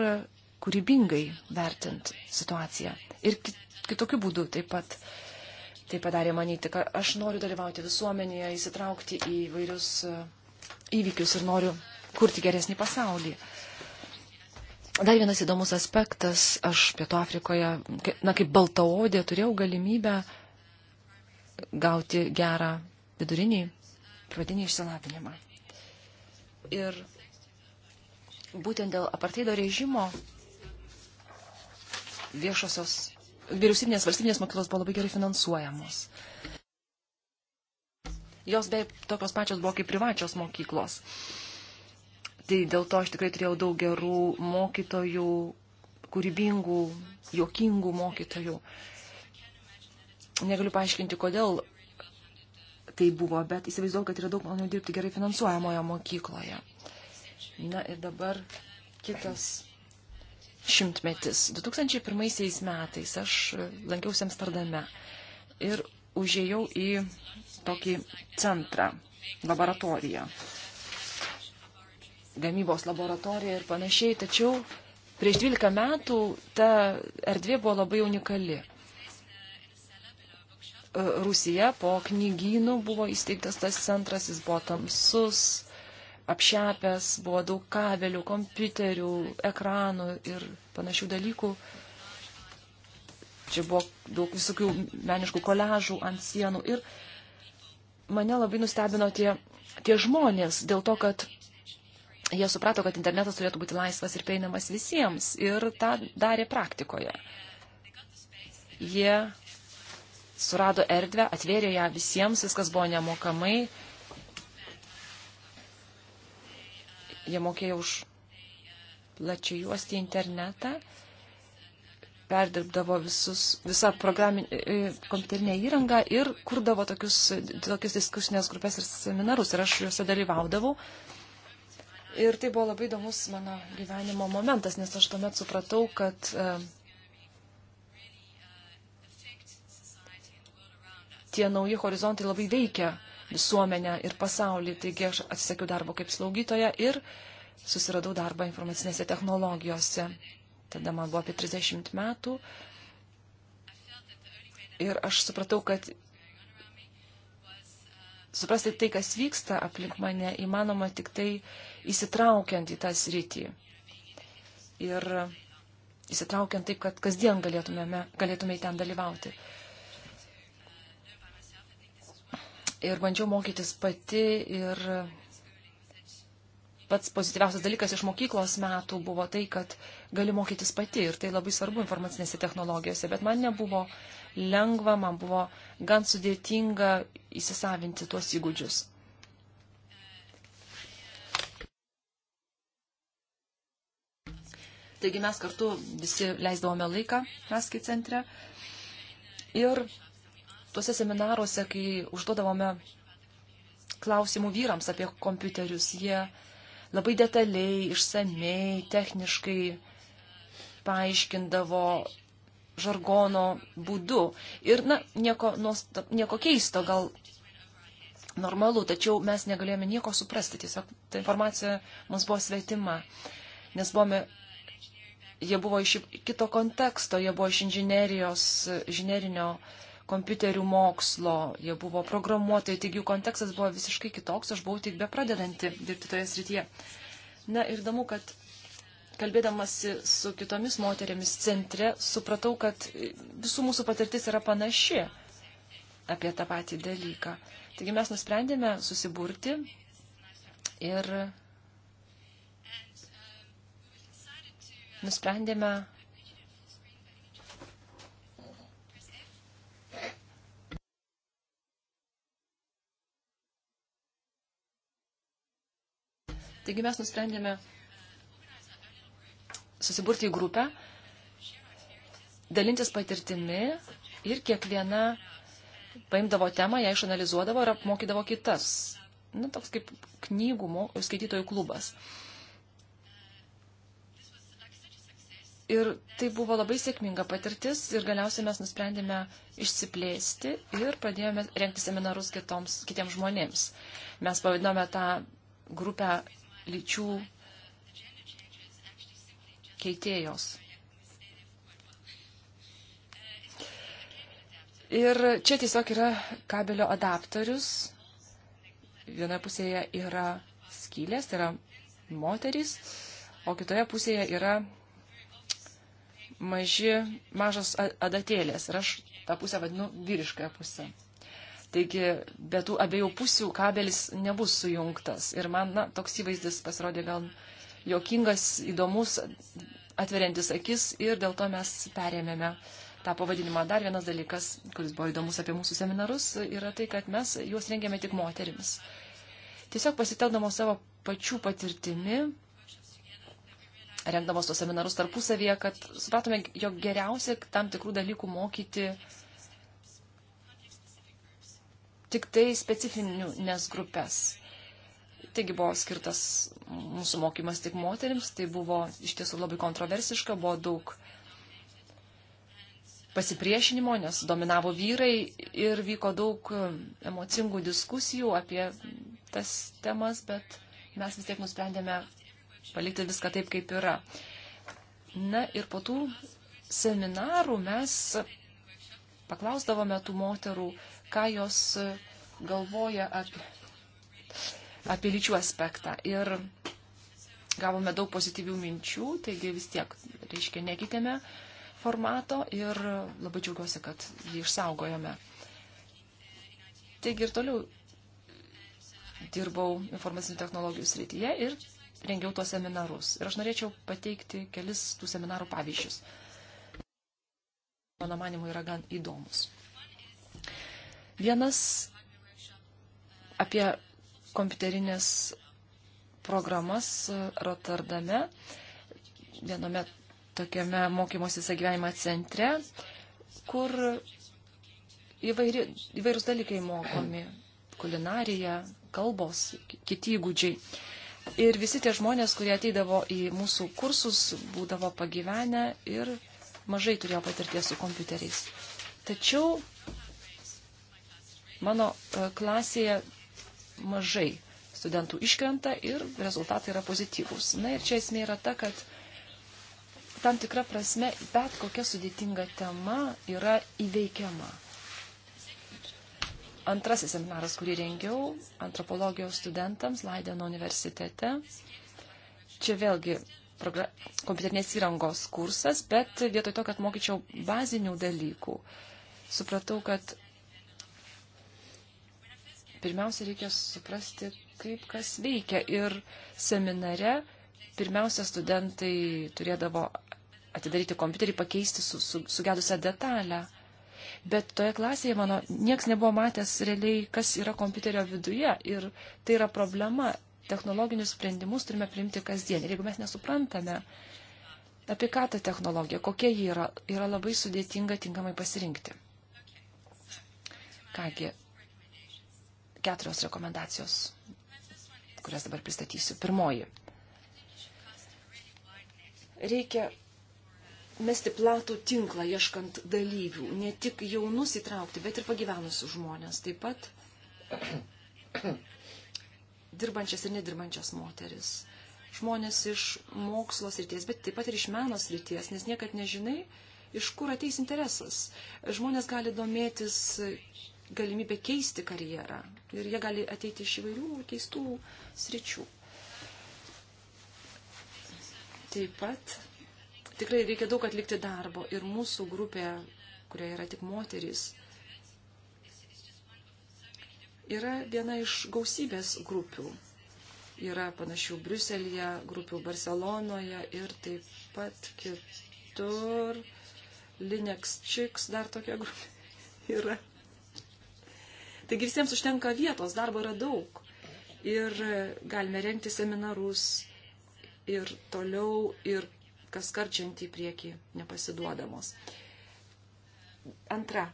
kūrybingai vertint situaciją. Ir kitokiu būdu taip pat. Tai padarė manyti, kad aš noriu dalyvauti visuomenėje, įsitraukti į vairius e, įvykius ir noriu kurti geresnį pasaulį. Dar vienas įdomus aspektas, aš Pietų Afrikoje, na kaip baltaodė, turėjau galimybę gauti gerą vidurinį, pradinį išsilavinimą. Ir būtent dėl aparteido režimo viešosios vyriausybinės valstybinės mokyklos buvo labai gerai finansuojamos. Jos beje tokios pačios buvo kaip privačios mokyklos. Tai dėl to aš tikrai turėjau daug gerų mokytojų, kūrybingų, jokingų mokytojų. Negaliu paaiškinti, kodėl tai buvo, bet įsivaizduoju, kad yra daug maloniau dirbti gerai finansuojamoje mokykloje. Na ir dabar kitas šimtmetis. 2001 metais aš lankiausi Amsterdame ir užėjau į tokį centrą, laboratoriją, gamybos laboratoriją ir panašiai, tačiau prieš 12 metų ta erdvė buvo labai unikali. Rusija po knygynų buvo įsteigtas tas centras, jis buvo tamsus, apšepęs, buvo daug kabelių, kompiuterių, ekranų ir panašių dalykų. Čia buvo daug visokių meniškų koležų ant sienų ir mane labai nustebino tie, tie žmonės dėl to, kad jie suprato, kad internetas turėtų būti laisvas ir prieinamas visiems ir tą darė praktikoje. Jie surado erdvę, atvėrė ją visiems, viskas buvo nemokamai. Jie mokėjo už plačiai juosti internetą, perdirbdavo visus, visą e, kompiuterinę įrangą ir kurdavo tokius, tokius diskusinės grupės ir seminarus. Ir aš juose dalyvaudavau. Ir tai buvo labai įdomus mano gyvenimo momentas, nes aš tuomet supratau, kad uh, tie nauji horizontai labai veikia visuomenę ir pasaulį. Taigi aš atsisakiau darbo kaip slaugytoja ir susiradau darbą informacinėse technologijose. Tada man buvo apie 30 metų. Ir aš supratau, kad suprasti tai, kas vyksta aplink mane, įmanoma tik tai įsitraukiant į tą sritį. Ir įsitraukiant taip, kad kasdien galėtume, galėtume į ten dalyvauti. ir bandžiau mokytis pati ir pats pozityviausias dalykas iš mokyklos metų buvo tai, kad gali mokytis pati ir tai labai svarbu informacinėse technologijose, bet man nebuvo lengva, man buvo gan sudėtinga įsisavinti tuos įgūdžius. Taigi mes kartu visi leisdavome laiką Raski centre ir tuose seminaruose, kai užduodavome klausimų vyrams apie kompiuterius, jie labai detaliai, išsamei, techniškai paaiškindavo žargono būdu. Ir, na, nieko, nuosta, nieko keisto, gal normalu, tačiau mes negalėjome nieko suprasti, tiesiog ta informacija mums buvo svetima, nes buvome, jie buvo iš kito konteksto, jie buvo iš inžinerijos, inžinerinio uh, kompiuterių mokslo, jie buvo programuotojai, taigi jų kontekstas buvo visiškai kitoks, aš buvau tik be pradedanti dirbti toje srityje. Na ir įdomu, kad kalbėdamasi su kitomis moterėmis centre, supratau, kad visų mūsų patirtis yra panaši apie tą patį dalyką. Taigi mes nusprendėme susiburti ir nusprendėme Taigi mes nusprendėme susiburti į grupę, dalintis patirtimi ir kiekviena paimdavo temą, ją išanalizuodavo ir apmokydavo kitas. Na, nu, toks kaip knygų skaitytojų klubas. Ir tai buvo labai sėkminga patirtis ir galiausiai mes nusprendėme išsiplėsti ir pradėjome renkti seminarus kitoms, kitiems žmonėms. Mes pavadinome tą grupę lyčių keitėjos. Ir čia tiesiog yra kabelio adaptorius. Vienoje pusėje yra skylės, tai yra moterys, o kitoje pusėje yra maži, mažos adatėlės. Ir aš tą pusę vadinu vyriškąją pusę. Taigi, be tų abiejų pusių kabelis nebus sujungtas. Ir man na, toks įvaizdis pasirodė gal jokingas, įdomus, atveriantis akis ir dėl to mes perėmėme tą pavadinimą. Dar vienas dalykas, kuris buvo įdomus apie mūsų seminarus, yra tai, kad mes juos rengėme tik moterims. Tiesiog pasiteldamos savo pačių patirtimi, rengdamos tos seminarus tarpusavėje, kad supratome, jog geriausia tam tikrų dalykų mokyti tik tai specifinės grupės. Taigi buvo skirtas mūsų mokymas tik moteriams, tai buvo iš tiesų labai kontroversiška, buvo daug pasipriešinimo, nes dominavo vyrai ir vyko daug emocingų diskusijų apie tas temas, bet mes vis tiek nusprendėme palikti viską taip, kaip yra. Na ir po tų seminarų mes paklausdavome tų moterų, ką jos e, galvoja apie, apie lyčių aspektą. Ir gavome daug pozityvių minčių, taigi vis tiek, reiškia, nekitėme formato ir labai džiaugiuosi, kad jį išsaugojome. Taigi ir toliau dirbau informacinių technologijų srityje ir rengiau tuos seminarus. Ir aš norėčiau pateikti kelis tų seminarų pavyzdžius. Mano manimo yra gan įdomus. Vienas apie kompiuterinės programas Rotterdame, viename tokiame mokymosi gyvenimo centre, kur įvairi, įvairūs dalykai mokomi - kulinarija, kalbos, kiti įgūdžiai. Ir visi tie žmonės, kurie ateidavo į mūsų kursus, būdavo pagyvenę ir mažai turėjo patirties su kompiuteriais. Tačiau Mano e, klasėje mažai studentų iškrenta ir rezultatai yra pozityvūs. Na ir čia esmė yra ta, kad tam tikra prasme bet kokia sudėtinga tema yra įveikiama. Antrasis seminaras, kurį rengiau antropologijos studentams Laideno universitete. Čia vėlgi kompiuterinės įrangos kursas, bet vietoj to, kad mokyčiau bazinių dalykų, supratau, kad pirmiausia, reikia suprasti, kaip kas veikia. Ir seminare pirmiausia, studentai turėdavo atidaryti kompiuterį, pakeisti su, su, sugedusią detalę. Bet toje klasėje mano nieks nebuvo matęs realiai, kas yra kompiuterio viduje. Ir tai yra problema. Technologinius sprendimus turime priimti kasdien. Ir jeigu mes nesuprantame, apie ką ta technologija, kokia ji yra, yra labai sudėtinga tinkamai pasirinkti. Kągi, keturios rekomendacijos, kurias dabar pristatysiu. Pirmoji. Reikia mesti platų tinklą ieškant dalyvių, ne tik jaunus įtraukti, bet ir pagyvenusius žmonės, taip pat dirbančias ir nedirbančias moteris, žmonės iš mokslo srities, bet taip pat ir iš meno srities, nes niekad nežinai, iš kur ateis interesas. Žmonės gali domėtis galimybė keisti karjerą. Ir jie gali ateiti iš įvairių keistų sričių. Taip pat tikrai reikia daug atlikti darbo. Ir mūsų grupė, kurioje yra tik moterys, yra viena iš gausybės grupių. Yra panašių Briuselėje, grupių Barcelonoje ir taip pat kitur. Linux Chicks dar tokia grupė yra. Taigi visiems užtenka vietos, darbo yra daug. Ir galime renkti seminarus ir toliau, ir kas karčiant į priekį nepasiduodamos. Antra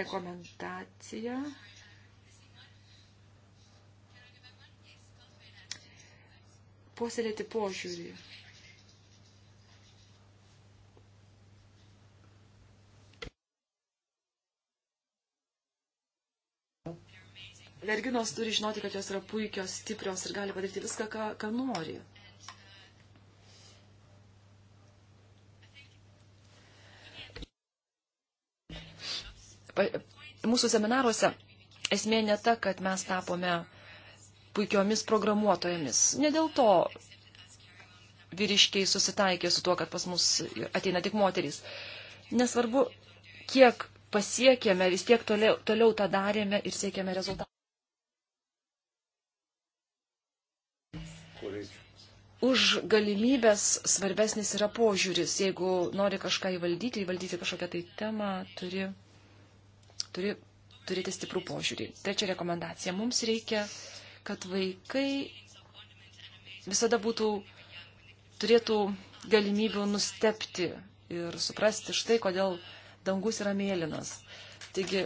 rekomendacija. Puoselėti požiūrį merginos turi žinoti, kad jos yra puikios, stiprios ir gali padaryti viską, ką, ką nori. Mūsų seminaruose esmė ne ta, kad mes tapome puikiomis programuotojomis. Ne dėl to vyriškiai susitaikė su tuo, kad pas mus ateina tik moterys. Nesvarbu, kiek pasiekėme, vis tiek toliau, toliau tą darėme ir siekėme rezultatą. už galimybės svarbesnis yra požiūris. Jeigu nori kažką įvaldyti, įvaldyti kažkokią tai temą, turi, turi turėti stiprų požiūrį. Trečia rekomendacija. Mums reikia, kad vaikai visada būtų, turėtų galimybių nustepti ir suprasti štai, kodėl dangus yra mėlynas. Taigi,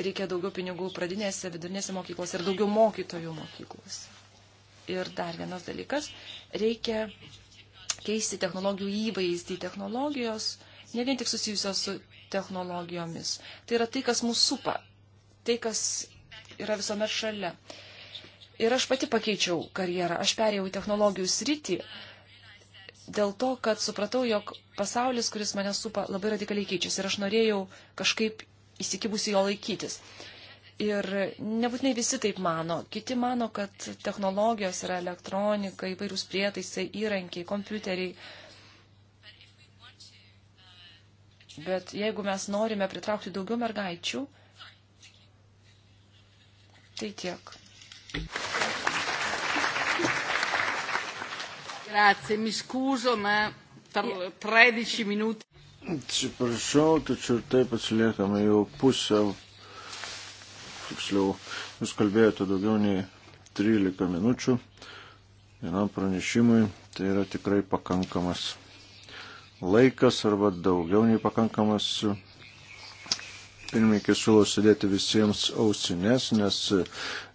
reikia daugiau pinigų pradinėse, vidurinėse mokyklose ir daugiau mokytojų mokyklose. Ir dar vienas dalykas, reikia keisti technologijų įvaizdį. Technologijos ne vien tik susijusios su technologijomis. Tai yra tai, kas mūsų supa, tai, kas yra visuomet šalia. Ir aš pati pakeičiau karjerą, aš perėjau į technologijų sritį dėl to, kad supratau, jog pasaulis, kuris mane supa, labai radikaliai keičiasi ir aš norėjau kažkaip įsikibusi jo laikytis. Ir nebūtinai visi taip mano. Kiti mano, kad technologijos yra elektronika, įvairūs prietaisai, įrankiai, kompiuteriai. Bet jeigu mes norime pritraukti daugiau mergaičių, tai tiek. Grazie, mi scuso, ma per 13 minuti. Atsiprašau, tačiau taip atsiliekame jau pusę tiksliau jūs kalbėjote daugiau nei 13 minučių vienam pranešimui, tai yra tikrai pakankamas laikas arba daugiau nei pakankamas. Pirmininkai siūlau sudėti visiems ausinės, nes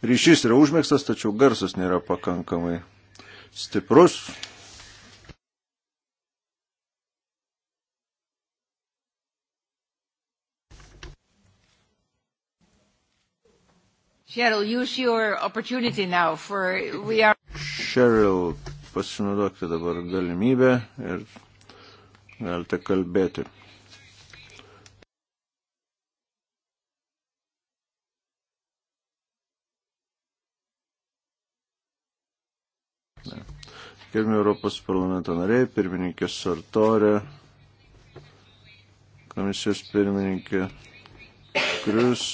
ryšys yra užmėgstas, tačiau garsas nėra pakankamai stiprus. Cheryl, use your opportunity now for we are. Cheryl, pasinaudokite dabar galimybę ir galite kalbėti. Gerbimi Europos parlamento nariai, pirmininkė Sartorė, komisijos pirmininkė Krius,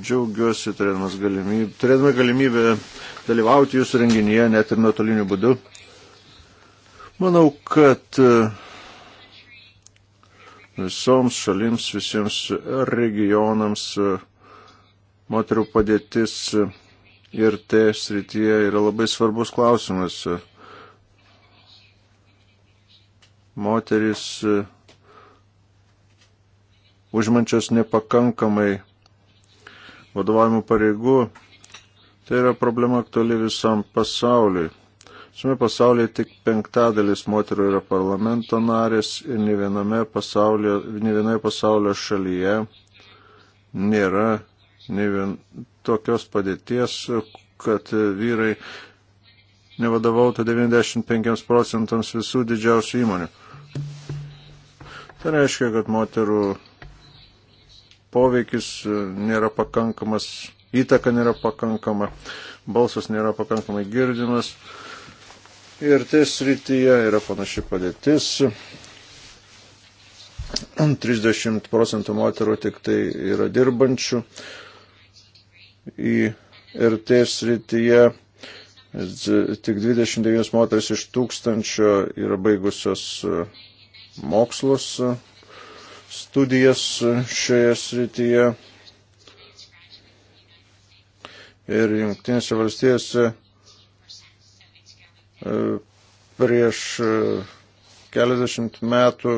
Džiaugiuosi turėdamas galimybę, turėdama galimybę dalyvauti jūsų renginyje net ir nuotoliniu būdu. Manau, kad e, visoms šalims, visiems regionams e, moterų padėtis e, ir te srityje yra labai svarbus klausimas. Moteris užimančios nepakankamai vadovavimo pareigų, tai yra problema aktuali visam pasauliui. Šiame pasaulyje tik penktadalis moterų yra parlamento narės ir ne vienoje pasaulio, ne vienoje pasaulio šalyje nėra ne vien tokios padėties, kad vyrai nevadovautų 95 procentams visų didžiausių įmonių. Tai reiškia, kad moterų poveikis e, nėra pakankamas, įtaka nėra pakankama, balsas nėra pakankamai girdimas. Ir tai srityje yra panaši padėtis. 30 procentų moterų tik tai yra dirbančių į RT srityje. Tik 29 moteris iš tūkstančio yra baigusios e, mokslus studijas šioje srityje. Ir jungtinėse valstijose e, prieš e, keliasdešimt metų,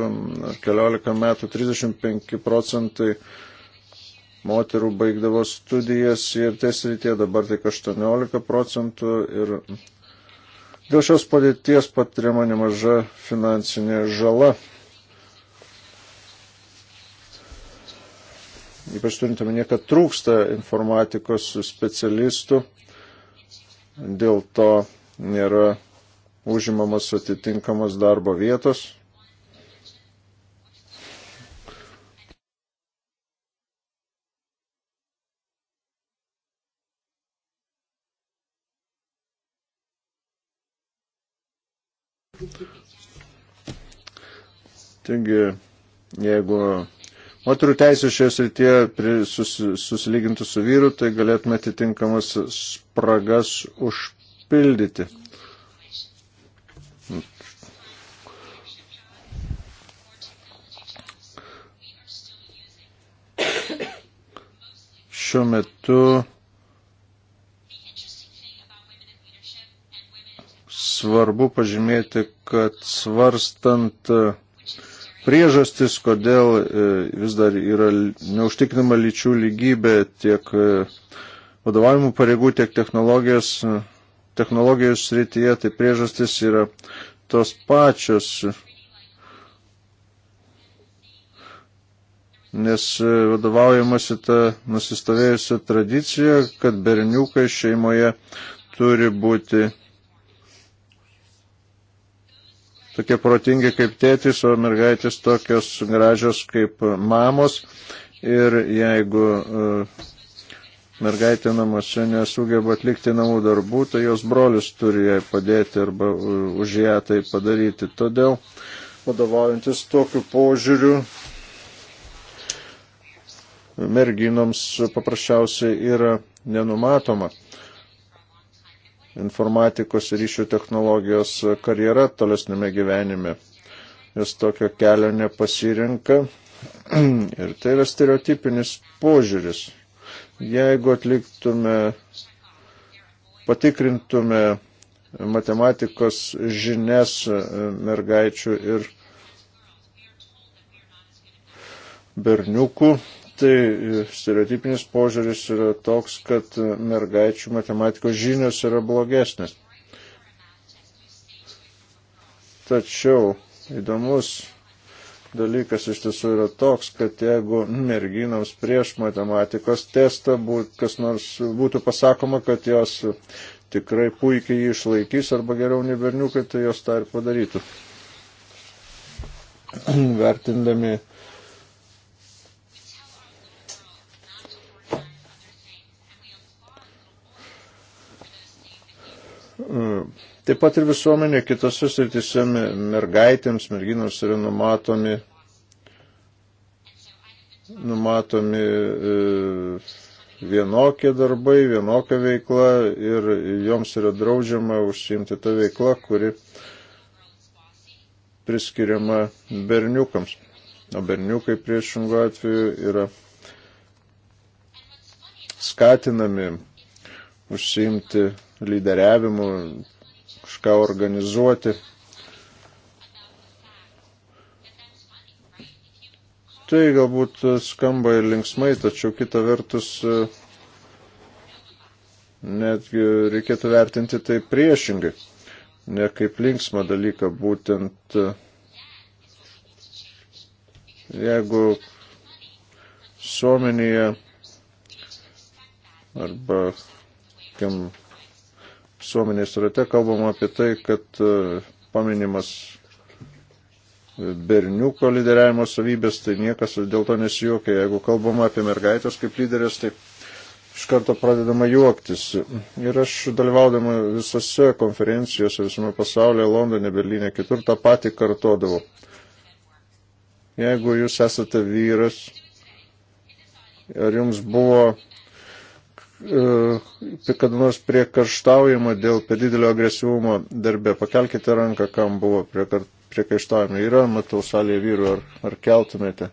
keliolika metų, 35 procentai moterų baigdavo studijas ir ties rytie dabar tik 18 procentų ir dėl šios padėties patiriama nemaža finansinė žala. ypač turint omenyje, kad trūksta informatikos specialistų, dėl to nėra užimamos atitinkamos darbo vietos. Taigi, jeigu moterų teisų šioje srityje sus, susilygintų su vyru, tai galėtume atitinkamas spragas užpildyti. Šiuo metu svarbu pažymėti, kad svarstant uh, priežastis, kodėl e, vis dar yra neužtikrinama lyčių lygybė tiek e, vadovavimų pareigų, tiek technologijos, e, technologijos srityje, tai priežastis yra tos pačios. Nes vadovaujamasi ta nusistovėjusi tradicija, kad berniukai šeimoje turi būti tokie protingi kaip tėtis, o mergaitės tokios gražios kaip mamos. Ir jeigu e, mergaitė namuose nesugeba atlikti namų darbų, tai jos brolis turi jai padėti arba e, už ją tai padaryti. Todėl, vadovaujantis tokiu požiūriu, merginoms paprasčiausiai yra nenumatoma informatikos ir ryšių technologijos karjera tolesnėme gyvenime. Jis tokio kelio nepasirinka ir tai yra stereotipinis požiūris. Jeigu atliktume, patikrintume matematikos žinias e, mergaičių ir berniukų, tai stereotipinis požiūris yra toks, kad mergaičių matematikos žinios yra blogesnės. Tačiau įdomus dalykas iš tiesų yra toks, kad jeigu merginams prieš matematikos testą būt, kas nors būtų pasakoma, kad jos tikrai puikiai jį išlaikys arba geriau nei berniukai, tai jos tą ir padarytų. Vertindami Taip pat ir visuomenė kitose srityse mergaitėms, merginams yra numatomi, numatomi e, vienokie darbai, vienokia veikla ir joms yra draudžiama užsiimti tą veiklą, kuri priskiriama berniukams. O berniukai priešingų atveju yra skatinami užsiimti lyderiavimu, kažką organizuoti. Tai galbūt skamba ir linksmai, tačiau kita vertus e, netgi reikėtų vertinti tai priešingai, ne kaip linksmą dalyką, būtent e, jeigu Suomenija arba, kam, visuomenės rate kalbama apie tai, kad e, paminimas e, berniuko lyderiavimo savybės, tai niekas dėl to nesijuokia. Jeigu kalbama apie mergaitės kaip lyderės, tai iš karto pradedama juoktis. Ir aš dalyvaudama visose konferencijose visame pasaulyje, Londone, Berlyne, kitur tą patį kartodavau. Jeigu jūs esate vyras, ar jums buvo E, kad nors priekaštaujama dėl per didelio agresyvumo darbė. Pakelkite ranką, kam buvo priekaištaujama. Yra, matau, salėje vyrų, ar, ar keltumėte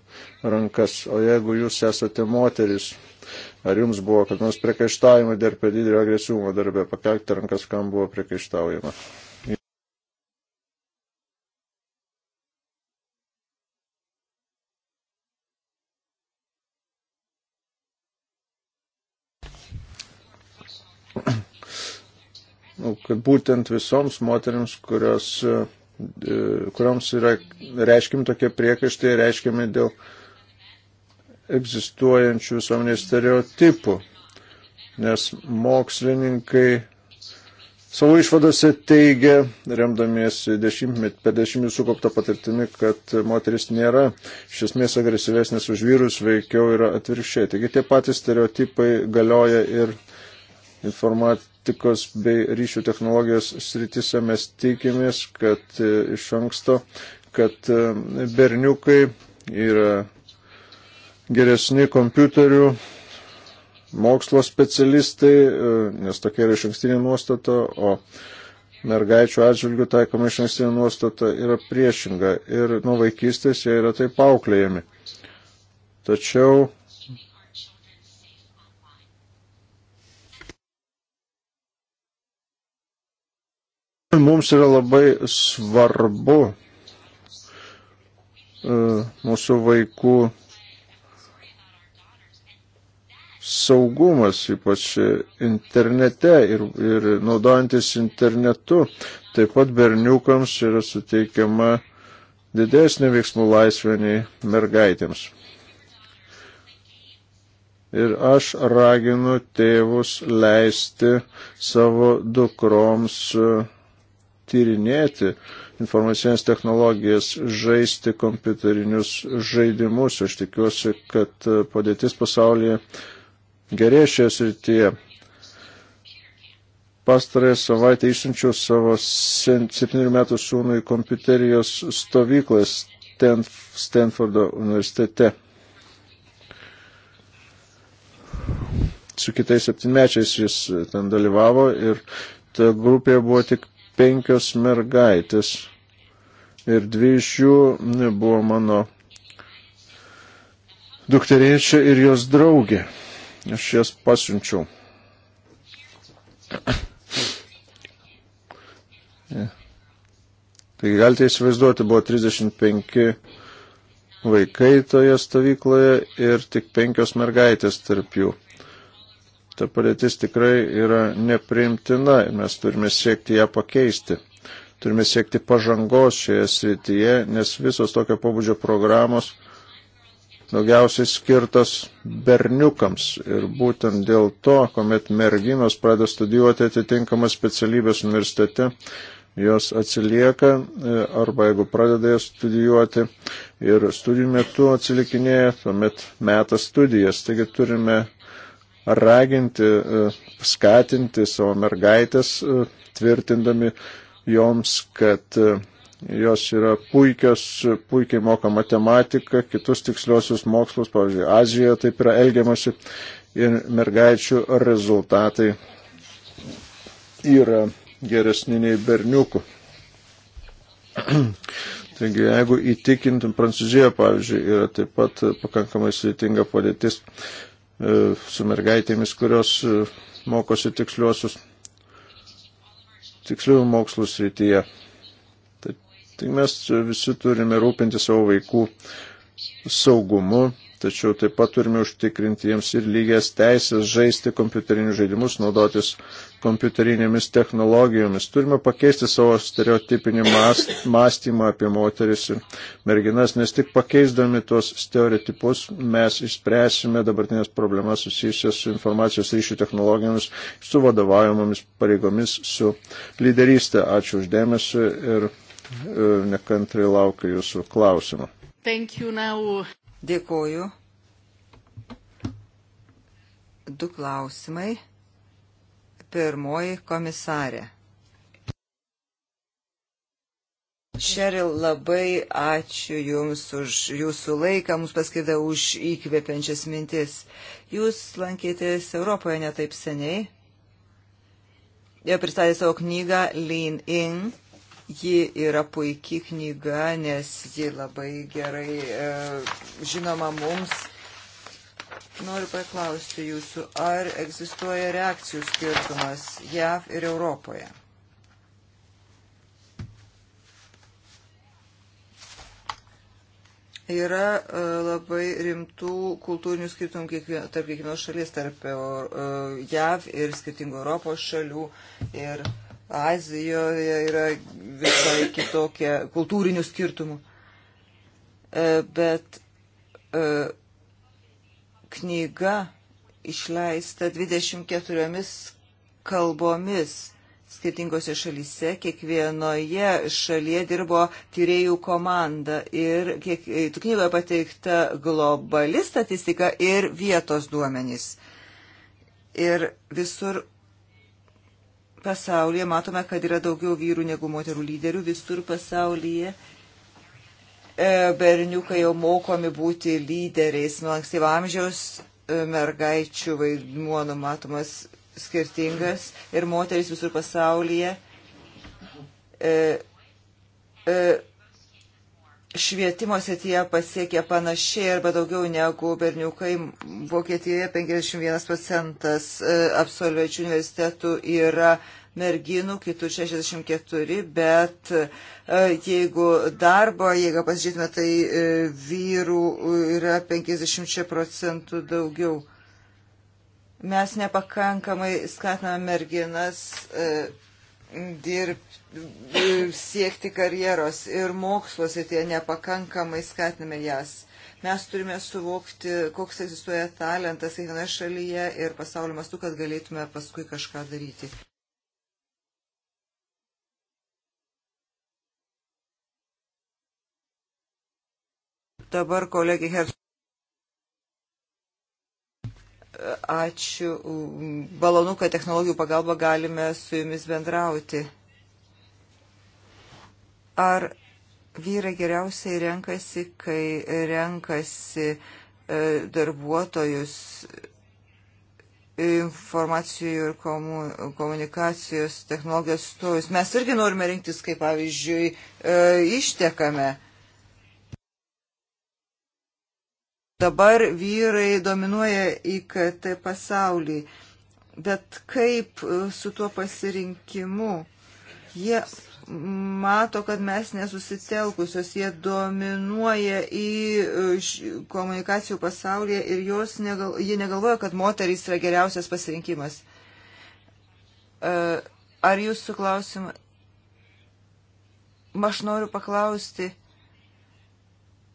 rankas. O jeigu jūs esate moteris, ar jums buvo kad nors priekaištaujama dėl per didelio agresyvumo darbė, pakelkite rankas, kam buvo priekaištaujama. Nu, kad būtent visoms moteriams, kurios, e, e, kurioms yra reiškim tokie priekaištai, reiškiami dėl egzistuojančių visuomenės stereotipų, nes mokslininkai savo išvadose teigia, remdamiesi dešimtmet, per dešimtmetį sukauptą patirtimi, kad moteris nėra iš esmės agresyvesnės už vyrus, veikiau yra atvirkščiai. Taigi tie patys stereotipai galioja ir informat, informatikos bei ryšių technologijos sritise mes tikimės, kad e, iš anksto, kad e, berniukai yra geresni kompiuterių mokslo specialistai, e, nes tokia yra iš ankstinė nuostata, o mergaičių atžvilgių taikoma iš ankstinė nuostata yra priešinga ir nuo vaikystės jie yra taip auklėjami. Tačiau Mums yra labai svarbu e, mūsų vaikų saugumas, ypač internete ir, ir naudojantis internetu. Taip pat berniukams yra suteikiama didesnė veiksmų laisvė nei mergaitėms. Ir aš raginu tėvus leisti savo dukroms uh, tyrinėti informacinės technologijas, žaisti kompiuterinius žaidimus. Aš tikiuosi, kad e, padėtis pasaulyje gerėja šioje srityje. Pastarąją savaitę išsiunčiau savo 7 metų sūnui kompiuterijos stovyklas Stanfordo universitete. Su kitais septynmečiais jis ten dalyvavo ir ta grupė buvo tik penkios mergaitės ir dvi iš jų buvo mano dukterėčia ir jos draugė. Aš jas pasiunčiau. Ja. Taigi galite įsivaizduoti, buvo 35 vaikai toje stovykloje ir tik penkios mergaitės tarp jų. Ta padėtis tikrai yra neprimtina ir mes turime siekti ją pakeisti. Turime siekti pažangos šioje srityje, nes visos tokio pobūdžio programos daugiausiai skirtas berniukams. Ir būtent dėl to, kuomet merginos pradeda studijuoti atitinkamą specialybės universitete, jos atsilieka e, arba jeigu pradeda jas studijuoti ir studijų metu atsilikinėja, tuomet metas studijas. Taigi turime raginti, e, skatinti savo mergaitės, e, tvirtindami joms, kad e, jos yra puikios, puikiai moka matematiką, kitus tiksliosius mokslus, pavyzdžiui, Azijoje taip yra elgiamasi ir mergaičių rezultatai yra geresni nei berniukų. Taigi, jeigu įtikintum, Prancūzijoje, pavyzdžiui, yra taip pat pakankamai sudėtinga padėtis E, su mergaitėmis, kurios e, mokosi tiksliuosius, tiksliųjų mokslų srityje. Tai mes visi turime rūpinti savo vaikų saugumu tačiau taip pat turime užtikrinti jiems ir lygias teisės žaisti kompiuterinius žaidimus, naudotis kompiuterinėmis technologijomis. Turime pakeisti savo stereotipinį mąstymą apie moteris ir merginas, nes tik pakeisdami tuos stereotipus mes išspręsime dabartinės problemas susijusias su informacijos ryšių technologijomis, su vadovaujamomis pareigomis, su lyderystė. Ačiū uždėmesi ir e, nekantrai laukiu jūsų klausimą. Thank you now. Dėkoju. Du klausimai. Pirmoji komisarė. Šeril, labai ačiū Jums už Jūsų laiką, mums paskida už įkvepiančias mintis. Jūs lankėtės Europoje netaip seniai. Jau pristatė savo knygą Lean In. Ji yra puikiai knyga, nes ji labai gerai e, žinoma mums. Noriu paklausti jūsų, ar egzistuoja reakcijų skirtumas JAV ir Europoje? Yra e, labai rimtų kultūrinių skirtumų kiekvien, tarp kiekvienos šalies, tarp e, e, JAV ir skirtingų Europos šalių. Ir uh, Azijoje yra visai kitokie kultūrinių skirtumų. E, bet e, knyga išleista 24 kalbomis skirtingose šalyse. Kiekvienoje šalyje dirbo tyriejų komanda ir kiek, tu e, knygoje pateikta globali statistika ir vietos duomenys. Ir visur pasaulyje matome, kad yra daugiau vyrų negu moterų lyderių visur pasaulyje. E, berniukai jau mokomi būti lyderiais nuo ankstyvo amžiaus, e, mergaičių vaidmuo numatomas skirtingas ir moteris visur pasaulyje. E, e, švietimo srityje pasiekė panašiai arba daugiau negu berniukai. Vokietijoje 51 procentas e, absolvenčių universitetų yra merginų, kitų 64, bet e, jeigu darbo, jeigu pasižiūrėtume, tai e, vyrų yra 50 procentų daugiau. Mes nepakankamai skatiname merginas dirbti E, siekti karjeros ir mokslos ir tie nepakankamai skatiname jas. Mes turime suvokti, koks egzistuoja talentas kiekvienoje šalyje ir pasaulio mastu, kad galėtume paskui kažką daryti. Dabar kolegė Herz. Ačiū. Balonu, kad technologijų pagalba galime su jumis bendrauti. Ar vyrai geriausiai renkasi, kai renkasi e, darbuotojus e, informacijų ir komunikacijos technologijos stovus. Mes irgi norime rinktis, kaip pavyzdžiui, e, ištekame. Dabar vyrai dominuoja IKT pasaulį, bet kaip su tuo pasirinkimu? Jie mato, kad mes nesusitelkusios, jie dominuoja į e, komunikacijų pasaulyje ir jos negal, jie negalvoja, kad moterys yra geriausias pasirinkimas. E, ar jūsų klausimą? Aš noriu paklausti,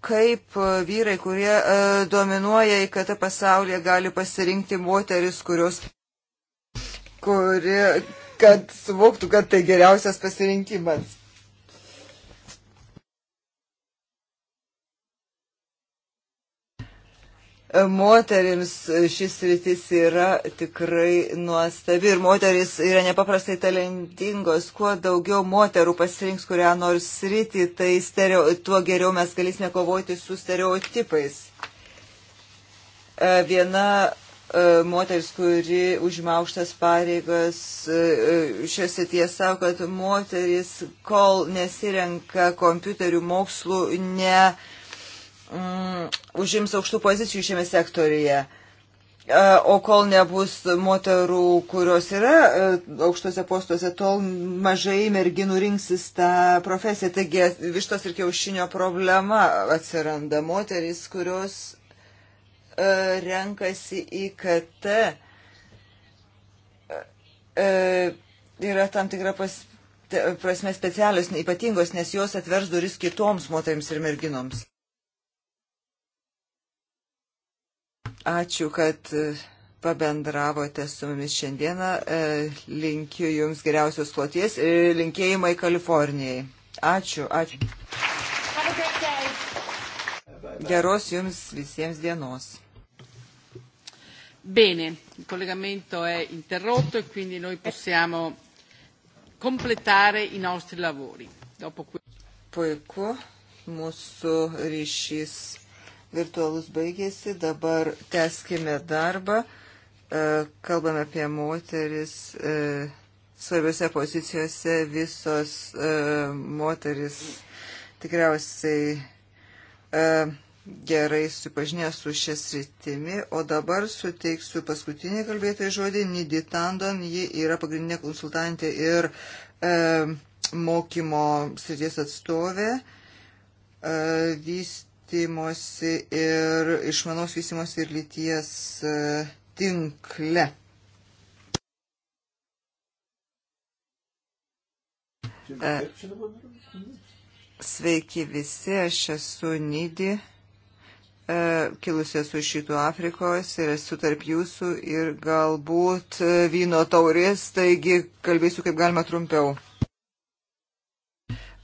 kaip e, vyrai, kurie dominuoja į KT pasaulyje, gali pasirinkti moteris, kurios, kurie kad suvoktų, kad tai geriausias pasirinkimas. Moterims šis rytis yra tikrai nuostabi ir moteris yra nepaprastai talentingos. Kuo daugiau moterų pasirinks kurią nors rytį, tai stereo, tuo geriau mes galėsime kovoti su stereotipais. E, viena E, moteris, kuri užima aukštas pareigas e, e, šiose tiesa, kad moteris, kol nesirenka kompiuterių mokslų, ne mm, užims aukštų pozicijų šiame sektorije. O kol nebus moterų, kurios yra aukštose postuose, tol mažai merginų rinksis tą profesiją. Taigi vištos ir kiaušinio problema atsiranda. Moteris, kurios E, renkasi į KT, e, e, yra tam tikra pas, prasme specialios, ypatingos, nes jos atvers duris kitoms moteriams ir merginoms. Ačiū, kad pabendravote su mumis šiandieną. Linkiu Jums geriausios kloties ir linkėjimai Kalifornijai. Ačiū, ačiū. Geros Jums visiems dienos. Bene, il collegamento è interrotto e quindi noi possiamo completare i nostri lavori. Dopo que... Puiku, mūsų ryšys virtualus baigėsi, dabar teskime darbą, e, kalbame apie moteris e, svarbiose pozicijose, visos e, moteris tikriausiai gerai supažinę su šia sritimi, o dabar suteiksiu paskutinį kalbėtojų žodį Nidi Tandon, ji yra pagrindinė konsultantė ir e, mokymo srities atstovė, e, vystimosi ir išmanos vystimosi ir lyties e, tinkle. E, sveiki visi, aš esu Nidi. E, kilusias iš šitų Afrikos ir esu tarp jūsų ir galbūt e, vyno taurės, taigi kalbėsiu kaip galima trumpiau.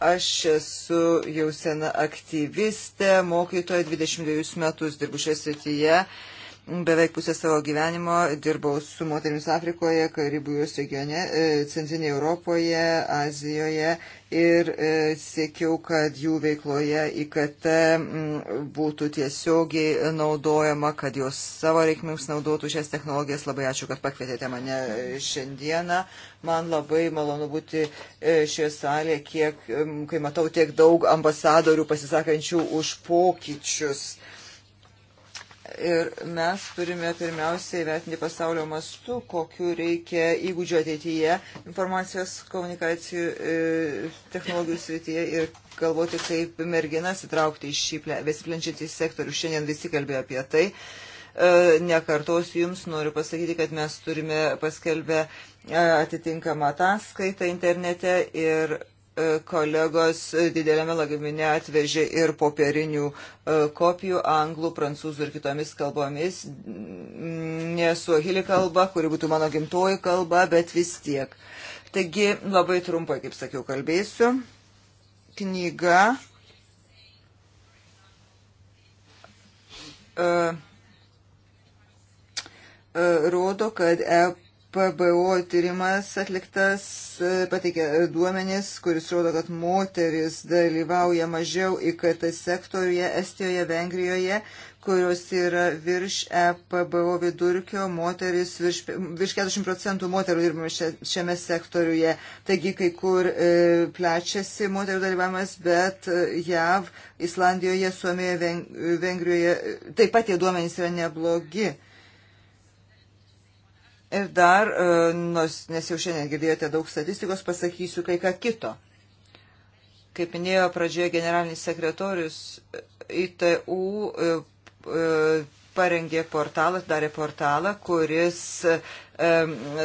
Aš esu jau sena aktyvistė, mokytoja, 22 metus dirbu šioje srityje. Uh, Beveik pusę savo gyvenimo dirbau su moterimis Afrikoje, Karibijos regione, e, Centrinėje Europoje, Azijoje ir e, siekiau, kad jų veikloje IKT būtų tiesiogiai naudojama, kad jos savo reikmėms naudotų šias technologijas. Labai ačiū, kad pakvietėte mane e, šiandieną. Man labai malonu būti šioje salėje, kiek, kai matau tiek daug ambasadorių pasisakančių už pokyčius ir mes turime pirmiausiai vertinti pasaulio mastu, kokiu reikia įgūdžių ateityje informacijos komunikacijų e, technologijų srityje ir galvoti, kaip merginas įtraukti į šį besiplenčiantį sektorių. Šiandien visi kalbėjo apie tai. E, nekartosiu Jums, noriu pasakyti, kad mes turime paskelbę e, atitinkamą ataskaitą internete ir E, kolegos didelėme lagamine atvežė ir popierinių e, kopijų anglų, prancūzų ir kitomis kalbomis. Nesu ahili kalba, kuri būtų mano gimtoji kalba, bet vis tiek. Taigi labai trumpai, kaip sakiau, kalbėsiu. Knyga. Uh, rodo, kad e PBO tyrimas atliktas e, pateikė duomenis, kuris rodo, kad moteris dalyvauja mažiau IKT sektoriuje Estijoje, Vengrijoje, kurios yra virš EPBO vidurkio, moteris virš, virš 40 procentų moterų dirbama šiame sektoriuje. Taigi kai kur e, plečiasi moterų dalyvavimas, bet e, JAV, Islandijoje, Suomijoje, Vengrijoje e, taip pat tie duomenys yra neblogi. E, Ir dar, e, nors, nes jau šiandien girdėjote daug statistikos, pasakysiu kai ką kito. Kaip minėjo pradžioje generalinis sekretorius, e, ITU e, parengė portalą, darė portalą, kuris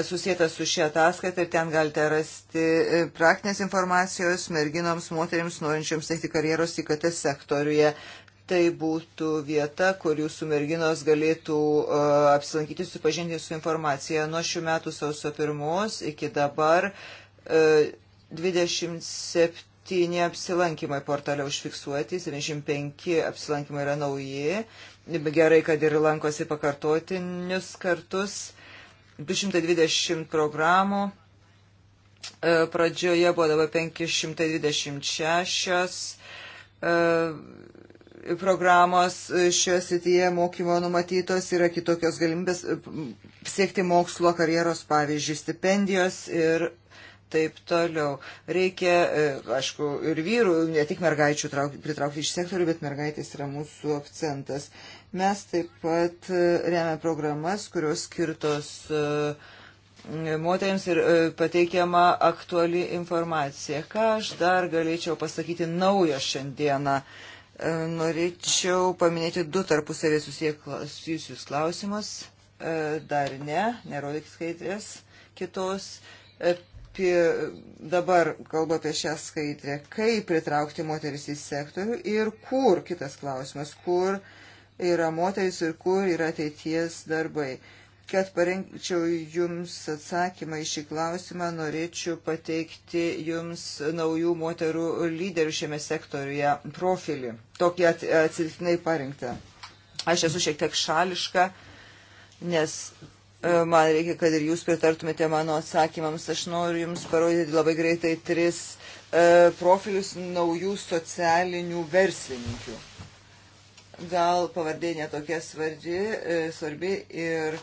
susijęta su šia ataskaita ir ten galite rasti praktinės informacijos merginoms, moteriams, norinčiams teikti karjeros IKT sektoriuje tai būtų vieta, kur jūsų merginos galėtų uh, apsilankyti, supažinti su informacija. Nuo šių metų sausio pirmos iki dabar uh, 27 apsilankimai portale užfiksuoti, 75 apsilankimai yra nauji. Gerai, kad ir lankosi pakartotinius kartus. 220 programų. Uh, pradžioje buvo dabar 526. Uh, programos e, šioje srityje mokymo numatytos, yra kitokios galimybės e, siekti mokslo karjeros, pavyzdžiui, stipendijos ir taip toliau. Reikia, e, aišku, ir vyrų, ne tik mergaičių traukti, pritraukti iš sektorių, bet mergaitės yra mūsų akcentas. Mes taip pat remia programas, kurios skirtos moteriams ir pateikiama aktuali informacija. Ką aš dar galėčiau pasakyti naujo šiandieną? E, norėčiau paminėti du tarpusavės susijusius klausimus. E, dar ne, nerodyk skaidrės kitos. Apie, e, dabar kalbu apie šią skaidrę. Kaip pritraukti moteris į sektorių ir kur, kitas klausimas, kur yra moteris ir kur yra ateities darbai. Uh, Kad parengčiau jums atsakymą į šį klausimą, norėčiau pateikti jums naujų moterų lyderių šiame sektoriuje profilį, tokį atsitiktinai parinktą. Aš esu šiek tiek šališka, nes e, man reikia, kad ir jūs pritartumėte mano atsakymams. Aš noriu jums parodyti labai greitai tris e, profilius naujų socialinių verslininkių gal pavardė netokia svarbi, e, svarbi ir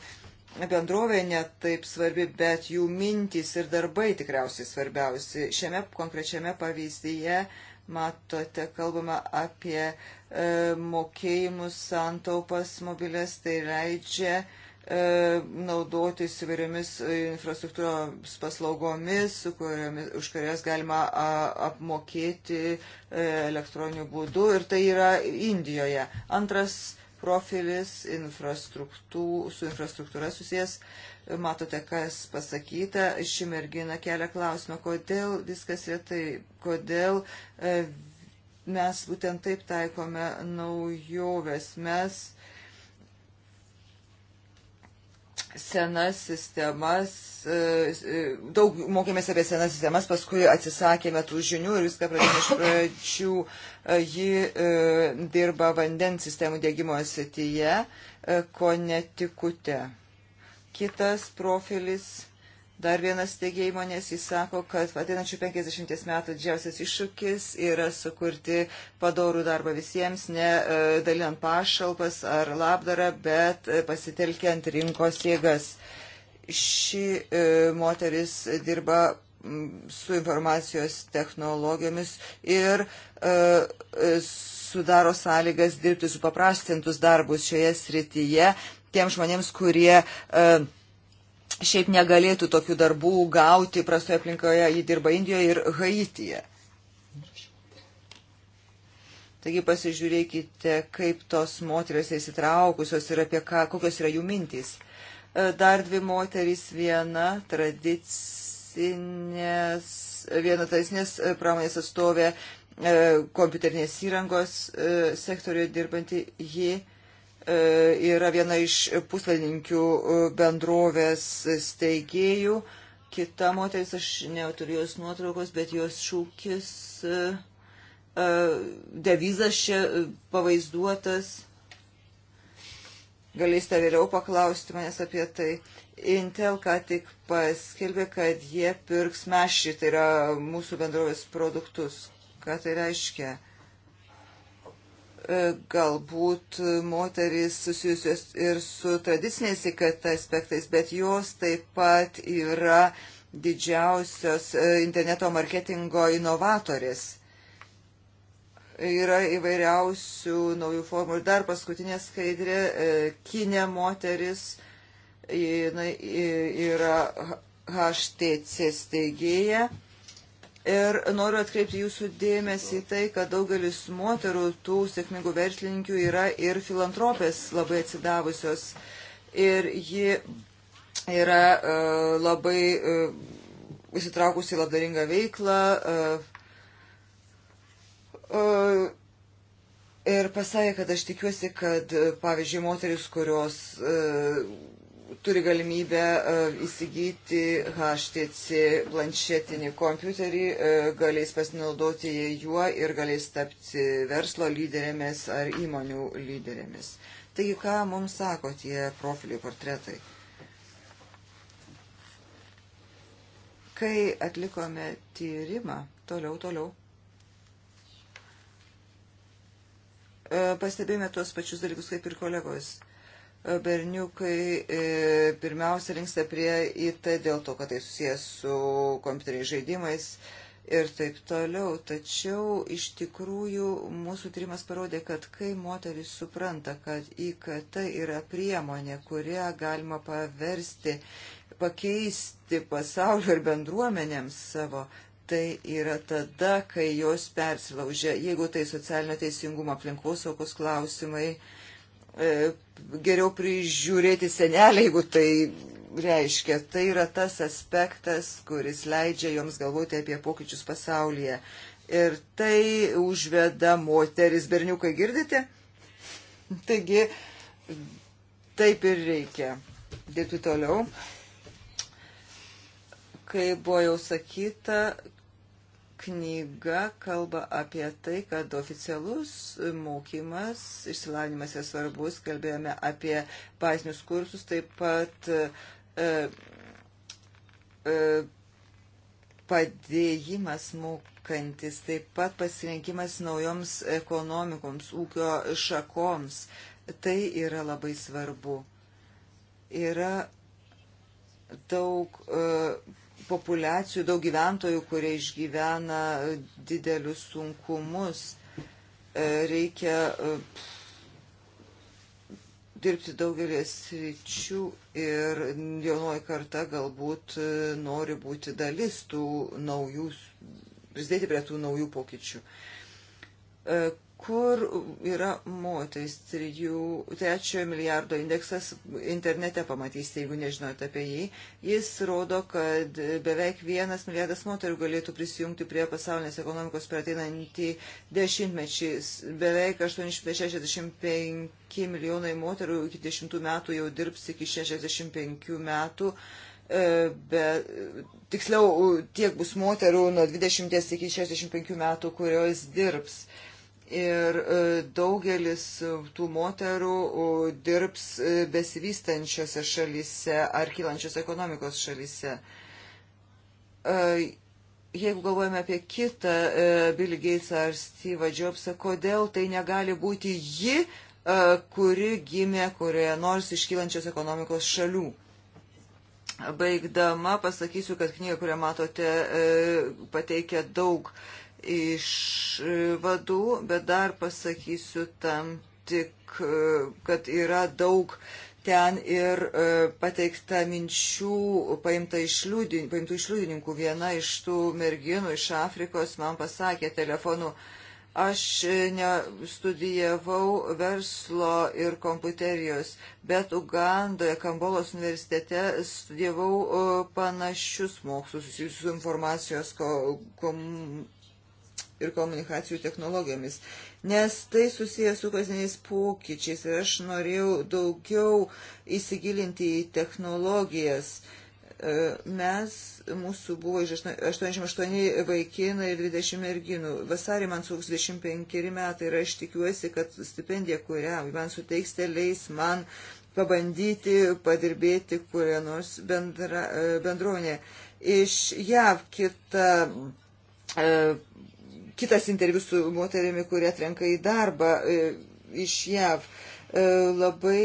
bendrovė netaip svarbi, bet jų mintys ir darbai tikriausiai svarbiausi. Šiame konkrečiame pavyzdyje matote, kalbama apie e, mokėjimus, santaupas mobilės, tai leidžia e, naudotis įvairiomis infrastruktūros paslaugomis, kuriomis, už kurias galima a, apmokėti e, elektroniniu būdu ir tai yra Indijoje. Antras profilis, su infrastruktūra susijęs. Matote, kas pasakyta. Ši mergina kelia klausimą, kodėl viskas yra taip, kodėl e, mes būtent taip taikome naujoves. Mes senas sistemas, e, e, daug mokėmės apie senas sistemas, paskui atsisakėme tų žinių ir viską pradėjome iš pradžių. E, ji dirba vandens sistemų dėgymo sityje, ko netikute. Kitas profilis Dar vienas steigė įmonės, jis sako, kad ateinančių 50 metų didžiausias iššūkis yra sukurti padorų darbą visiems, ne e, dalinant pašalpas ar labdarą, bet e, pasitelkiant rinkos jėgas. Ši e, moteris dirba su informacijos technologijomis ir sudaro sąlygas dirbti supaprastintus darbus šioje srityje tiems žmonėms, kurie uh, šiaip negalėtų tokių darbų gauti prastoje aplinkoje, ji dirba Indijoje ir Haityje. Taigi pasižiūrėkite, kaip tos moteris įsitraukusios ir apie ką, kokios yra jų mintys. E, dar dvi moterys, viena tradicinės, viena tradicinės e, pramonės atstovė e, kompiuterinės įrangos sektorijoje dirbanti, ji E, yra viena iš puslaininkių e, bendrovės steigėjų. Kita moteris, aš neturiu jos nuotraukos, bet jos šūkis, e, devizas čia pavaizduotas. Galėsite vėliau paklausti manęs apie tai. Intel ką tik paskelbė, kad jie pirks mešį, tai yra mūsų bendrovės produktus. Ką tai reiškia? Uh, E, galbūt moteris susijusios ir su tradiciniais IKT aspektais, bet jos taip pat yra didžiausios e, interneto marketingo inovatorės. Yra įvairiausių naujų formų. Ir dar paskutinė skaidrė, e, kinė moteris jinai yra HTC steigėja. Ir noriu atkreipti jūsų dėmesį į tai, kad daugelis moterų tų sėkmingų verslininkių yra ir filantropės labai atsidavusios. Ir ji yra uh, labai uh, įsitraukusi į labdaringą veiklą. Uh, uh, ir pasakė, kad aš tikiuosi, kad, pavyzdžiui, moteris, kurios uh, turi galimybę e, įsigyti HTC planšetinį kompiuterį, e, galės pasinaudoti juo ir galės tapti verslo lyderėmis ar įmonių lyderėmis. Taigi, ką mums sako tie profiliai portretai? Kai atlikome tyrimą, toliau, toliau, e, pastebėjome tuos pačius dalykus kaip ir kolegos berniukai e, pirmiausia linksta prie IT dėl to, kad tai susijęs su kompiuteriais žaidimais ir taip toliau. Tačiau iš tikrųjų mūsų tyrimas parodė, kad kai moteris supranta, kad IKT yra priemonė, kurią galima paversti, pakeisti pasaulio ir bendruomenėms savo, tai yra tada, kai jos persilaužia, jeigu tai socialinio teisingumo aplinkosaugos klausimai, uh, E, geriau prižiūrėti senelį, jeigu tai reiškia. Tai yra tas aspektas, kuris leidžia joms galvoti apie pokyčius pasaulyje. Ir tai užveda moteris, berniukai girdite? Taigi, taip ir reikia dirbti toliau. Kai buvo jau sakyta, knyga kalba apie tai, kad oficialus mokymas, išsilavinimas yra svarbus, kalbėjome apie bazinius kursus, taip pat e, e, padėjimas mokantis, taip pat pasirinkimas naujoms ekonomikoms, ūkio šakoms. Tai yra labai svarbu. Yra daug. E, populiacijų, daug gyventojų, kurie išgyvena e, didelius sunkumus. E, reikia e, dirbti daugelį sričių ir jaunoji karta galbūt nori būti dalis tų naujų, prisidėti prie tų naujų pokyčių kur yra moteris trijų, trečiojo milijardo indeksas, internete pamatysite, jeigu nežinote apie jį. Jis rodo, kad beveik vienas milijardas moterų galėtų prisijungti prie pasaulinės ekonomikos per ateinantį dešimtmečių. Beveik 865 milijonai moterų iki 10 metų jau dirbs iki 65 metų. E, Bet tiksliau tiek bus moterų nuo 20 iki 65 metų, kurios dirbs. Uh, ir e, daugelis e, tų moterų dirbs e, besivystančiose šalyse ar kylančios ekonomikos šalyse. Jeigu galvojame apie kitą Bill Gatesą ar Steve'ą Jobsą, kodėl tai negali būti ji, kuri gimė kurioje nors iškylančios ekonomikos šalių? Baigdama pasakysiu, kad knyga, kurią matote, pateikia daug išvadų, e, bet dar pasakysiu tam tik, e, kad yra daug ten ir e, pateikta minčių paimta iš liudin, paimtų iš liudininkų. Viena iš tų merginų iš Afrikos man pasakė telefonu, aš studijavau verslo ir kompiuterijos, bet Ugandoje, Kambolos universitete studijavau panašius mokslus susijusius su informacijos kom, ir komunikacijų technologijomis, nes tai susijęs su kasdieniais pokyčiais ir aš norėjau daugiau įsigilinti į technologijas. E, mes, mūsų buvo iš 88 vaikinai ir 20 merginų. Vasarį man suks 25 metai ir aš tikiuosi, kad stipendija, kurią man suteiksite, leis man pabandyti padirbėti kurie nors bendra, e, bendronė. Iš JAV kita e, kitas interviu su moterimi, kurie atrenka į darbą e, iš JAV. E, labai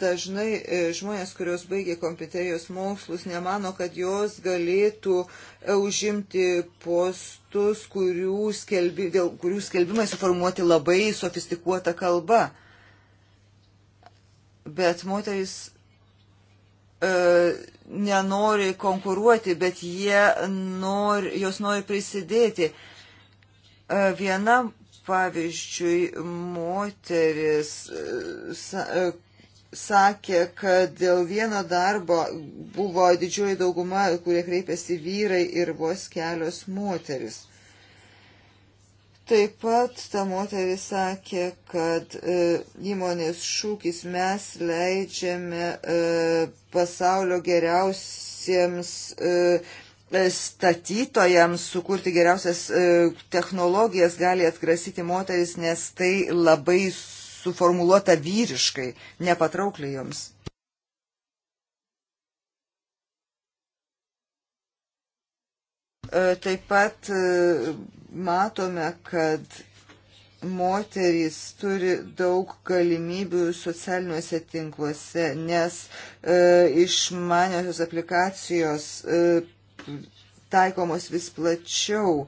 dažnai e, žmonės, kurios baigė kompiuterijos mokslus, nemano, kad jos galėtų užimti postus, kurių skelbi, dėl kurių skelbimai suformuoti labai sofistikuota kalba. Bet moteris nenori konkuruoti, bet jie nori, jos nori prisidėti. Viena, pavyzdžiui, moteris e, e, sakė, kad dėl vieno darbo buvo didžioji dauguma, kurie kreipėsi vyrai ir vos kelios moteris. Taip pat ta moteris sakė, kad e, įmonės šūkis mes leidžiame e, pasaulio geriausiems e, statytojams sukurti geriausias e, technologijas gali atgrasyti moteris, nes tai labai suformuoluota vyriškai, nepatraukliai joms. E, taip pat e, matome, kad moterys turi daug galimybių socialiniuose tinkluose, nes e, išmaniosios aplikacijos e, taikomos vis plačiau.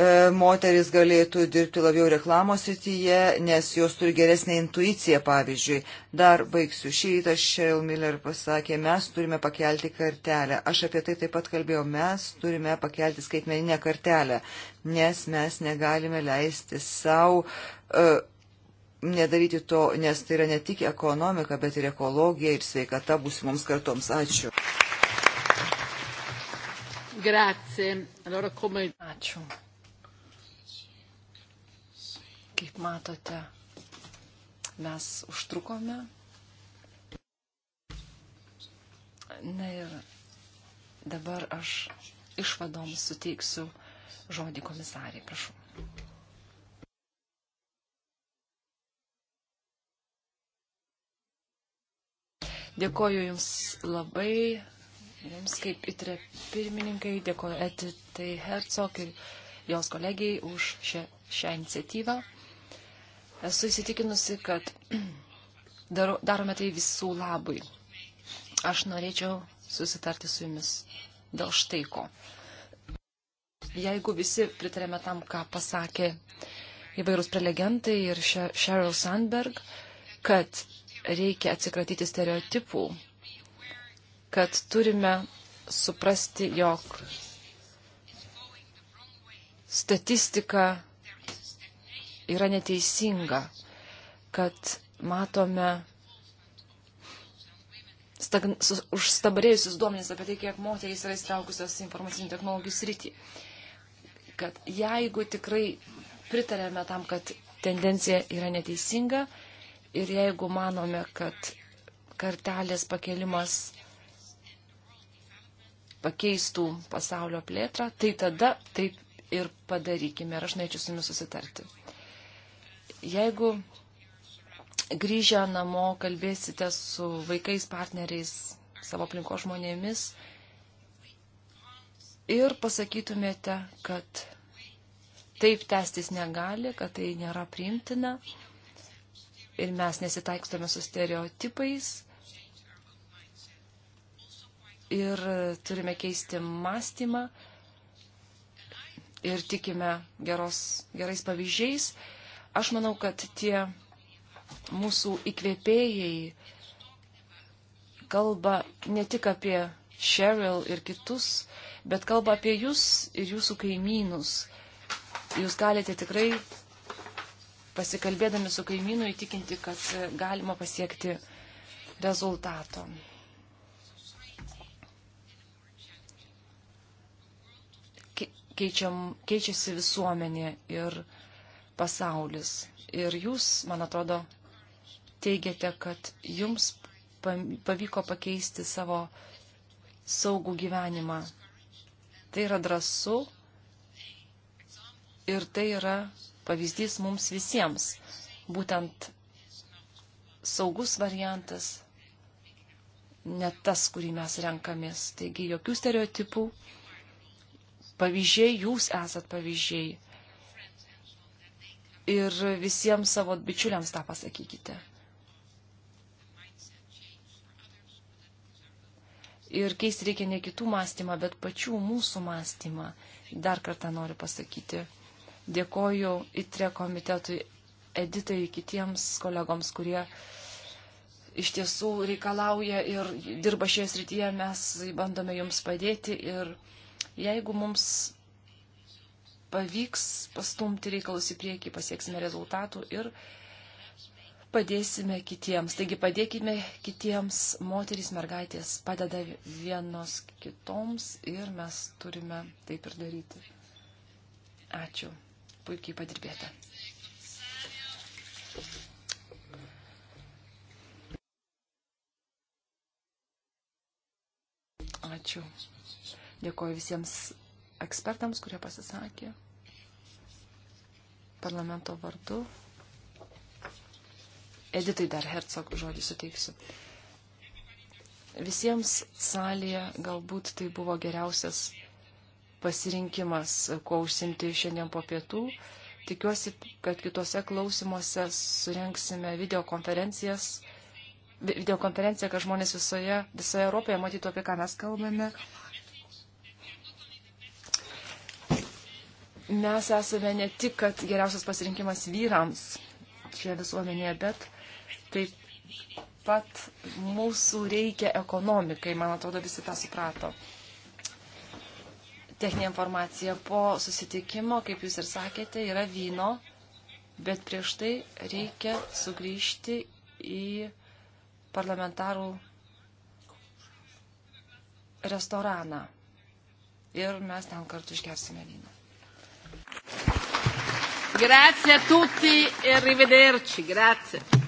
E, moteris galėtų dirbti labiau reklamos srityje, nes jos turi geresnę intuiciją, pavyzdžiui. Dar baigsiu. Šį rytą Sheryl Miller pasakė, mes turime pakelti kartelę. Aš apie tai taip pat kalbėjau, mes turime pakelti skaitmeninę kartelę, nes mes negalime leisti savo uh, e, nedaryti to, nes tai yra ne tik ekonomika, bet ir ekologija ir sveikata būsimoms kartoms. Ačiū. Grazie. Allora, come... Ačiū. Kaip matote, mes užtrukome. Na ir dabar aš išvadoms suteiksiu žodį komisariai, prašau. Dėkoju Jums labai Jums kaip įtre pirmininkai dėkoju Etitai Hercog ir jos kolegijai už šią, šią iniciatyvą. Esu įsitikinusi, kad daro, darome tai visų labui. Aš norėčiau susitarti su jumis dėl štai ko. Jeigu visi pritarėme tam, ką pasakė įvairūs prelegentai ir Sheryl Sandberg, kad reikia atsikratyti stereotipų kad turime suprasti, jog statistika yra neteisinga, kad matome stagn... užstabarėjusius duomenys apie tai, kiek moterys yra įstraukusios informacinių technologijų srity. Kad jeigu tikrai pritarėme tam, kad tendencija yra neteisinga ir jeigu manome, kad kartelės pakelimas pakeistų pasaulio plėtrą, tai tada taip ir padarykime. Ir aš norėčiau su jumis susitarti. Jeigu grįžę namo kalbėsite su vaikais, partneriais, savo aplinko žmonėmis ir pasakytumėte, kad taip tęstis negali, kad tai nėra priimtina ir mes nesitaikstome su stereotipais, ir turime keisti mąstymą ir tikime geros, gerais pavyzdžiais. Aš manau, kad tie mūsų įkvėpėjai kalba ne tik apie Cheryl ir kitus, bet kalba apie jūs ir jūsų kaimynus. Jūs galite tikrai pasikalbėdami su kaimynu įtikinti, kad galima pasiekti rezultato. keičiam, keičiasi visuomenė ir pasaulis. Ir jūs, man atrodo, teigiate, kad jums pavyko pakeisti savo saugų gyvenimą. Tai yra drasu ir tai yra pavyzdys mums visiems. Būtent saugus variantas, ne tas, kurį mes renkamės. Taigi jokių stereotipų, pavyzdžiai, jūs esat pavyzdžiai. Ir visiems savo bičiuliams tą pasakykite. Ir keisti reikia ne kitų mąstymą, bet pačių mūsų mąstymą. Dar kartą noriu pasakyti. Dėkoju ITRE komitetui, editai, kitiems kolegoms, kurie iš tiesų reikalauja ir dirba šioje srityje. Mes bandome jums padėti ir Jeigu mums pavyks pastumti reikalus į priekį, pasieksime rezultatų ir padėsime kitiems. Taigi padėkime kitiems, moterys, mergaitės padeda vienos kitoms ir mes turime taip ir daryti. Ačiū, puikiai padirbėta. Ačiū. Dėkoju visiems ekspertams, kurie pasisakė parlamento vardu. Editai dar Hercog žodį suteiksiu. Visiems salėje galbūt tai buvo geriausias pasirinkimas, kuo užsimti šiandien po pietų. Tikiuosi, kad kitose klausimuose surenksime videokonferencijas videokonferenciją, kad žmonės visoje, visoje Europoje matytų, apie ką mes kalbame. mes esame ne tik, kad geriausias pasirinkimas vyrams šioje visuomenėje, bet taip pat mūsų reikia ekonomikai, man atrodo, visi tą suprato. Techninė informacija po susitikimo, kaip jūs ir sakėte, yra vyno, bet prieš tai reikia sugrįžti į parlamentarų restoraną. Ir mes ten kartu išgersime vyną. Grazie a tutti e arrivederci. Grazie.